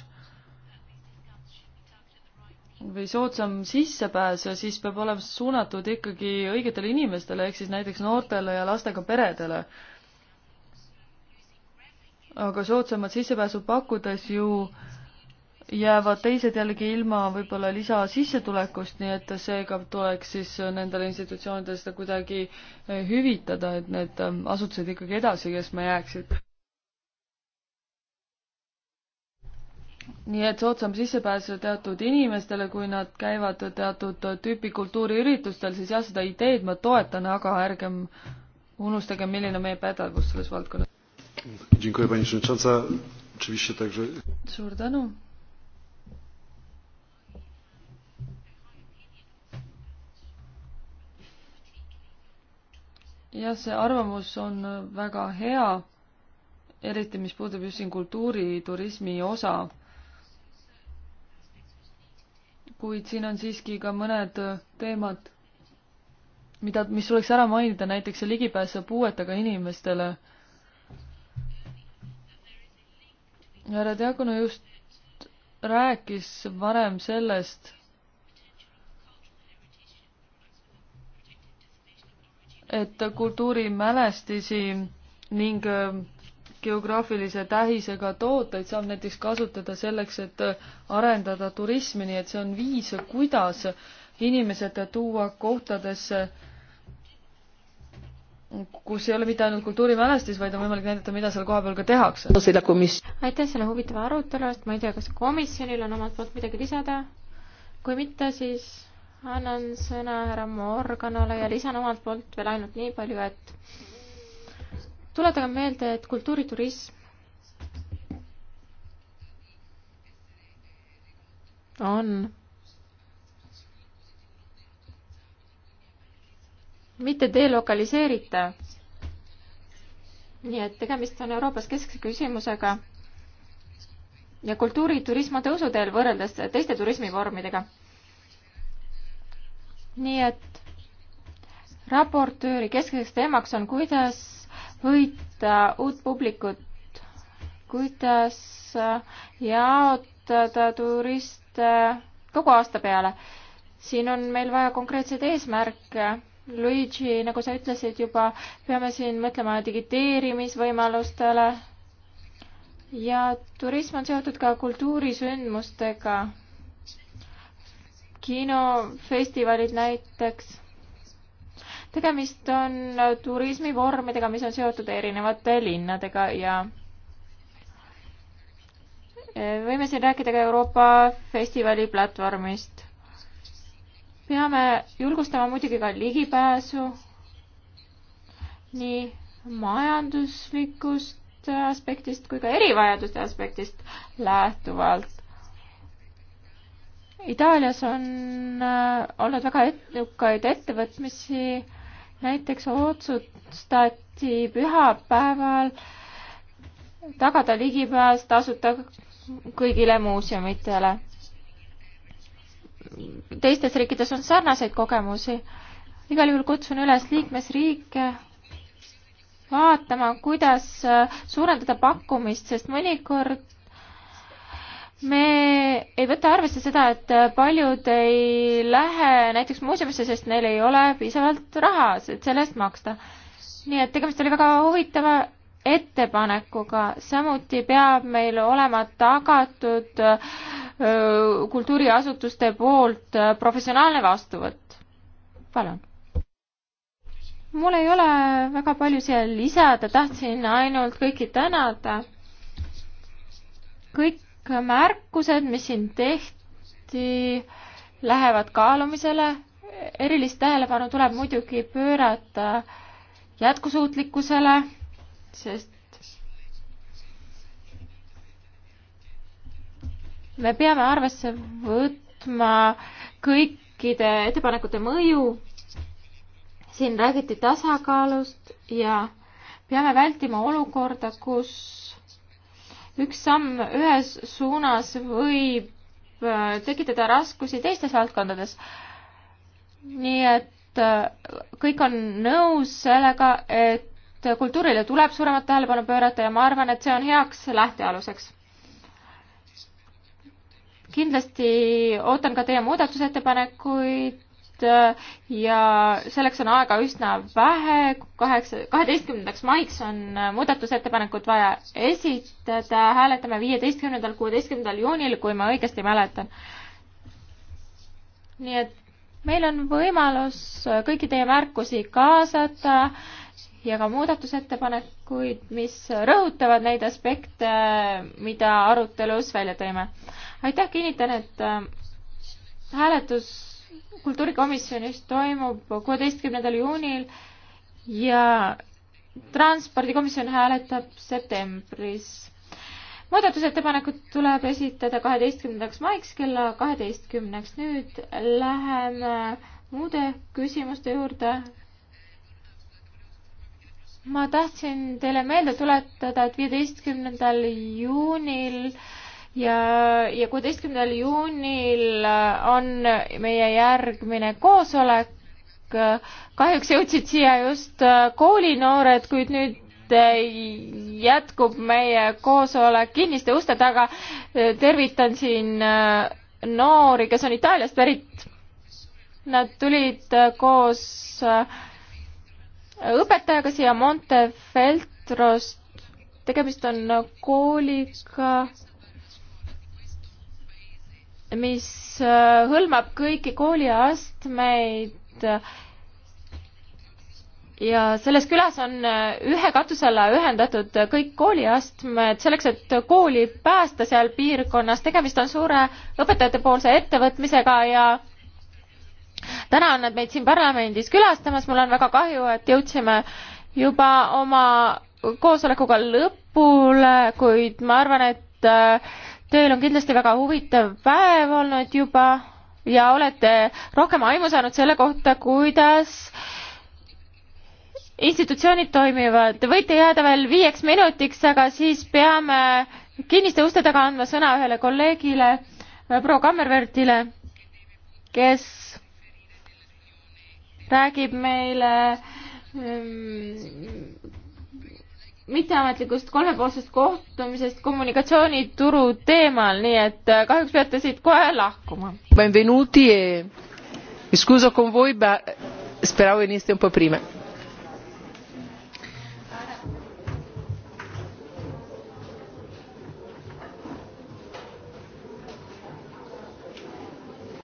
või soodsam sissepääs, siis peab olema suunatud ikkagi õigetele inimestele, ehk siis näiteks noortele ja lastega peredele. aga soodsamat sissepääsu pakkudes ju jäävad teised jällegi ilma võib-olla lisasissetulekust, nii et seega tuleks siis nendele institutsioonidele seda kuidagi hüvitada, et need asutused ikkagi edasi kestma jääksid nii et soodsam sissepääs teatud inimestele, kui nad käivad teatud tüüpi kultuuriüritustel, siis jah, seda ideed ma toetan, aga ärgem unustage, milline meie pädevus selles valdkonnas. suur tänu. jah, see arvamus on väga hea, eriti mis puudutab just siin kultuuriturismi osa kuid siin on siiski ka mõned äh, teemad, mida, mis tuleks ära mainida, näiteks see ligipääs puuetega inimestele. härra Diakonu just rääkis varem sellest, et kultuurimälestisi ning äh, geograafilise tähisega tooteid saab näiteks kasutada selleks, et arendada turismi, nii et see on viis, kuidas inimesed tuua kohtadesse, kus ei ole mitte ainult kultuurimälestis, vaid on võimalik näidata, mida seal kohapeal ka tehakse. aitäh selle huvitava arutelu eest, ma ei tea, kas komisjonil on omalt poolt midagi lisada? kui mitte, siis annan sõna härra Morganole ja lisan omalt poolt veel ainult nii palju, et tuletage meelde, et kultuuriturism on mitte delokaliseeritav. nii et tegemist on Euroopas keskse küsimusega ja kultuuriturism on tõusuteel võrreldes teiste turismivormidega. nii et raportööri keskseks teemaks on, kuidas võita uut publikut, kuidas jaotada turiste kogu aasta peale. siin on meil vaja konkreetseid eesmärke. Luigi, nagu sa ütlesid juba, peame siin mõtlema digiteerimisvõimalustele ja turism on seotud ka kultuurisündmustega, kinofestivalid näiteks tegemist on turismivormidega, mis on seotud erinevate linnadega ja võime siin rääkida ka Euroopa festivali platvormist. peame julgustama muidugi ka ligipääsu nii majanduslikust aspektist kui ka erivajaduste aspektist lähtuvalt. Itaalias on äh, olnud väga edukaid ettevõtmisi näiteks otsustati pühapäeval tagada ligipääs tasuta kõigile muuseumitele. teistes riikides on sarnaseid kogemusi. igal juhul kutsun üles liikmesriike vaatama, kuidas suurendada pakkumist, sest mõnikord me ei võta arvesse seda, et paljud ei lähe näiteks muuseumisse, sest neil ei ole piisavalt raha, et selle eest maksta. nii et tegemist oli väga huvitava ettepanekuga, samuti peab meil olema tagatud kultuuriasutuste poolt professionaalne vastuvõtt. palun. mul ei ole väga palju siia lisada, tahtsin ainult kõiki tänada. kõik märkused, mis siin tehti, lähevad kaalumisele. erilist tähelepanu tuleb muidugi pöörata jätkusuutlikkusele, sest me peame arvesse võtma kõikide ettepanekute mõju. siin räägiti tasakaalust ja peame vältima olukorda, kus üks samm ühes suunas võib äh, tekitada raskusi teistes valdkondades. nii et äh, kõik on nõus sellega, et kultuurile tuleb suuremat tähelepanu pöörata ja ma arvan, et see on heaks lähtealuseks. kindlasti ootan ka teie muudatusettepanekuid eest äh, ja selleks on aega üsna vähe, kaheksa, kaheteistkümnendaks maiks on äh, muudatusettepanekud vaja esitada, hääletame viieteistkümnendal, kuueteistkümnendal juunil, kui ma õigesti mäletan. nii et meil on võimalus äh, kõiki teie märkusi kaasata ja ka muudatusettepanekuid, mis rõhutavad neid aspekte, mida arutelus välja tõime. aitäh, kinnitan, et hääletus kultuurikomisjonis toimub kuueteistkümnendal juunil ja transpordikomisjon hääletab septembris. muudatusettepanekud tuleb esitada kaheteistkümnendaks maiks kella kaheteistkümneks. nüüd läheme muude küsimuste juurde. ma tahtsin teile meelde tuletada, et viieteistkümnendal juunil äh, ja, ja kuueteistkümnendal juunil äh, on meie järgmine koosolek. kahjuks jõudsid siia just äh, koolinoored, kuid nüüd äh, jätkub meie koosolek kinniste uste taga. tervitan siin noori, kes on Itaaliast pärit. Nad tulid koos õpetajaga siia Montefeltrost. tegemist on kooliga mis äh, hõlmab kõiki kooliastmeid ja selles külas on äh, ühe katuse alla ühendatud kõik kooliastmed selleks, et kooli päästa seal piirkonnas. tegemist on suure õpetajatepoolse ettevõtmisega ja täna on nad meid siin parlamendis külastamas. mul on väga kahju, et jõudsime juba oma koosolekuga lõpule, kuid ma arvan, et äh, Teil on kindlasti väga huvitav päev olnud juba ja olete rohkem aimu saanud selle kohta, kuidas institutsioonid toimivad. võite jääda veel viieks minutiks, aga siis peame kinniste uste taga andma sõna ühele kolleegile, proua Kammervertile, kes räägib meile mm, mitteametlikust kolmepoolsest kohtumisest kommunikatsioonituru teemal, nii et äh, kahjuks peate siit kohe lahkuma. Benvenuti e scuso con voi, ma speravo veniste un po prima